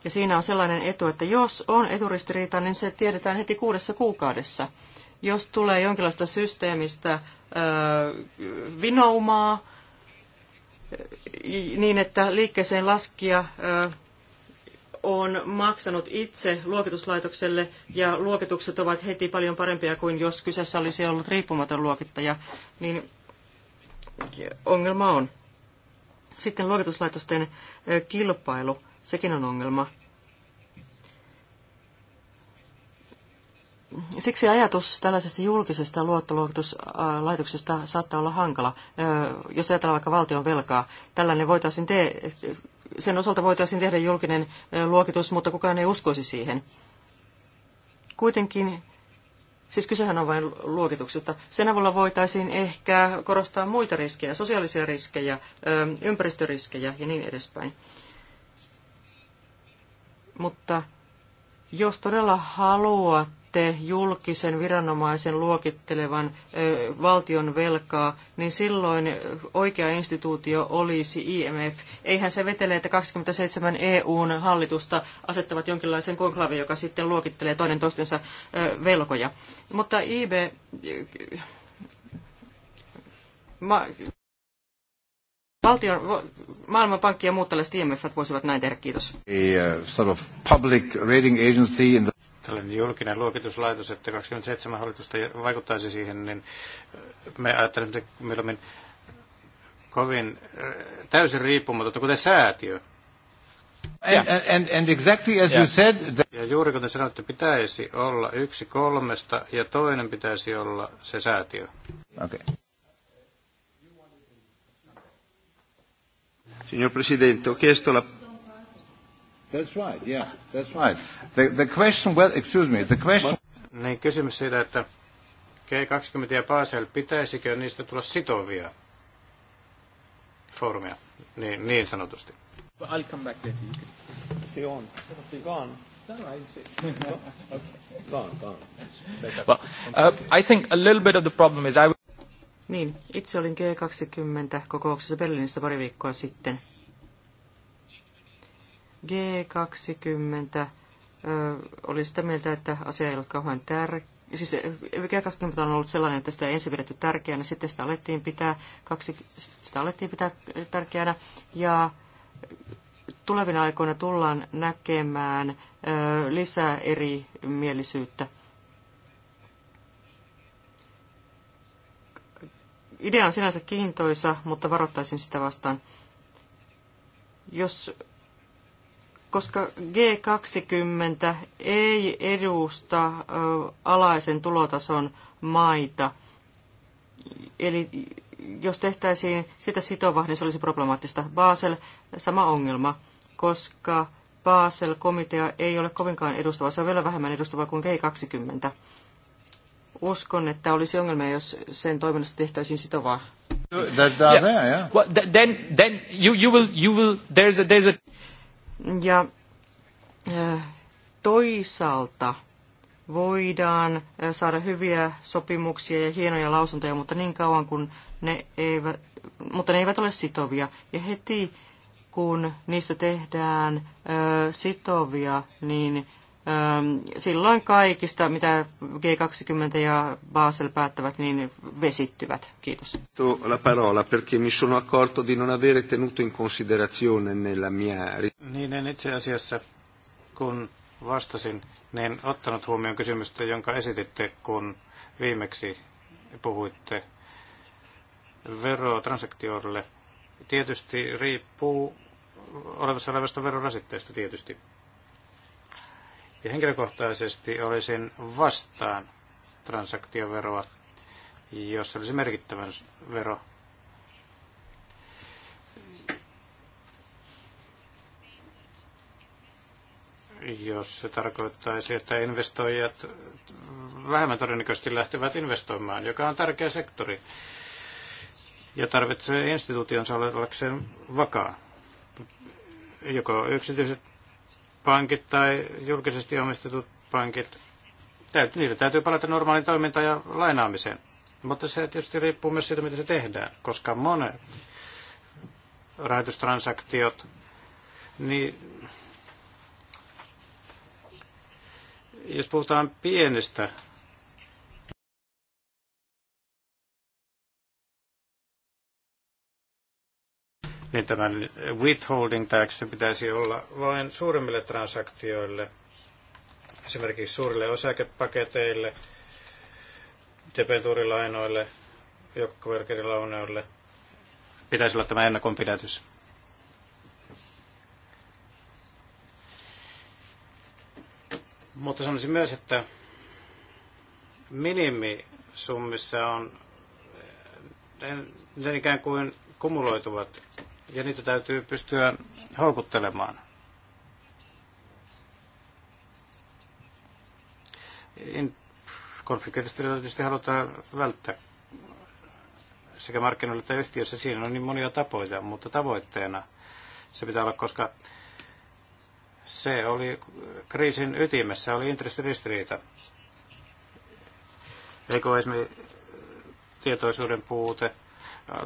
Ja siinä on sellainen etu, että jos on eturistiriita, niin se tiedetään heti kuudessa kuukaudessa. Jos tulee jonkinlaista systeemistä vinoumaa, niin että liikkeeseen laskija on maksanut itse luokituslaitokselle ja luokitukset ovat heti paljon parempia kuin jos kyseessä olisi ollut riippumaton luokittaja, niin ongelma on. Sitten luokituslaitosten kilpailu, sekin on ongelma. Siksi ajatus tällaisesta julkisesta luottoluokituslaitoksesta saattaa olla hankala. Jos ajatellaan vaikka valtion velkaa, tällainen voitaisiin te- sen osalta voitaisiin tehdä julkinen luokitus, mutta kukaan ei uskoisi siihen. Kuitenkin, siis kysehän on vain luokituksesta, sen avulla voitaisiin ehkä korostaa muita riskejä, sosiaalisia riskejä, ympäristöriskejä ja niin edespäin. Mutta jos todella haluat te julkisen viranomaisen luokittelevan valtion velkaa, niin silloin oikea instituutio olisi IMF. Eihän se vetele, että 27 EUn hallitusta asettavat jonkinlaisen konklavi, joka sitten luokittelee toinen toistensa velkoja. Mutta IB... Ma... Valtion, maailmanpankki ja muut tällaiset IMF voisivat näin tehdä. Kiitos. A, uh, sort of public rating agency in the tällainen julkinen luokituslaitos, että 27 hallitusta vaikuttaisi siihen, niin me ajattelemme että mieluummin kovin äh, täysin riippumaton, kuten säätiö. And, and, and exactly as yeah. you said, that... Ja juuri kuten sanoitte, pitäisi olla yksi kolmesta ja toinen pitäisi olla se säätiö. Okay. Signor Presidente, ho chiesto la That's right, yeah, that's right. The, the question, well, excuse me, the question... Niin kysymys siitä, että G20 ja Basel, pitäisikö niistä tulla sitovia foorumia, niin, niin sanotusti? I'll come back later. You can... okay. on, go on. Niin, itse olin G20-kokouksessa Berliinissä pari viikkoa sitten. G20 oli sitä mieltä, että asia ei ollut kauhean tärkeä. Siis G20 on ollut sellainen, että sitä ei ensin pidetty tärkeänä, sitten sitä alettiin pitää, kaksi, sitä alettiin pitää tärkeänä. Ja tulevina aikoina tullaan näkemään lisää eri mielisyyttä. Idea on sinänsä kiintoisa, mutta varoittaisin sitä vastaan. Jos koska G20 ei edusta alaisen tulotason maita. Eli jos tehtäisiin sitä sitovaa, niin se olisi problemaattista. Basel, sama ongelma, koska Basel-komitea ei ole kovinkaan edustava. Se on vielä vähemmän edustava kuin G20. Uskon, että olisi ongelmia, jos sen toiminnasta tehtäisiin sitovaa. yeah. Well, then, then you, you will, you will, there's a, there's a... Ja toisaalta voidaan saada hyviä sopimuksia ja hienoja lausuntoja, mutta niin kauan kuin ne eivät, mutta ne eivät ole sitovia. Ja heti kun niistä tehdään sitovia, niin Ähm, silloin kaikista, mitä G20 ja Basel päättävät, niin vesittyvät. Kiitos. La parola perché mi sono accorto di non avere tenuto in considerazione nella mia... Niin en itse asiassa, kun vastasin, niin ottanut huomioon kysymystä, jonka esititte, kun viimeksi puhuitte verotransaktioille. Tietysti riippuu olevassa olevasta verorasitteesta tietysti. Ja henkilökohtaisesti olisin vastaan transaktioveroa, jos olisi merkittävä vero. Jos se tarkoittaisi, että investoijat vähemmän todennäköisesti lähtevät investoimaan, joka on tärkeä sektori ja tarvitsee instituutionsa olevakseen vakaa. Joko yksityiset pankit tai julkisesti omistetut pankit, täytyy, niitä täytyy palata normaaliin toimintaan ja lainaamiseen. Mutta se tietysti riippuu myös siitä, miten se tehdään, koska monet rahoitustransaktiot, niin jos puhutaan pienestä niin tämän withholding tax pitäisi olla vain suuremmille transaktioille, esimerkiksi suurille osakepaketeille, debenturilainoille, joukkoverkkerilauneille. Pitäisi olla tämä ennakonpidätys. Mutta sanoisin myös, että minimisummissa on ne ikään kuin kumuloituvat ja niitä täytyy pystyä houkuttelemaan. Konflikteista tietysti halutaan välttää sekä markkinoilla että yhtiössä. Siinä on niin monia tapoja, mutta tavoitteena se pitää olla, koska se oli kriisin ytimessä, oli intressiristiriita. Eikö esimerkiksi tietoisuuden puute,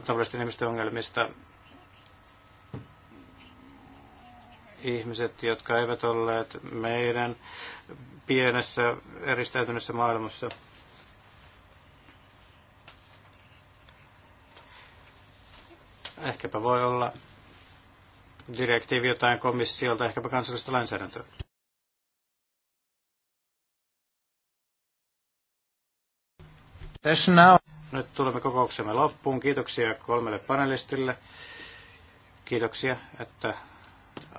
tavallisten ihmisten ongelmista, ihmiset, jotka eivät olleet meidän pienessä eristäytyneessä maailmassa. Ehkäpä voi olla direktiivi jotain komissiolta, ehkäpä kansallista lainsäädäntöä. Nyt tulemme kokouksemme loppuun. Kiitoksia kolmelle panelistille. Kiitoksia, että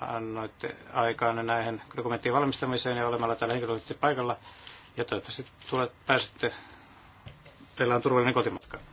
annoitte aikaan näihin dokumenttien valmistamiseen ja olemalla täällä henkilökohtaisesti paikalla. Ja toivottavasti tulet, pääsette, teillä on turvallinen kotimatka.